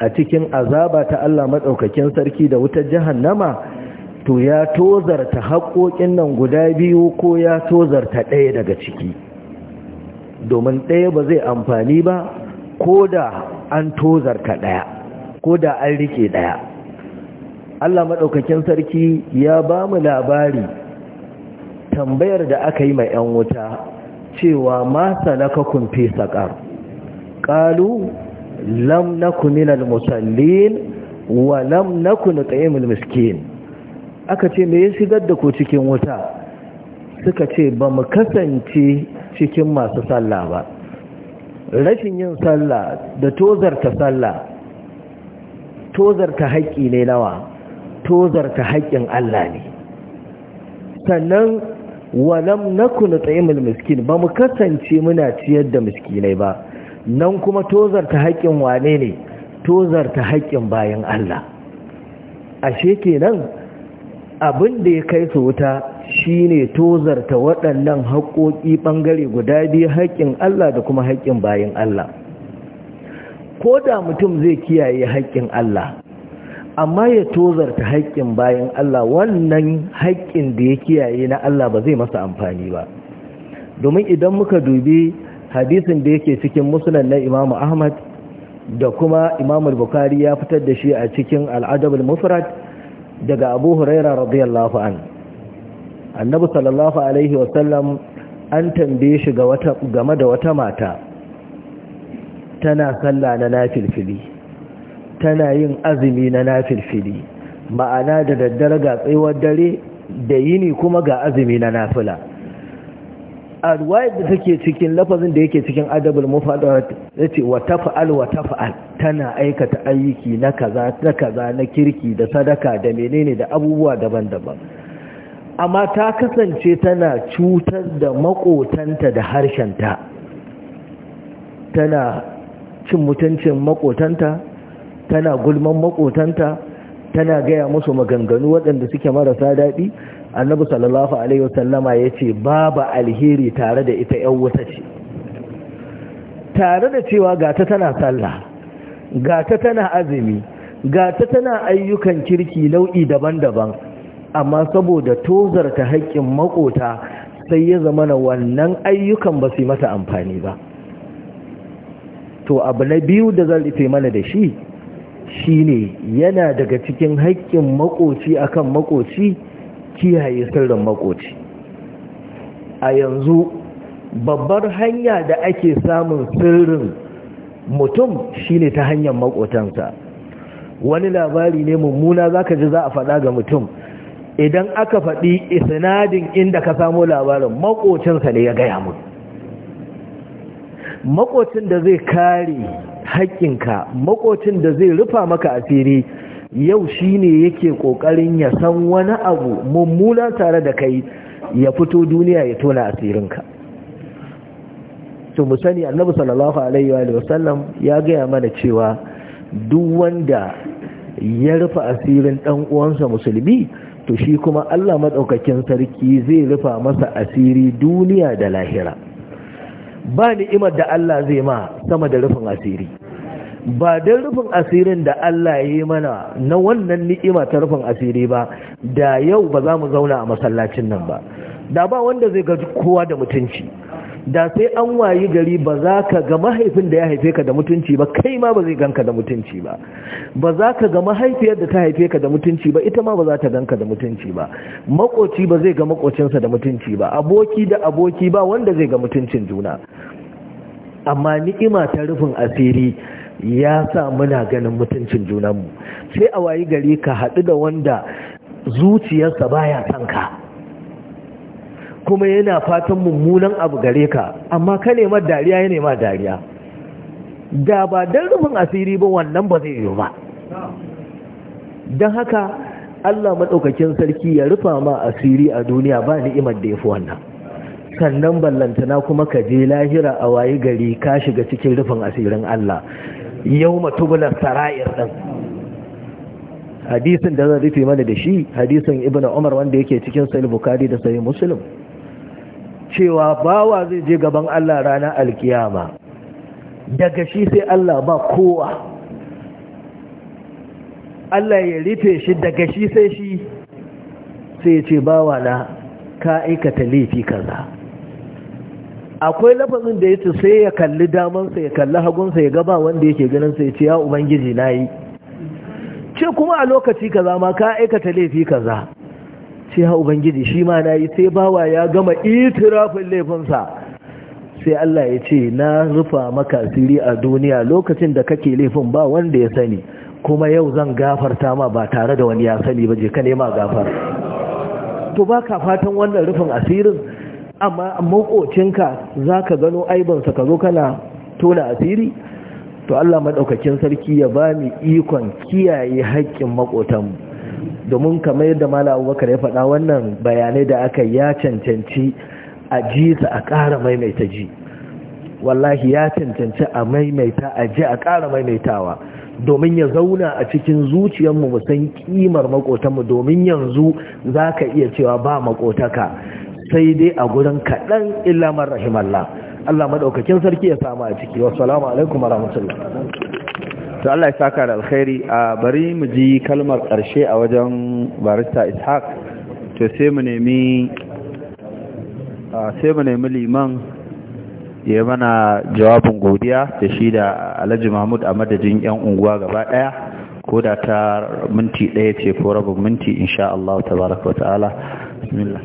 a cikin azaba ta Allah maɗaukakin sarki da wutar nama, to ya tozarta haƙoƙin nan guda biyu ko ya tozarta ɗaya daga ciki domin ɗaya ba zai amfani ba ko da an tozarka ɗaya ko da an rike ɗaya Allah maɗaukakin sarki ya ba mu labari tambayar da aka yi mai 'yan wuta cewa ma na kun fi saƙar ƙalu lam na kuminal musallin wa lam na kunu miskin aka ce me ya shigar da ku cikin wuta suka ce ba mu kasance cikin masu sallah ba rashin yin sallah da tozarta sallah tozarta haƙƙi ne nawa tozarta haƙƙin Allah ne sannan walam nakun ta'imul miskin ba mu kasance muna ciyar da miskinai ba nan kuma tozarta haƙƙin wane ne tozarta haƙƙin bayan Allah ashe kenan abin da ya kai su wuta Shi shine tozarta waɗannan haƙoƙi ɓangare guda biyu haƙƙin Allah da kuma haƙƙin bayan Allah ko da mutum zai kiyaye haƙƙin Allah amma ya tozarta haƙƙin bayan Allah wannan haƙƙin da ya kiyaye na Allah ba zai masa amfani ba domin idan muka dubi hadisin da yake cikin musulun na imamu ahmad da kuma imamu bukari ya fitar da shi a cikin al'adab al-mufrad daga abu huraira radiyallahu an annabi sallallahu alaihi wasallam an tambaye shi game da wata mata tana sallah na nafilfili tana yin azumi na nafilfili ma'ana da daddare ga tsayuwar dare da yini kuma ga azumi na nafila a ruwayar da take cikin lafazin da yake cikin adabul mufadat yace wa taf'al wa taf'al tana aikata ayyuki na kaza na kaza na kirki da sadaka da menene da abubuwa daban-daban amma ta kasance tana cutar da makotanta da harshenta tana cin mutuncin makotanta tana gulman makotanta tana gaya musu maganganu waɗanda suke marasa daɗi annabi sallallahu alaihi wasallama ya ce babu alheri tare da ita ‘yan wuta ce tare da cewa gata tana sallah gata tana azumi gata tana ayyukan kirki nau'i daban-daban amma saboda tozarta haƙƙin makota sai ya zama na wannan ayyukan ba su yi mata amfani ba to abu na biyu da zan rufe mana da shi shi ne yana daga cikin haƙƙin makoci akan makoci kiyaye sirrin makoci a yanzu babbar hanya da ake samun sirrin mutum shine ta hanyar makotansa wani labari ne mummuna za ka ji za a faɗa ga mutum idan aka faɗi isnadin inda ka samu labarin makocinsa ne ya gaya mu makocin da zai kare haƙƙinka makocin da zai rufa maka asiri yau shine yake ƙoƙarin ya san wani abu mummuna tare da kai ya fito duniya ya tona asirinka to mu sani annabi sallallahu alaihi wa sallam ya gaya mana cewa duk wanda ya rufa asirin ɗan uwansa musulmi to shi kuma Allah maɗaukakin sarki zai rufa masa asiri duniya da lahira ba ni'imar da Allah zai ma sama da rufin asiri ba don rufin asirin da Allah ya yi mana na wannan ni'ima ta rufin asiri ba da yau ba za mu zauna a masallacin nan ba da ba wanda zai gaji kowa da mutunci da sai an wayi gari ba za ka ga mahaifin da ya haife ka da mutunci ba kai ma ba zai ganka da mutunci ba ba za ka ga mahaifiyar da ta haife ka da mutunci ba ita ma ba za ta ganka da mutunci ba makoci ba zai ga makocinsa da mutunci ba aboki da aboki ba wanda zai ga mutuncin juna amma ni'ima ta rufin asiri ya sa muna ganin mutuncin junanmu sai a wayi gari ka haɗu da wanda zuciyarsa baya son ka kuma yana fatan mummunan abu gare ka amma ka nema dariya ya nema dariya da ba don rufin asiri ba wannan ba zai yi ba don haka Allah maɗaukakin sarki ya rufa ma asiri a duniya ba ni'imar da ya fi wannan sannan ballantana kuma ka je lahira a wayi gari ka shiga cikin rufin asirin Allah yau matubular sara'ir ɗin hadisin da zan rufe mana da shi hadisin ibn umar wanda yake cikin sahih bukhari da sahih muslim cewa bawa zai je gaban Allah ranar alkiyama daga shi sai Allah ba kowa Allah ya rufe shi daga shi sai shi sai ce bawa na ka aikata laifi kaza akwai lafazin da yace sai ya kalli damansa ya kalli hagunsa ya gaba wanda yake ganin sai ya ce ya ubangiji nayi ce kuma a lokaci kaza ma ka aikata laifi kaza sai ha ubangiji shi ma na yi sai bawa ya gama itirafin laifinsa sai Allah ya ce na rufa maka asiri a duniya lokacin da kake laifin ba wanda ya sani kuma yau zan gafarta ma ba tare da wani ya sani ba je ka nema gafar to ba ka fatan wannan rufin asirin amma makocinka za ka gano aibinsa ka zo kana tona asiri to Allah maɗaukakin sarki ya ba ni ikon kiyaye haƙƙin maƙotanmu domin kamar yadda mala abubakar ya faɗa wannan bayanai da aka ya cancanci a ji su a ƙara maimaita ji wallahi ya cancanci a maimaita a ji a ƙara maimaitawa domin ya zauna a cikin zuciyarmu musan san kimar makotanmu domin yanzu za ka iya cewa ba makotaka sai dai a gurin kaɗan ilamar rahimallah Allah maɗaukakin sarki ya samu a ciki wasu alaikum wa rahmatullah to Allah ya saka da alkhairi a bari mu ji kalmar ƙarshe a wajen barista ishaq to sai mu nemi liman ya mana jawabin godiya da shi da alhaji mahmud a madadin yan unguwa gaba ɗaya ko da ta minti ɗaya ce ko rabin minti insha Allah baraka wa ta'ala bismillah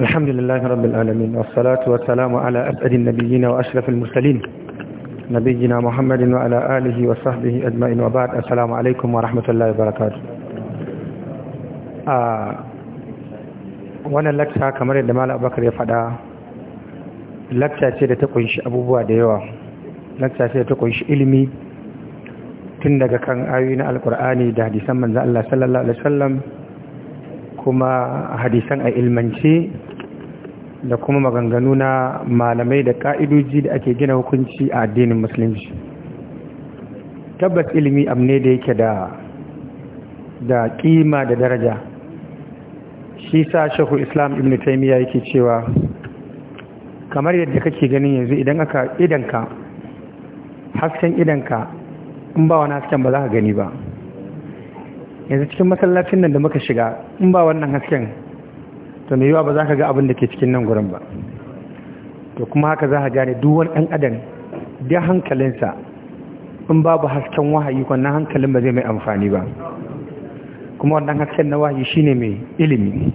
الحمد لله رب العالمين والصلاة والسلام على أسعد النبيين وأشرف المرسلين نبينا محمد وعلى آله وصحبه أجمعين وبعد السلام عليكم ورحمة الله وبركاته wannan lakta kamar yadda Malam Abubakar ya faɗa lakta ce da ta kunshi abubuwa da yawa lakta ce da ta kunshi ilimi tun daga kan ayoyi na alkur'ani da hadisan manzo Allah sallallahu alaihi kuma hadisan a ilmance da kuma maganganu na malamai da ka'idoji da ake gina hukunci a addinin musulunci tabbas ilimi abu ne da yake da da kima da daraja shi sa shahu islam ibn taimiyya yake cewa kamar yadda kake ganin yanzu idan aka idanka hasken idanka in ba wani hasken ba za ka gani ba yanzu cikin masallacin nan da muka shiga in ba wannan hasken to mai yiwa ba za ka ga abin da ke cikin nan gurin ba to kuma haka za ka gane duwan ɗan adam da hankalinsa in babu hasken wahayi na hankalin ba zai mai amfani ba kuma wannan hasken na wahayi shine mai ilimi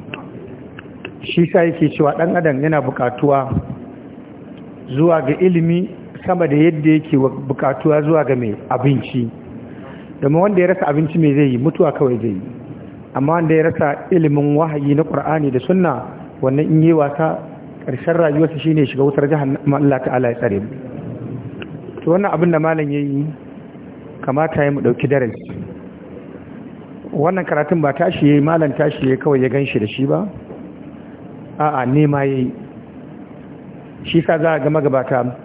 shi sa yake cewa ɗan adam yana buƙatuwa zuwa ga ilimi sama da yadda yake buƙatuwa zuwa ga mai abinci domin wanda ya rasa abinci mai zai yi mutuwa kawai zai yi amma wanda ya rasa ilimin wahayi na ƙur'ani da sunna wannan in yi wasa ƙarshen rayuwarsa ne shiga wutar jihar Allah ta'ala ya tsare mu to wannan abin da malam yi kamata ya mu ɗauki darasi wannan karatun ba tashi yayi malam tashi ya kawai ya ganshi da shi ba a'a ya yi shi sa za a gama gabata.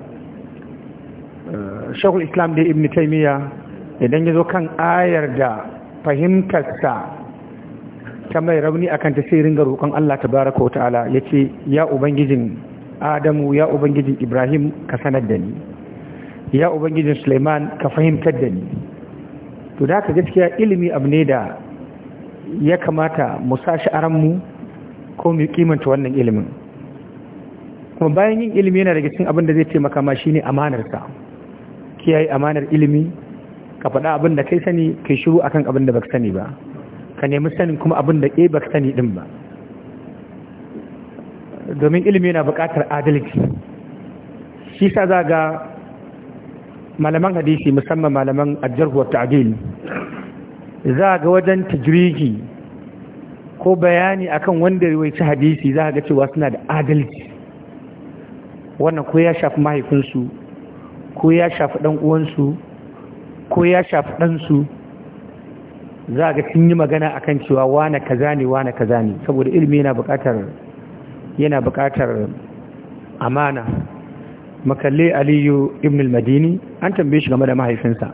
Eh, shakul islam da ibn taimiyya idan ya zo kan ayar da fahimtarsa ta mai rauni akan ta sai ringa roƙon Allah tabaraka wa ta'ala yace ya ubangijin Adamu ya ubangijin Ibrahim ka sanar da ni ya ubangijin Sulaiman ka fahimtar da ni to da ka gaskiya ilimi abu ne da ya kamata mu sashi aran mu ko mu kimanta wannan ilimin kuma bayan yin ilimi yana daga cikin abin da zai taimaka ma shine amanar sa kiyaye amanar ilimi ka faɗa abin da kai sani kai shiru akan abin da baka sani ba ka nemi sanin kuma abin da ƙeba eh, sani ɗin ba domin ilimi yana buƙatar adalci shi sa za ga malaman hadisi musamman malaman ajarhu wa ta'adil za ga wajen tijiriki ko bayani akan wanda riwaici hadisi za ga cewa suna da adalci wannan ko ya shafi mahaifinsu ko ya shafi ɗan uwansu ko ya shafi ɗansu za a ga sun yi magana a kan cewa wane kaza ne wane kaza ne saboda ilimi yana buƙatar yana bukatar amana makalle aliyu ibn al-madini an tambaye shi game da mahaifinsa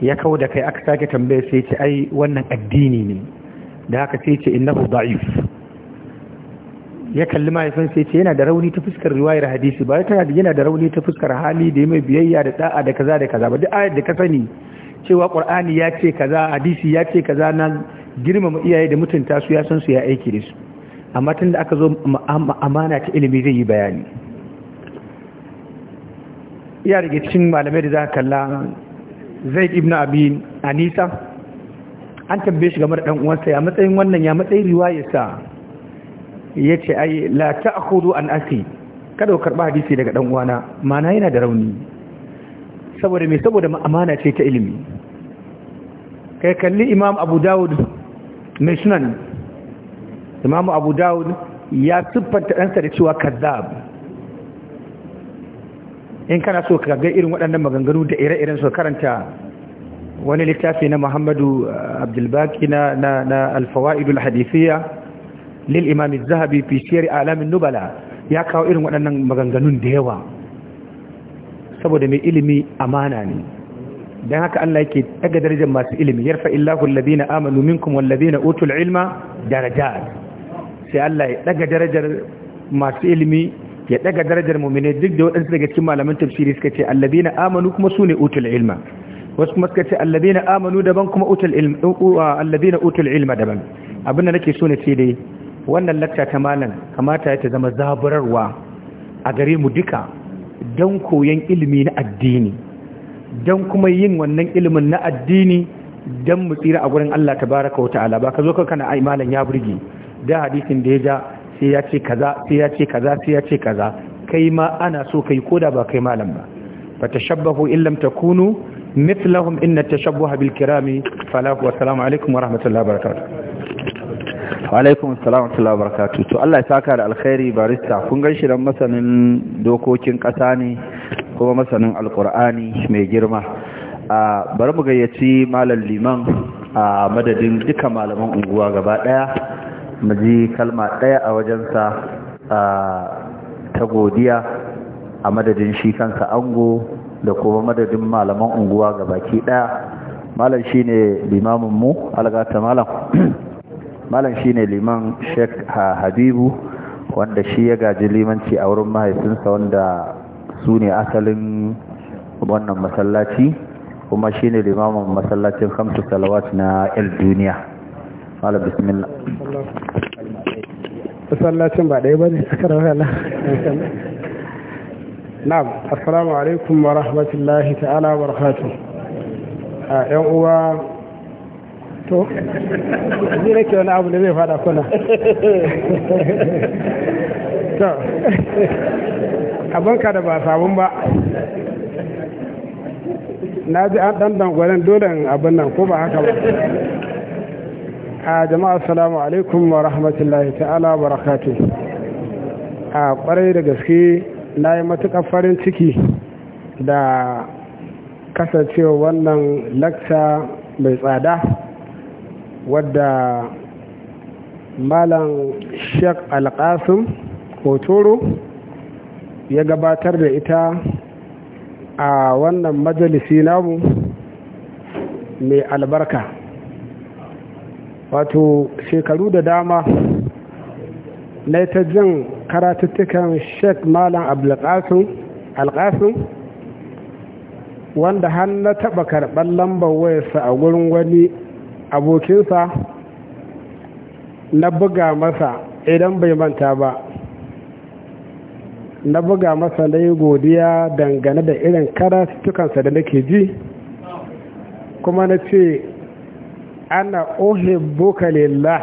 ya kawo da kai aka sake tambaye sai ce ai wannan addini ne da haka sai ce innahu da'if ya kalli mahaifin sai ce yana da rauni ta fuskar riwayar hadisi ba tana da yana da rauni ta fuskar hali da yi mai biyayya da da'a da kaza da kaza ba duk ayar da ka sani cewa ƙwar'ani ya ce kaza hadisi ya ce kaza na girmama iyaye da mutunta su ya san su ya aiki da su amma tun da aka zo amana ta ilimi zai yi bayani Ya rage cikin malamai da za ka kalla zai ibn abi anisa an tambaye shi game da ɗan uwansa ya matsayin wannan ya matsayin riwayarsa yace ai la ta'khudhu an akhi kada ku karɓa hadisi daga ɗan uwana mana yana da rauni saboda me saboda amana ce ta ilimi kai kalli imam abu dawud mai sunan imam abu dawud ya siffanta ɗansa da cewa kazzab in kana so ka ga irin waɗannan maganganu da ire-iren su karanta wani littafi na muhammadu uh, abdulbaki na alfawa'idul hadithiyya lil imam zahabi fi shiyar alamin nubala ya kawo irin waɗannan maganganun da yawa saboda mai ilimi amana ne dan haka Allah yake daga darajar masu ilimi yarfa illahu alladhina amanu minkum walladhina utul ilma darajat sai Allah ya daga darajar masu ilimi ya daga darajar mu'mini duk da wadansu daga cikin malaman tafsiri suka ce alladhina amanu kuma sune utul ilma wasu kuma suka ce alladhina amanu daban kuma utul ilma alladhina utul ilma daban abinda nake so ne ce dai wannan lakta ta malam kamata ya ta zama zaburarwa a gare mu duka don koyon ilimi na addini don kuma yin wannan ilimin na addini don mu tsira a gurin Allah tabaraka wa ta'ala ba ka zo kana a malam ya burge da hadisin da ya ja sai ya ce kaza sai ya ce kaza sai ya ce kaza kai ma ana so kai koda ba kai malam ba fatashabbahu in lam takunu mithlahum inna tashabbuha bil kirami falahu wa salamu alaikum wa rahmatullahi wa barakatuh wa alaikum assalam wa to Allah ya saka da alkhairi barista kun gan shi dan masanin dokokin ƙasa ne kuma masanin alkur'ani mai girma a bari mu gayyaci malam liman a madadin duka malaman unguwa gaba daya mu ji kalma daya a wajensa ta godiya a madadin shi kansa ango da kuma madadin malaman unguwa gaba ki daya malam shine limamin mu algata malam malam shine liman sheikh habibu wanda shi ya gaji limanci a wurin mahaifinsa wanda su ne asalin wannan masallaci kuma shi ne limamin masallacin hamsu salawat na el duniya malam bismillah masallacin ba ɗaya ba ne a karar na'am assalamu alaikum wa rahmatullahi ta'ala wa rahatu a 'yan uwa to ni nake wani abu da zai fada kuna to abinka da ba sabon ba na ji an ɗan gwanin dole abin nan ko ba haka ba a jama'a assalamu alaikum wa rahmatullahi ta'ala wa barakatu a kwarai da gaske na yi matuƙar farin ciki da kasancewa wannan lakta mai tsada wadda malam sheik alkasim hotoro ya gabatar da ita a wannan majalisi namu mai albarka wato shekaru da dama na ta jin karatuttukan sheik malam alkasim wanda har na taɓa karɓar lambar wayarsa a wurin wani abokinsa na buga masa idan bai manta ba na buga masa na yi godiya dangane da irin karatukansa da nake ji kuma na ce ana ohe boka lillah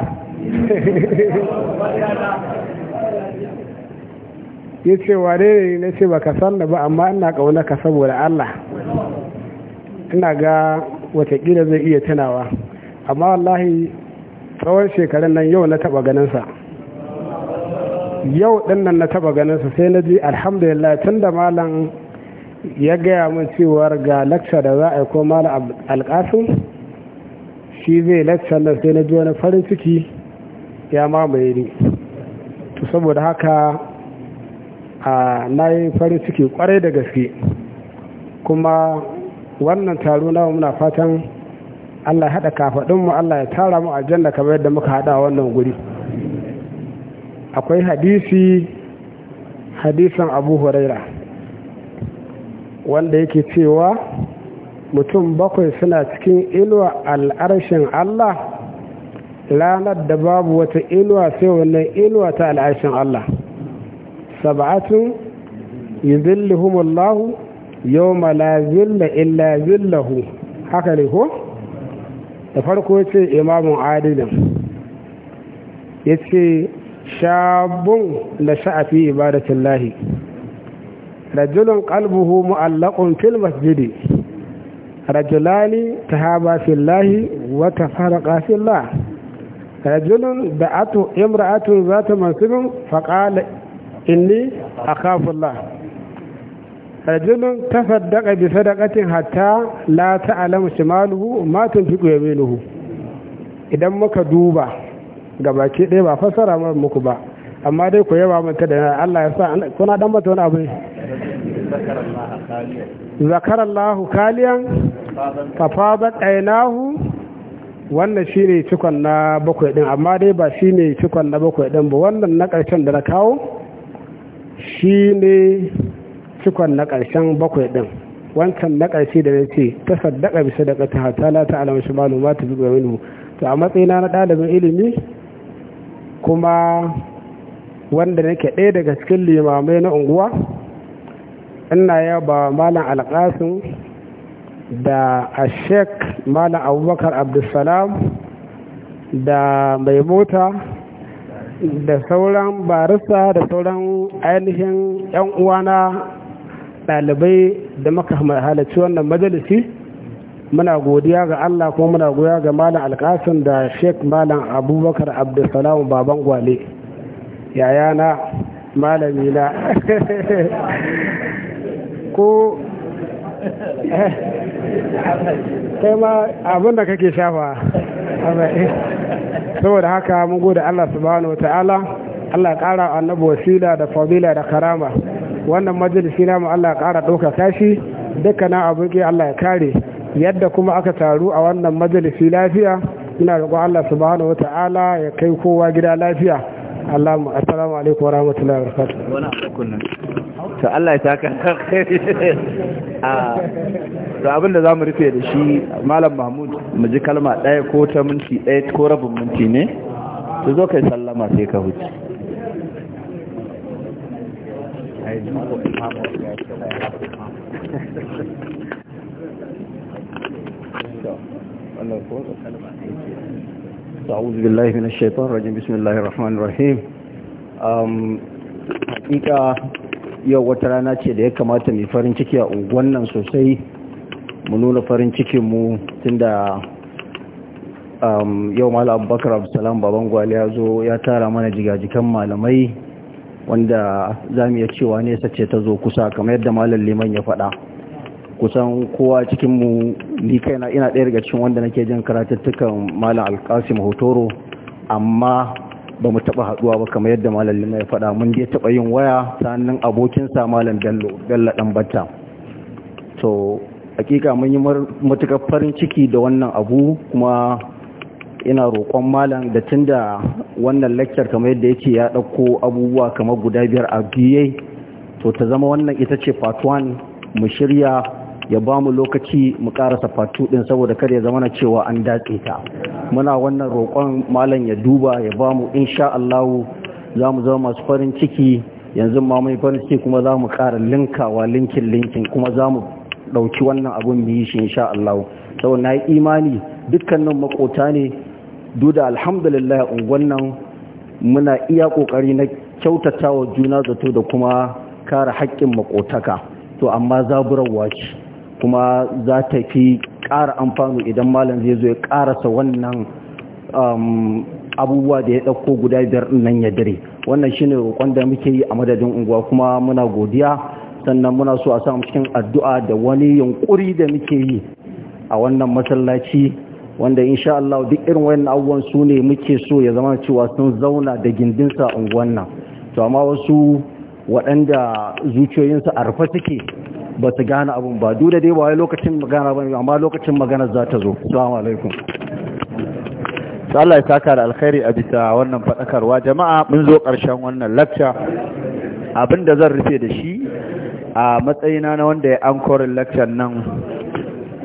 ya ce wane ne na ce baka sanna ba amma ina ƙaunaka saboda Allah ina ga watakila zai iya tunawa amma wallahi tsawon shekarun nan yau na taba ganinsa yau din nan na taba ganinsa sai na ji alhamdulillah tun da malam ya gaya min cewar ga lakca da za a yi ko malam alƙasun shi zai lacca da sai na ji wani farin ciki ya mamaye ni to saboda haka a na yi farin ciki kwarai da gaske kuma wannan taro na muna fatan Allah ya haɗa kafaɗinmu Allah ya tara mu aljanna kamar yadda muka haɗa wannan guri akwai hadisi hadisan abu huraira wanda yake cewa mutum bakwai suna cikin inuwa al'arshen Allah ranar da babu wata inuwa sai wannan inuwa ta al'arshen Allah sab'atun yuzilluhumullahu yawma la zilla illa zillahu haka ne ko da farko ce imamun adilin ya ce shabun da sha'afi ibadatun lahi rajulun kalbuhu mu'allakun fil masjidi rajulani ta haba fillahi wata faraka fillah rajulun da atu imra'atun zata mansubin faƙala inni a akhafullah rajulun tasaddaqa bi sadaqatin hatta la ta'lamu shimaluhu ma tunfiqu yaminuhu idan muka duba gabaki ɗaya ba fassara mu muku ba amma dai ku yaba ta da Allah ya sa kuna dan mata wani abu zakarallahu kaliyan fafadat ainahu wannan shine cikon na bakwai din amma dai ba shine cikon na bakwai din ba wannan na karshen da na kawo shine cikon na ƙarshen bakwai ɗin wancan na ƙarshe da na ce ta saddaka bisa da ta na ta alama shi maluma ta zuba minu to a matsayina na ɗalibin ilimi kuma wanda nake ɗaya daga cikin limamai na unguwa ina yaba malam alƙasin da ashek malam abubakar abdulsalam da mai mota da sauran barista da sauran ainihin 'yan uwana ɗalibai da maka halarci wannan majalisi muna godiya ga Allah kuma muna godiya ga malam alƙasin da sheik malam abubakar abdulsalam baban gwale yayana malami na ko eh, kai ma abin da kake shafa saboda haka mun gode Allah subhanahu wa ta'ala Allah ƙara annabi wasila da fadila da karama wannan majalisi namu Allah ya ƙara ɗaukaka shi dukkanin aboki Allah ya kare yadda kuma aka taru a wannan majalisi lafiya ina roƙon Allah subhanahu wata'ala ya kai kowa gida lafiya Allah mu assalamu alaikum wa rahmatullahi wa barakatuh to Allah ya saka to abinda zamu rufe da shi malam Mahmud mu ji kalma daya ko ta minti ɗaya ko rabin minti ne to zo kai sallama sai ka huce أعوذ بالله من الشيطان الرجيم بسم الله الرحمن الرحيم hakika yau wata rana ce da ya kamata mai farin ciki a unguwan nan sosai mu nuna farin cikinmu tunda um, yau malam bakar abdulsalam baban gwali ya zo ya tara mana jigajikan malamai wanda za mu iya cewa nesa ce ta zo kusa kamar yadda malam liman ya faɗa kusan kowa cikinmu ni kaina ina ɗaya daga cikin wanda nake jin karatuttukan malam alkasim hotoro amma ba mu taɓa haɗuwa ba kamar yadda malam liman ya faɗa mun dai taɓa yin waya ta abokinsa malam bello bello ɗan batta to hakika mun yi matuƙar farin ciki da wannan abu kuma ina roƙon malam da tun da wannan lecture kamar yadda yake ya ɗauko abubuwa kamar guda biyar a biye to ta zama wannan ita ce part mu shirya ya ba mu lokaci mu karasa part 2 din saboda kar ya zama na cewa an datse ta muna wannan roƙon malam ya duba ya ba mu insha Allah za mu zama masu farin ciki yanzu ma mai farin ciki kuma za mu ƙara linkawa linkin linkin kuma za mu ɗauki wannan abun mu yi shi insha Allah saboda na yi imani dukkanin makota ne duda alhamdulillah unguwan nan muna iya kokari na kyautata wa juna zato da kuma kare haƙƙin makotaka to amma zaburar ce kuma za ta fi ƙara amfani idan malam zai zo ya ƙarasa wannan um, abubuwa da ya ɗauko guda biyar nan ya dare wannan shine roƙon da muke yi a madadin unguwa kuma muna godiya sannan muna so a samu cikin addu'a da wani yunƙuri da muke yi a wannan masallaci wanda insha Allah duk irin wayannan abubuwan su ne muke so ya zama cewa sun zauna da gindinsa unguwan nan to amma wasu waɗanda zuciyoyinsu a rufe suke ba su gane abun ba duk da dai ba wai lokacin magana ba amma lokacin magana za ta zo assalamu alaikum Allah ya saka da alkhairi a bisa wannan fadakarwa jama'a mun zo ƙarshen wannan lecture abinda zan rufe da shi a matsayina na wanda ya ankorin lecture nan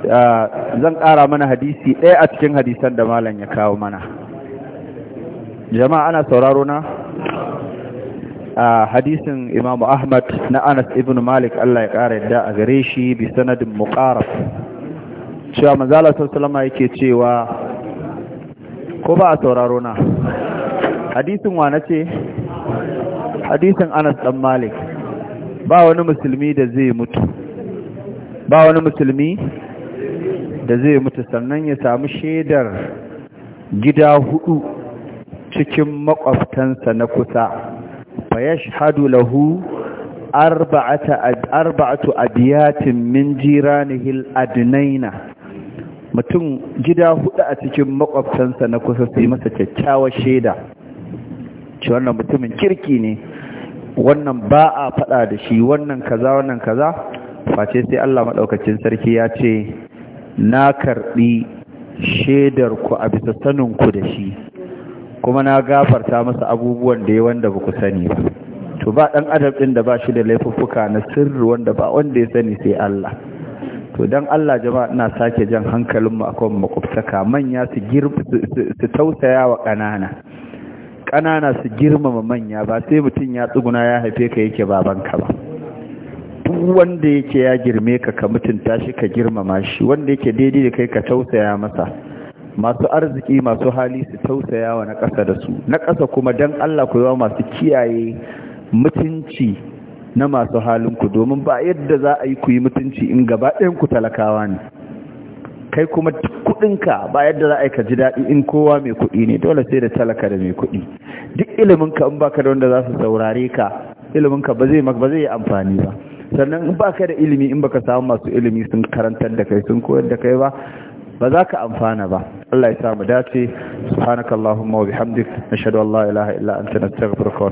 Ah, zan ƙara mana hadisi ɗaya a cikin hadisan da malam ya kawo mana jama'a ana sauraro na ah, hadisin imamu ahmad na anas ibn malik allah ya ƙara yadda a gare shi bi sanadin muƙaraf cewa manzala sassalama yake cewa ko ba a sauraro na hadisin wane ce hadisin anas ɗan malik ba wani musulmi da zai mutu ba wani musulmi da zai mutu sannan ya samu shaidar gida hudu cikin makwabtansa na kusa fa hadu lahu arba'atu abiyatin min jiranihil adnaina mutum gida hudu a cikin makwabtansa na kusa su yi masa kyakkyawar shaida ci wannan mutumin kirki ne wannan ba a fada da shi wannan kaza wannan kaza face sai Allah maɗaukacin sarki ya ce na karɓi shaidarku a bisa saninku da shi kuma na gafarta masa abubuwan da ya wanda ba ku sani ba to ba ɗan adam ɗin da ba shi da laifuffuka na sirri wanda ba wanda ya sani sai Allah to don Allah jama'a ina sake jan hankalinmu a kan makwabtaka manya su tausaya wa ƙanana ƙanana su girmama manya ba sai mutum ya tsuguna ya haife ka yake babanka ba duk wanda yake ya girme ka ka mutunta shi ka girmama shi wanda yake daidai da kai ka tausaya masa masu arziki masu hali su tausaya wa na ƙasa da su na ƙasa kuma don Allah ku yawa masu kiyaye mutunci na masu halinku domin ba yadda za a yi ku yi mutunci in gaba ɗayan ku talakawa ne kai kuma kuɗinka ba yadda za a yi ka ji daɗi in kowa mai kuɗi ne dole sai da talaka da mai kuɗi duk ilimin ka in baka da wanda za su saurare ka ilimin ka ba zai yi amfani ba sannan in baka da ilimi in baka samu masu ilimi sun karantar da kai sun koyar da kai ba ba za ka amfana ba Allah ya samu dace subhanakallahumma wa bihamdik nashhadu an la ilaha illa anta nastaghfiruka